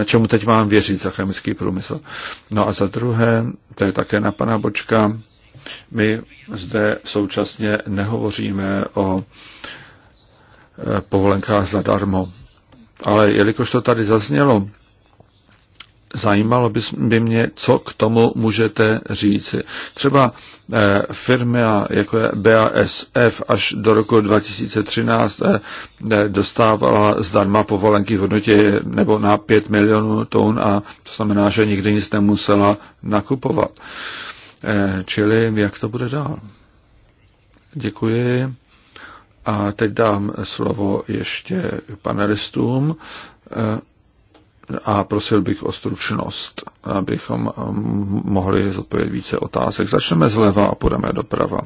e, čemu teď mám věřit za chemický průmysl. No a za druhé, to je také na pana Bočka, my zde současně nehovoříme o Eh, povolenkách zadarmo. Ale jelikož to tady zaznělo, zajímalo by mě, co k tomu můžete říci. Třeba eh, firmy jako je BASF až do roku 2013 eh, dostávala zdarma povolenky v hodnotě nebo na 5 milionů tun a to znamená, že nikdy nic nemusela nakupovat. Čili jak to bude dál? Děkuji. A teď dám slovo ještě panelistům eh, a prosil bych o stručnost, abychom eh, mohli zodpovědět více otázek. Začneme zleva a půjdeme doprava.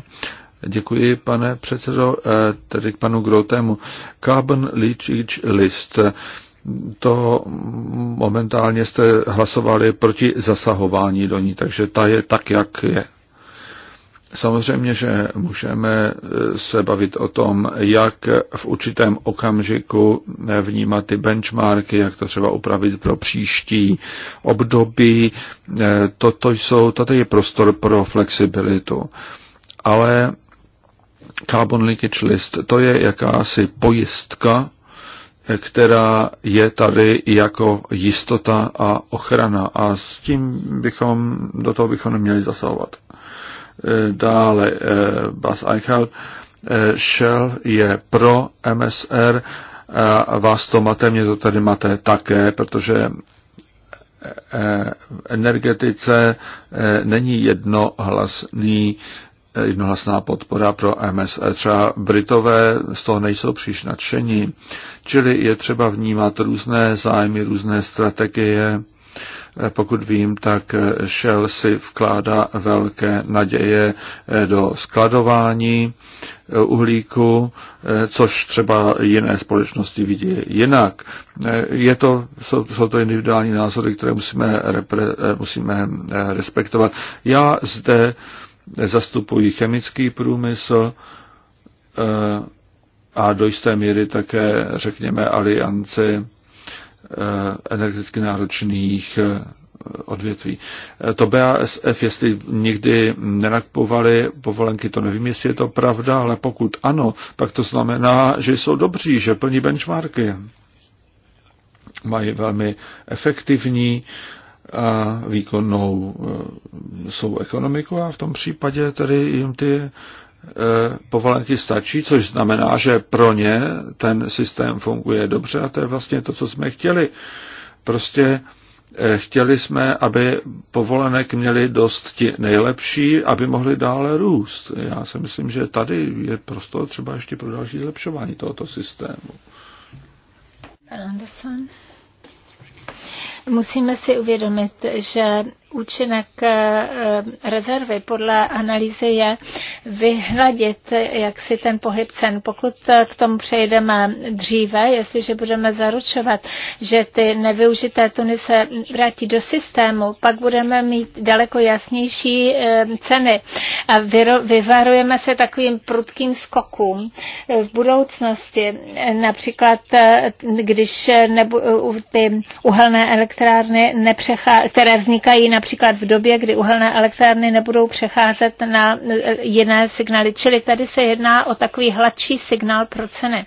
Děkuji, pane předsedo, eh, tedy k panu Grotému. Carbon leakage list. To momentálně jste hlasovali proti zasahování do ní, takže ta je tak, jak je. Samozřejmě, že můžeme e, se bavit o tom, jak v určitém okamžiku e, vnímat ty benchmarky, jak to třeba upravit pro příští období. E, toto jsou, toto je prostor pro flexibilitu. Ale carbon leakage list, to je jakási pojistka, která je tady jako jistota a ochrana. A s tím bychom, do toho bychom neměli zasahovat. Eh, dále eh, Bas Eichel, eh, Shell je pro MSR, a vás to máte, mě to tady máte také, protože energetice není jednohlasný, jednohlasná podpora pro MSR. Třeba Britové z toho nejsou příliš nadšení, čili je třeba vnímat různé zájmy, různé strategie pokud vím, tak Shell si vkládá velké naděje do skladování uhlíku, což třeba jiné společnosti vidí jinak. Je to, jsou, jsou to individuální názory, které musíme, repre, musíme respektovat. Já zde zastupuji chemický průmysl, eh, a do jisté míry také, řekněme, alianci Eh, energeticky náročných eh, odvětví. Eh, to BASF, jestli nikdy nenakupovali povolenky, to nevím, jestli je to pravda, ale pokud ano, pak to znamená, že jsou dobří, že plní benchmarky. Mají velmi efektivní a výkonnou svou ekonomiku a v tom případě tedy jim ty Eh, povolenky stačí, což znamená, že pro ně ten systém funguje dobře a to je vlastně to, co jsme chtěli. Prostě eh, chtěli jsme, aby povolenek měli dost ti nejlepší, aby mohli dále růst. Já si myslím, že tady je prostor třeba ještě pro další zlepšování tohoto systému. Anderson. Musíme si uvědomit, že účinek eh, eh, rezervy podle analýzy je vyhladit jak si ten pohyb cen. Pokud eh, k tomu přejdeme dříve, jestliže budeme zaručovat, že ty nevyužité tuny se vrátí do systému, pak budeme mít daleko jasnější ceny a vyvarujeme se takovým prudkým skokům v budoucnosti. Například, když nebu, ty uhelné elektrárny, které vznikají na například v době, kdy uhelné elektrárny nebudou přecházet na eh, jiné signály. Čili tady se jedná o takový hladší signál pro ceny.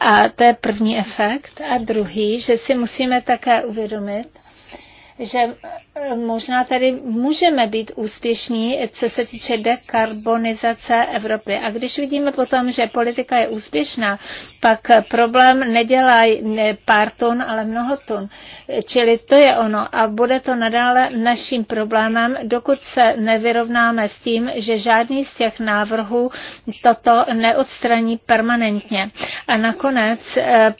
A to je první efekt. A druhý, že si musíme také uvědomit, že eh, možná tady můžeme být úspěšní, co se týče dekarbonizace Evropy. A když vidíme potom, že politika je úspěšná, pak problém nedělá pár tun, ale mnoho tun. Čili to je ono a bude to nadále naším problémem, dokud se nevyrovnáme s tím, že žádný z těch návrhů toto neodstraní permanentně. A nakonec eh,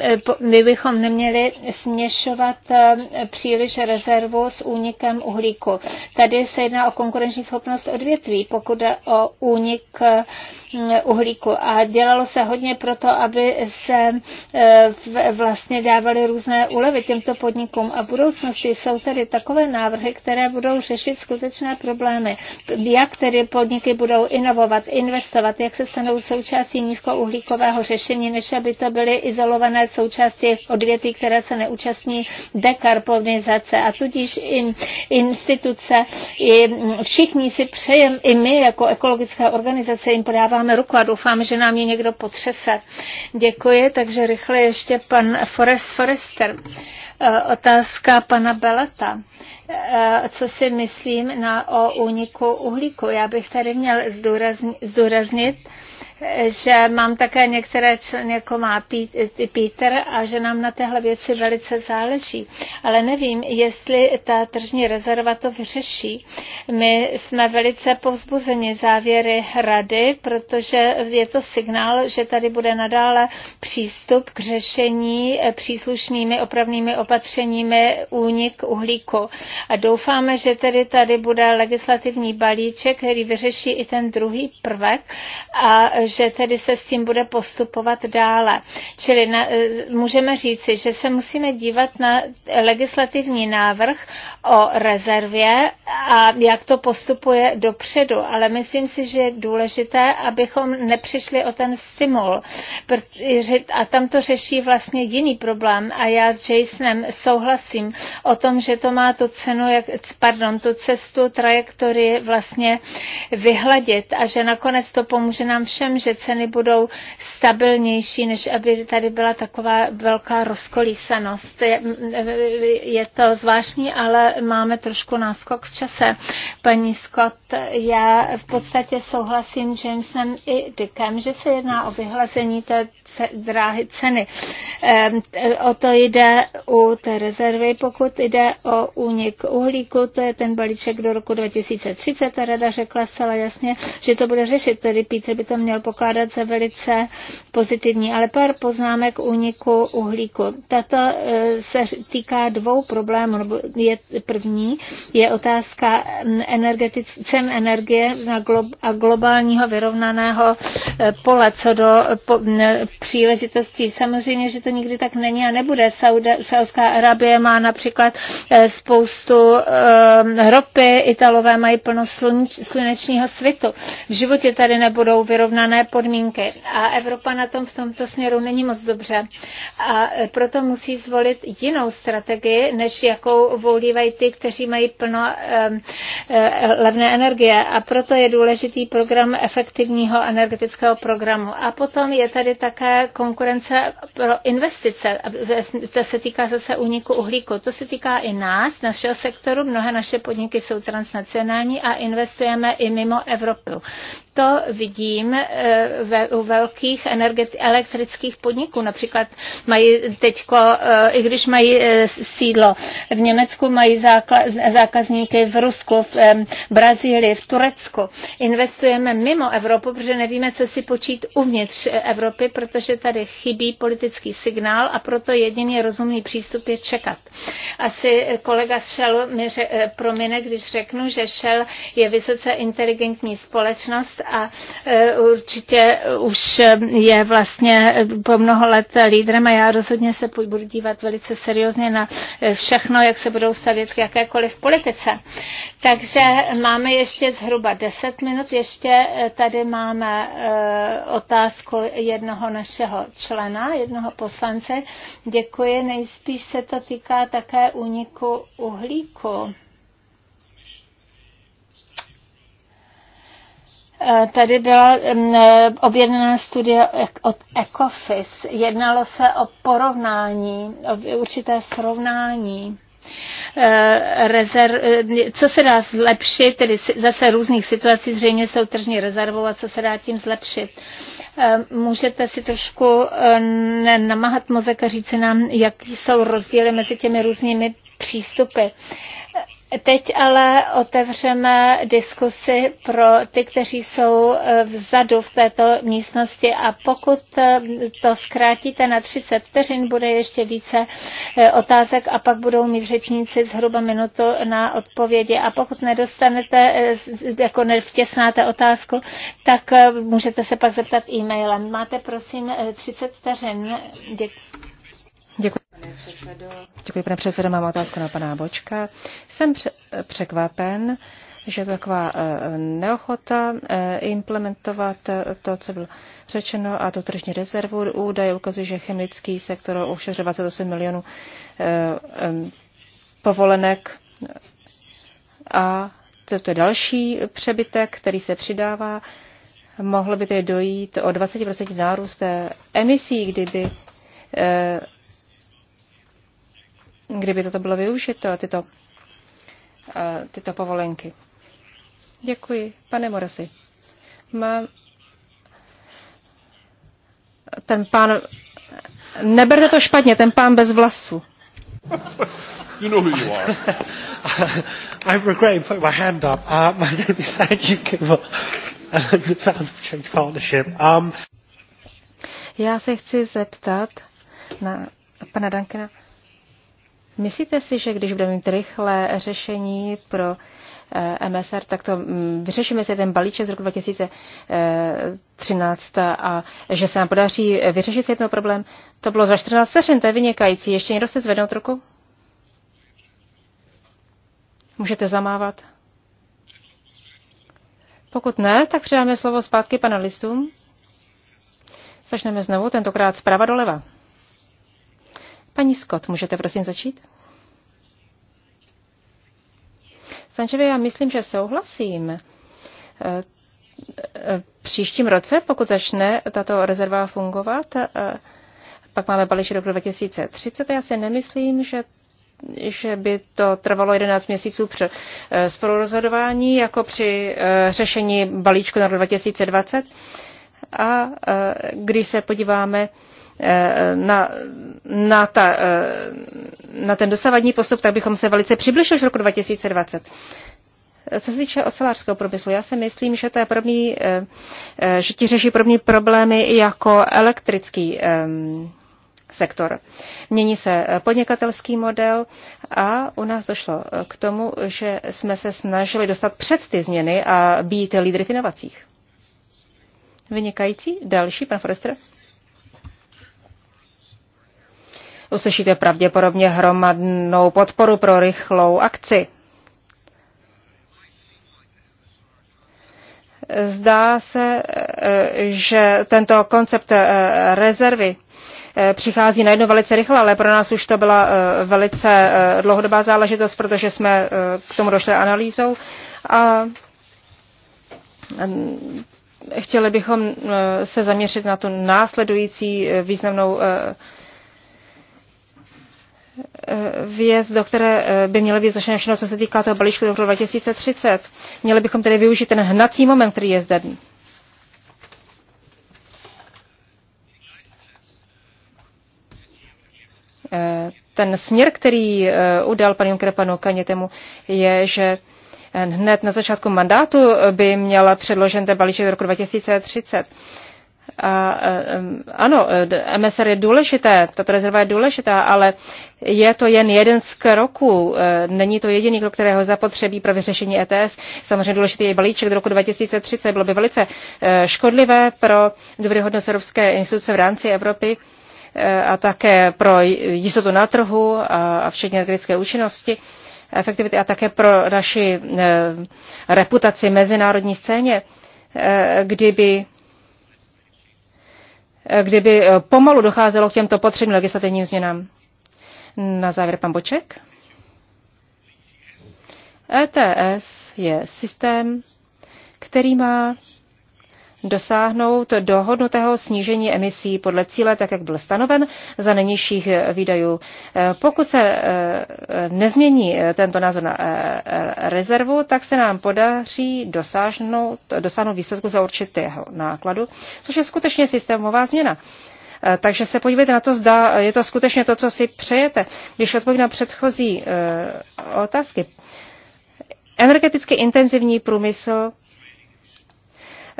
eh, my bychom neměli směšovat eh, příliš rezervu s únikem uhlíku. Tady se jedná o konkurenční schopnost odvětví, pokud je o únik mm, uhlíku. A dělalo se hodně proto, aby se vlastně dávaly různé úlevy těmto podnikům. A v budoucnosti jsou tady takové návrhy, které budou řešit skutečné problémy. Jak tedy podniky budou inovovat, investovat, jak se stanou součástí nízkouhlíkového řešení řešení, než aby to byly izolované součásti odvětví, které se neúčastní dekarbonizace. A tudíž i instituce, i všichni si přejem, i my jako ekologická organizace jim podáváme ruku a doufám, že nám ji někdo potřese. Děkuji, takže rychle ještě pan Forest Forester e, otázka pana Beleta. Eh, co si myslím na, o úniku uhlíku. Já bych tady měl zdůraznit, eh, že mám také některé členy, jako má Peter, a že nám na téhle věci velice záleží. Ale nevím, jestli ta tržní rezerva to vyřeší. My jsme velice povzbuzeni závěry rady, protože je to signál, že tady bude nadále přístup k řešení eh, příslušnými opravnými opatřeními únik uhlíku. A doufáme, že tedy tady bude legislativní balíček, který vyřeší i ten druhý prvek a že tedy se s tím bude postupovat dále. Čili na, eh, můžeme říci, že se musíme dívat na legislativní návrh o rezervě a jak to postupuje dopředu, ale myslím si, že je důležité, abychom nepřišli o ten stimul. A tam to řeší vlastně jiný problém a já s Jasonem souhlasím o tom, že to má tu cenu, jak, pardon, tu cestu, trajektorii vlastně vyhladit a že nakonec to pomůže nám všem, že ceny budou stabilnější, než aby tady byla taková velká rozkolísanost. Je, je to zvláštní, ale máme trošku náskok v čase. Paní Scott, já v podstatě souhlasím Jamesem i Dickem, že se jedná o vyhlazení té dráhy ceny. Ehm, o to jde u té rezervy. Pokud jde o únik uhlíku, to je ten balíček do roku 2030. Ta rada řekla zcela jasně, že to bude řešit. Tedy Pítr by to měl pokládat za velice pozitivní. Ale pár poznámek úniku uhlíku. Tato eh, se týká dvou problémů. Nebo je první je otázka mm, energetických cen energie na a globálního vyrovnaného eh, pole co do po- příležitostí. Samozřejmě, že to nikdy tak není a nebude. Saudská Arabie má například eh, spoustu eh, ropy, Italové mají plno slunečního svitu. V životě tady nebudou vyrovnané podmínky a Evropa na tom v tomto směru není moc dobře. A eh, proto musí zvolit jinou strategii, než jakou volívají ty, kteří mají plno levné energie. A proto je důležitý program efektivního energetického programu. A potom je tady také zase konkurence pro investice. To se týká zase uniku uhlíku. To se týká i nás, našeho sektoru. Mnohé naše podniky jsou transnacionální a investujeme i mimo Evropu to vidím eh, ve, u velkých elektrických podniků. Například mají teďko, eh, i když mají eh, sídlo v Německu, mají zákazníky v Rusku, v Brazílii, v Turecku. Investujeme mimo Evropu, protože nevíme, co si počít uvnitř Evropy, protože tady chybí politický signál a proto jediný rozumný přístup je čekat. Asi kolega šel mi ře, promine, když řeknu, že Shell je vysoce inteligentní společnost a e, určitě už je vlastně po mnoho let lídrem a já rozhodně se budu dívat velice seriózně na všechno, jak se budou stavět v jakékoliv politice. Takže máme ještě zhruba 10 minut. Ještě e, tady máme e, otázku jednoho našeho člena, jednoho poslance. Děkuji. Nejspíš se to týká také úniku uhlíku. Eh, tady byla mm, eh, objednaná studie od Ecofis. Jednalo se o porovnání, o určité srovnání eh, rezerv, co se dá zlepšit, tedy zase různých situací zřejmě jsou tržní rezervovat, co se dá tím zlepšit. Můžete si trošku namahat mozek a říct, nám, jaký jsou rozdíly mezi těmi různými přístupy. Teď ale otevřeme diskusy pro ty, kteří jsou e, vzadu v této místnosti a pokud e, to zkrátíte na 30 vteřin, bude ještě více e, otázek a pak budou mít řečníci zhruba minutu na odpovědi. A pokud nedostanete, jako nevtěsnáte otázku, tak můžete se pak zeptat e-mailem. Máte prosím 30 vteřin. Děkuji. Děkuji, pane Děkuji, pane předsedo. Mám otázku na pana Bočka. Jsem překvapen, že je to taková e, neochota e, implementovat e, to, co bylo řečeno, a to tržní rezervu. Údaje ukazují, že chemický sektor ušetřil 28 milionů povolenek a to je další přebytek, který se přidává. Mohlo by tedy dojít o 20% nárůst emisí, kdyby kdyby toto bylo využito, tyto, eh, tyto povolenky. Děkuji. Pane Morasi, mám ten pán, neberte to špatně, ten pán bez vlasů. You know who you are. I'm regretting putting my hand up. Uh, my name is Andrew Kimmel, I'm the founder of Change Partnership. Um, Já se chci zeptat na pana Dankena Myslíte si, že když budeme mít rychlé řešení pro eh, MSR, tak to mm, vyřešíme si ten balíček z roku 2013 eh, a že se nám podaří eh, vyřešit si ten problém. To bylo za 14 seřin, to je vynikající. Ještě někdo se zvednout ruku? Můžete zamávat? Pokud ne, tak předáme slovo zpátky panelistům. Začneme znovu, tentokrát zprava doleva. Paní Scott, můžete prosím začít? Sančevi, já myslím, že souhlasím. Eh, eh, příštím roce, pokud začne tato rezerva fungovat, eh, pak máme balíček roku 2030 já si nemyslím, že že by to trvalo 11 měsíců při spolurozhodování, jako při řešení balíčku na rok 2020. A když se podíváme Eh, na, na, ta, eh, na ten dosavadní postup, tak bychom se velice přibližili v roku 2020. Co se týče ocelářského průmyslu, já si myslím, že to je podobný, eh, že ti řeší podobné problémy jako elektrický sektor. Mění se podnikatelský model a u nás došlo k tomu, že jsme se snažili dostat před ty změny a být lídry v inovacích. Vynikající. Další, pan Forrester. uslyšíte pravděpodobně hromadnou podporu pro rychlou akci. Zdá se, eh, že tento koncept eh, rezervy eh, přichází najednou velice rychle, ale pro nás už to byla velice dlouhodobá záležitost, protože jsme k tomu došli analýzou. A chtěli bychom se zaměřit na tu následující významnou věc, do které eh, by měly být zašleno, co se týká toho balíčku do roku 2030. Měli bychom tedy využít ten hnací moment, který je zde. Eh, ten směr, který eh, udal paní Juncker panu Kanětemu, je, že hned na začátku mandátu by měla předložen ten balíček do roku 2030. A, e, ano, e, MSR je důležité, tato rezerva je důležitá, ale je to jen jeden z kroků. E, není to jediný krok, kterého zapotřebí pro vyřešení ETS. Samozřejmě důležitý je balíček do roku 2030. Bylo by velice škodlivé pro důvěryhodnost Evropské instituce v rámci Evropy a také pro jistotu na trhu a včetně energetické účinnosti efektivity a také pro naši reputaci mezinárodní scéně, kdyby Eh, kdyby eh, pomalu docházelo k těmto potřebným legislativním změnám. Na závěr pan Boček. ETS je systém, který má dosáhnout dohodnutého snížení emisí podle cíle, tak jak byl stanoven, za nejnižších eh, výdajů. Eh, pokud se eh, nezmění tento názor na rezervu, tak se nám podaří dosáhnout, dosáhnout výsledku za určitého nákladu, což je skutečně systémová změna. Takže se podívejte na to, zda je to skutečně to, co si přejete. Když odpovím na předchozí otázky, energeticky intenzivní průmysl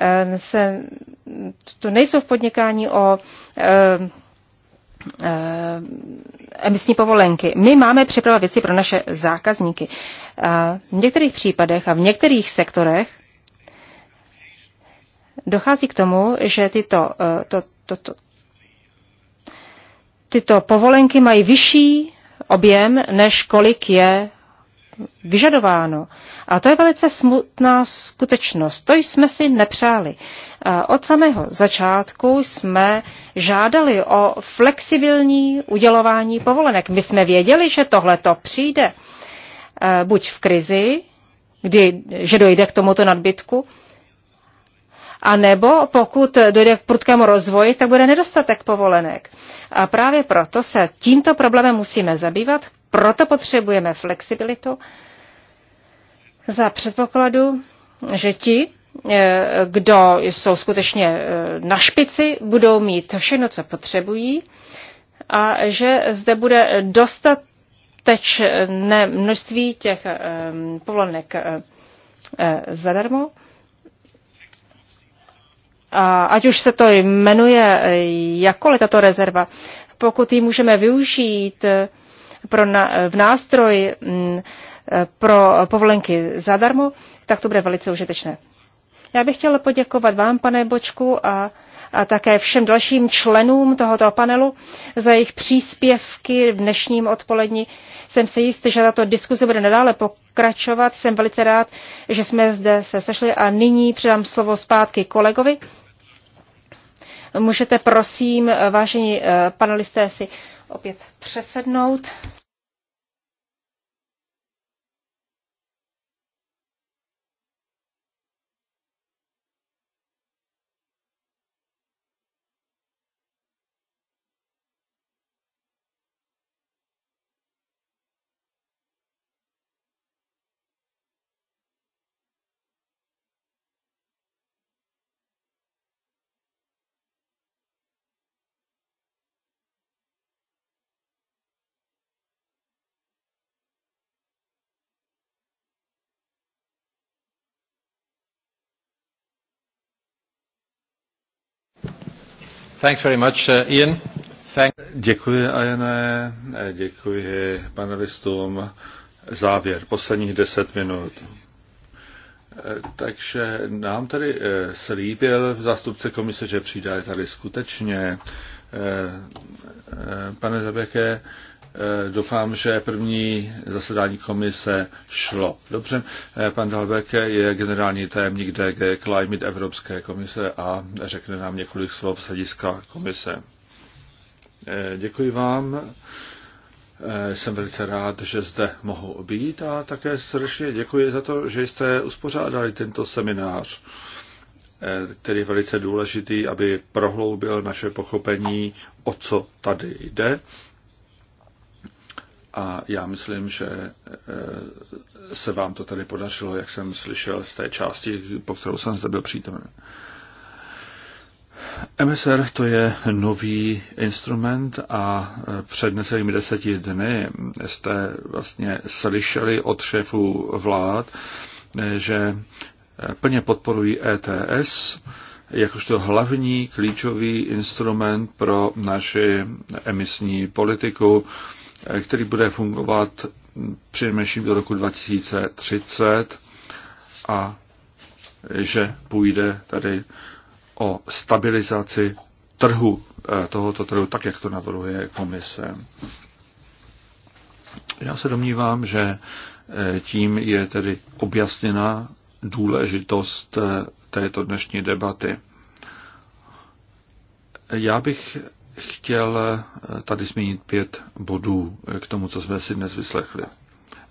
Eh, se, to nejsou v podnikání o eh, eh, emisní povolenky. My máme připravovat věci pro naše zákazníky. v některých případech a v některých sektorech dochází k tomu, že tyto, to, to, to, tyto povolenky mají vyšší objem, než kolik je vyžadováno. A to je velice smutná skutečnost. To jsme si nepřáli. Od samého začátku jsme žádali o flexibilní udělování povolenek. My jsme věděli, že tohle to přijde e, buď v krizi, kdy, že dojde k tomuto nadbytku, a nebo pokud dojde k prudkému rozvoji, tak bude nedostatek povolenek. A právě proto se tímto problémem musíme zabývat, proto potřebujeme flexibilitu za předpokladu, že ti, eh, kdo jsou skutečně eh, na špici, budou mít všechno, co potřebují a že zde bude dostatečné množství těch eh, povolenek zadarmo. A ať už se to jmenuje jakkoliv tato rezerva, pokud ji můžeme využít, pro na, v nástroj mm, eh, pro povolenky zadarmo, tak to bude velice užitečné. Já bych chtěla poděkovat vám, pane Bočku, a, a také všem dalším členům tohoto panelu za jejich příspěvky v dnešním odpolední. Jsem si jist, že tato diskuze bude nadále pokračovat. Jsem velice rád, že jsme zde se sešli a nyní předám slovo zpátky kolegovi. Můžete prosím, vážení eh, panelisté, si opět přesednout. Thanks very much, uh, Ian. Thank... Děkuji, Ajene, děkuji panelistům. Závěr, posledních deset minut. Takže nám tady eh, slíbil zástupce komise, že přijde tady skutečně. Eh, eh, pane Zabeke, Eh, doufám, že první zasedání komise šlo. Dobře, eh, pan Dalbeke je generální tajemník DG Climate Evropské komise a řekne nám několik slov z hlediska komise. Eh, děkuji vám. Jsem velice rád, že zde mohu být a také srdečně děkuji za to, že jste uspořádali tento seminář, který je velice důležitý, aby prohloubil naše pochopení, o co tady jde a já myslím, že e, se vám to tady podařilo, jak jsem slyšel z té části, po kterou jsem zde byl přítomen. MSR to je nový instrument a e, před necelými deseti dny jste vlastně slyšeli od šéfů vlád, e, že plně podporují ETS jakožto hlavní klíčový instrument pro naši emisní politiku který bude fungovat přinejmenším do roku 2030 a že půjde tady o stabilizaci trhu, eh, tohoto trhu, tak jak to navrhuje komise. Já se domnívám, že eh, tím je tedy objasněna důležitost eh, této dnešní debaty. Já bych chtěl eh, tady zmínit pět bodů k tomu, co jsme si dnes vyslechli.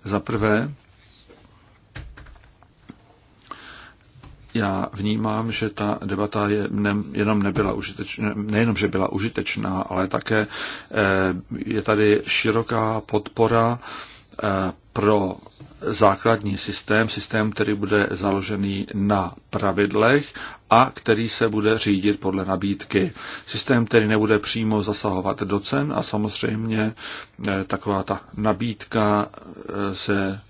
Za prvé, já vnímám, že ta debata je, ne, jenom nebyla užitečná, nejenom, že byla užitečná, ale také eh, je tady široká podpora eh, pro základní systém, systém, který bude založený na pravidlech a který se bude řídit podle nabídky. Systém, který nebude přímo zasahovat do cen a samozřejmě eh, taková ta nabídka eh, se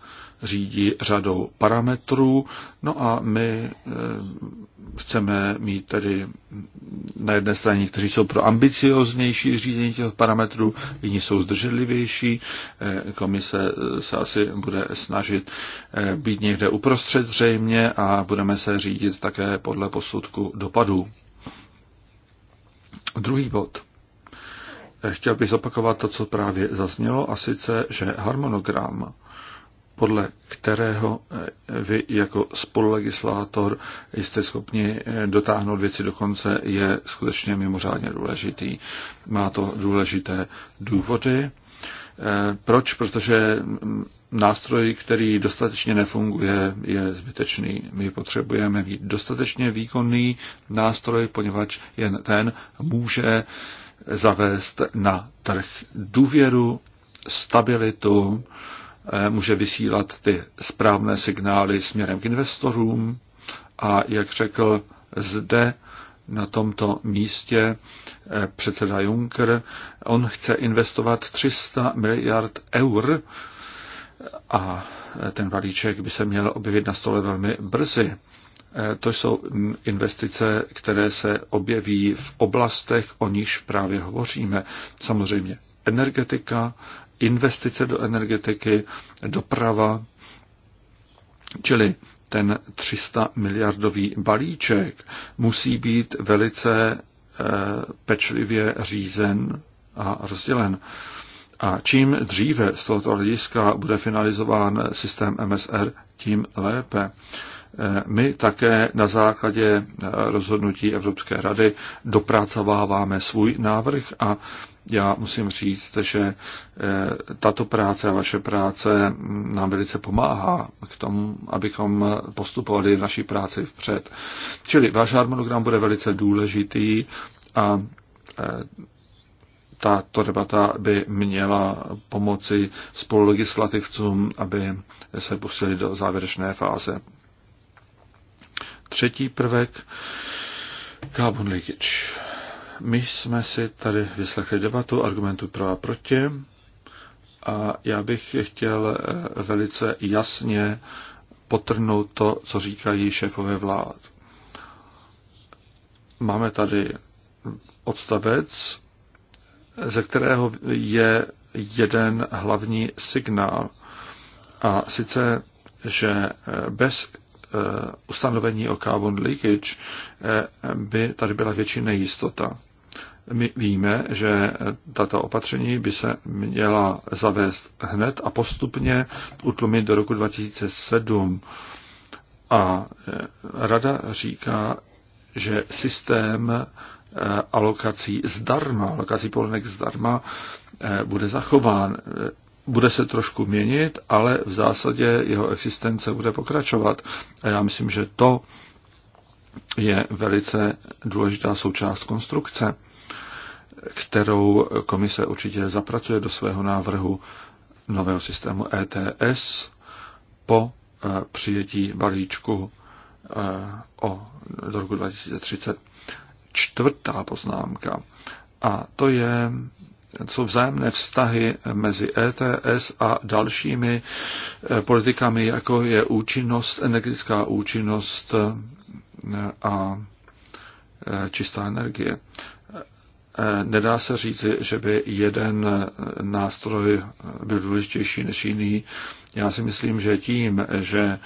řídí řadou parametrů. No a my eh, chceme mít tedy na jedné straně kteří jsou pro ambicioznější řízení těch parametrů, jiní jsou zdrženlivější. Eh, komise eh, se asi bude snažit být někde uprostřed zřejmě a budeme se řídit také podle posudku dopadů. Druhý bod. Chtěl bych zopakovat to, co právě zaznělo, a sice, že harmonogram podle kterého eh, vy jako spolulegislátor jste schopni eh, dotáhnout věci do konce, je skutečně mimořádně důležitý. Má to důležité důvody. Eh, proč? Protože mm, nástroj, který dostatečně nefunguje, je zbytečný. My potřebujeme mít dostatečně výkonný nástroj, poněvadž jen ten může zavést na trh důvěru, stabilitu, Eh, může vysílat ty správné signály směrem k investorům a, jak řekl zde na tomto místě eh, předseda Juncker, on chce investovat 300 miliard eur a eh, ten balíček by se měl objevit na stole velmi brzy. To jsou investice, které se objeví v oblastech, o níž právě hovoříme. Samozřejmě energetika, investice do energetiky, doprava, čili ten 300 miliardový balíček musí být velice eh, pečlivě řízen a rozdělen. A čím dříve z tohoto hlediska bude finalizován systém MSR, tím lépe my také na základě rozhodnutí Evropské rady dopracováváme svůj návrh a já musím říct, že eh, tato práce a vaše práce nám velice pomáhá k tomu, abychom postupovali v naší práci vpřed. Čili váš harmonogram bude velice důležitý a eh, tato debata by měla pomoci spolulegislativcům, aby se pustili do závěrečné fáze Třetí prvek, carbon leakage. My jsme si tady vyslechli debatu argumentu pro a proti a já bych chtěl eh, velice jasně potrhnout to, co říkají šéfové vlád. Máme tady odstavec, ze kterého je jeden hlavní signál. A sice, že eh, bez Eh, ustanovení o carbon leakage eh, by tady byla větší nejistota. My víme, že tato opatření by se měla zavést hned a postupně utlumit do roku 2007. A eh, rada říká, že systém alokací zdarma, alokací polenek zdarma, bude zachován bude se trošku měnit, ale v zásadě jeho existence bude pokračovat. A já myslím, že to je velice důležitá součást konstrukce, kterou komise určitě zapracuje do svého návrhu nového systému ETS po e, přijetí balíčku e, o, do roku 2030. Čtvrtá poznámka. A to je co vzájemné vztahy mezi ETS a dalšími eh, politikami, jako je účinnost, energetická účinnost eh, a eh, čistá energie. Eh, nedá se říct, že by jeden eh, nástroj eh, byl důležitější než jiný. Já si myslím, že tím, že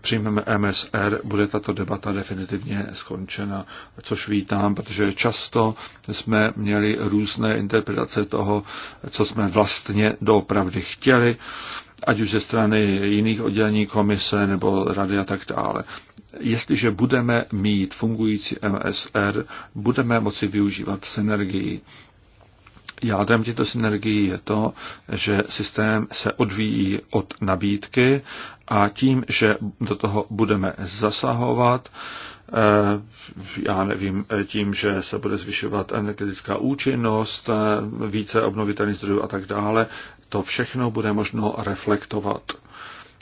přijmeme MSR, bude tato debata definitivně skončena, což vítám, protože často jsme měli různé interpretace toho, co jsme vlastně doopravdy chtěli ať už ze strany jiných oddělení komise nebo rady a tak dále. Jestliže budeme mít fungující MSR, budeme moci využívat synergii Jádrem těchto synergií je to, že systém se odvíjí od nabídky a tím, že do toho budeme zasahovat, eh, já nevím, eh, tím, že se bude zvyšovat energetická účinnost, eh, více obnovitelných zdrojů a tak dále, to všechno bude možno reflektovat.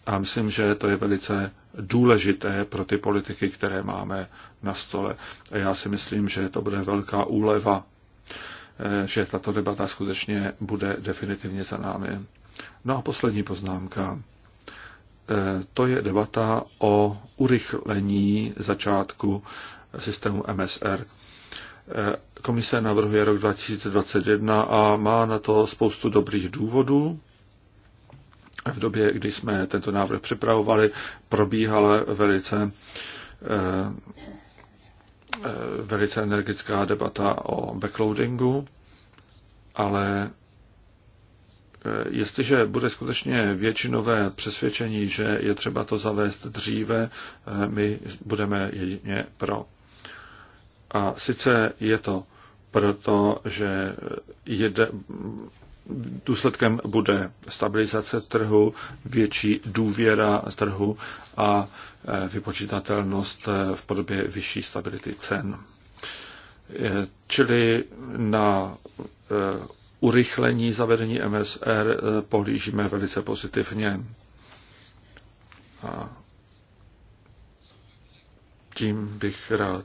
A myslím, že to je velice důležité pro ty politiky, které máme na stole. A já si myslím, že to bude velká úleva že tato debata skutečně bude definitivně za námi. No a poslední poznámka. E, to je debata o urychlení začátku systému MSR. E, komise navrhuje rok 2021 a má na to spoustu dobrých důvodů. E, v době, kdy jsme tento návrh připravovali, probíhala velice Eh, velice energická debata o backloadingu, ale eh, jestliže bude skutečně většinové přesvědčení, že je třeba to zavést dříve, eh, my budeme jedině pro. A sice je to proto, že jede důsledkem bude stabilizace trhu, větší důvěra trhu a e, vypočítatelnost e, v podobě vyšší stability cen. E, čili na urychlení zavedení MSR pohlížíme velice pozitivně. A tím bych rád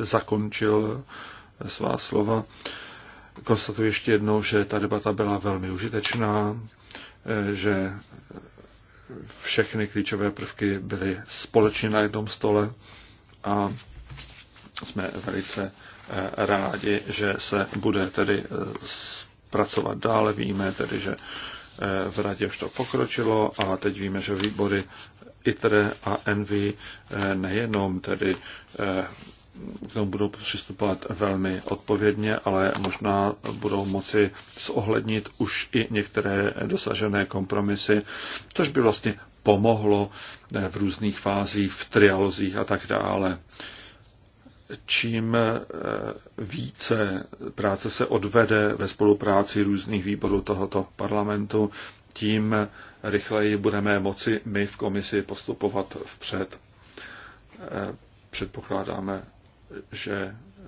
zakončil svá slova konstatuji ještě jednou, že ta debata byla velmi užitečná, eh, že všechny klíčové prvky byly společně na jednom stole a jsme velice eh, rádi, že se bude tedy eh, pracovat dále. Víme tedy, že v radě už to pokročilo a teď víme, že výbory ITRE a NV nejenom tedy k tomu budou přistupovat velmi odpovědně, ale možná budou moci zohlednit už i některé dosažené kompromisy, což by vlastně pomohlo eh, v různých fázích, v trialozích a tak dále. Čím eh, více práce se odvede ve spolupráci různých výborů tohoto parlamentu, tím rychleji budeme moci my v komisi postupovat vpřed. Eh, předpokládáme že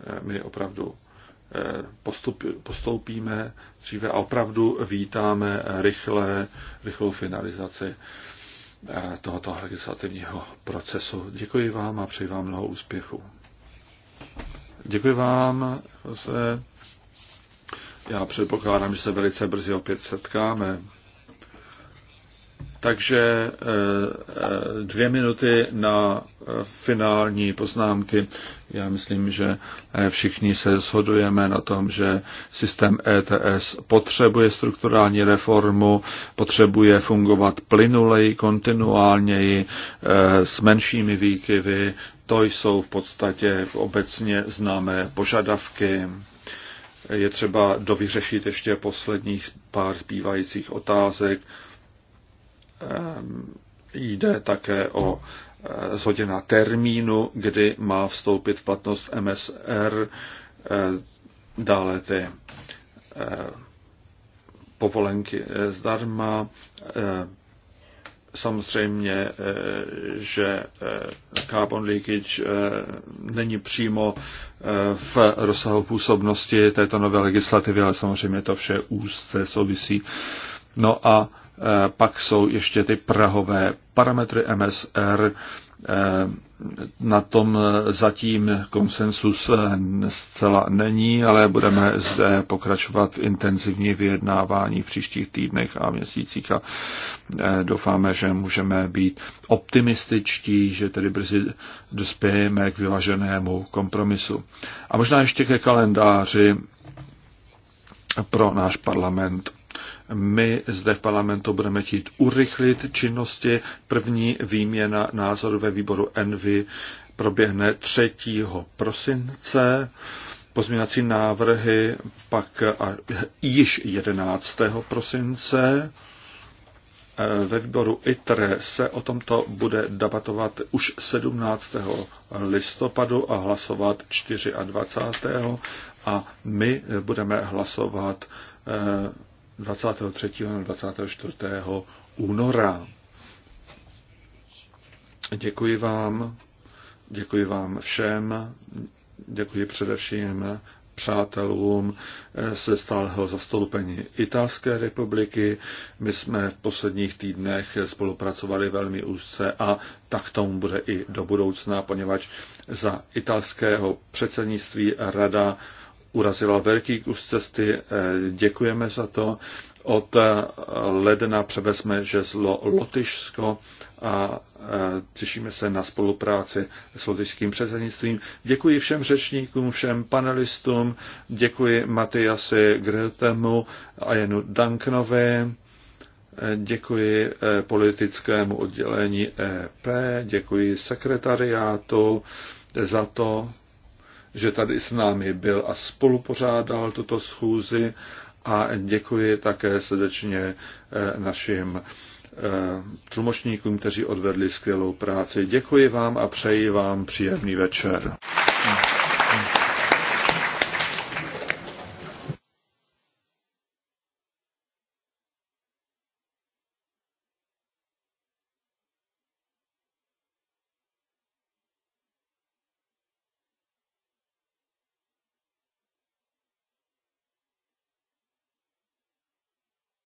eh, my opravdu eh, postup, postoupíme dříve a opravdu vítáme rychle, rychlou finalizaci eh, tohoto legislativního procesu. Děkuji vám a přeji vám mnoho úspěchů. Děkuji vám. Já předpokládám, že se velice brzy opět setkáme. Takže eh, dvě minuty na finální poznámky. Já myslím, že eh, všichni se shodujeme na tom, že systém ETS potřebuje strukturální reformu, potřebuje fungovat plynuleji, kontinuálněji, eh, s menšími výkyvy. To jsou v podstatě obecně známé požadavky je třeba dovyřešit ještě posledních pár zbývajících otázek Ehm, jde také o zhodina eh, termínu, kdy má vstoupit v platnost MSR, eh, dále ty eh, povolenky zdarma. Samozřejmě, že carbon leakage není přímo v rozsahu působnosti této nové legislativy, ale samozřejmě to vše úzce souvisí. No a Eh, pak jsou ještě ty prahové parametry MSR. Eh, na tom zatím konsensus eh, zcela není, ale budeme zde pokračovat v intenzivní vyjednávání v příštích týdnech a měsících a doufáme, že můžeme být optimističtí, že tedy brzy dospějeme k vyvaženému kompromisu. A možná ještě ke kalendáři pro náš parlament. My zde v parlamentu budeme chtít urychlit činnosti. První výměna názoru ve výboru Envy proběhne 3. prosince pozměňovací návrhy pak a, již 11. prosince. Ve výboru ITRE se o tomto bude debatovat už 17. listopadu a hlasovat 24. a my budeme hlasovat eh, 23. a 24. února. Děkuji vám, děkuji vám všem, děkuji především přátelům se stáleho zastoupení Italské republiky. My jsme v posledních týdnech spolupracovali velmi úzce a tak tomu bude i do budoucna, poněvadž za italského předsednictví rada urazila velký kus cesty. Eh, děkujeme za to. Od eh, ledna převezme žezlo Lotyšsko a eh, těšíme se na spolupráci s lotyšským předsednictvím. Děkuji všem řečníkům, všem panelistům, děkuji Matyasi Gretemu a Jenu Danknovi, děkuji politickému oddělení EP, děkuji sekretariátu za to, že tady s námi byl a spolupořádal tuto schůzi a děkuji také srdečně eh, našim eh, tlumočníkům, kteří odvedli skvělou práci. Děkuji vám a přeji vám příjemný večer.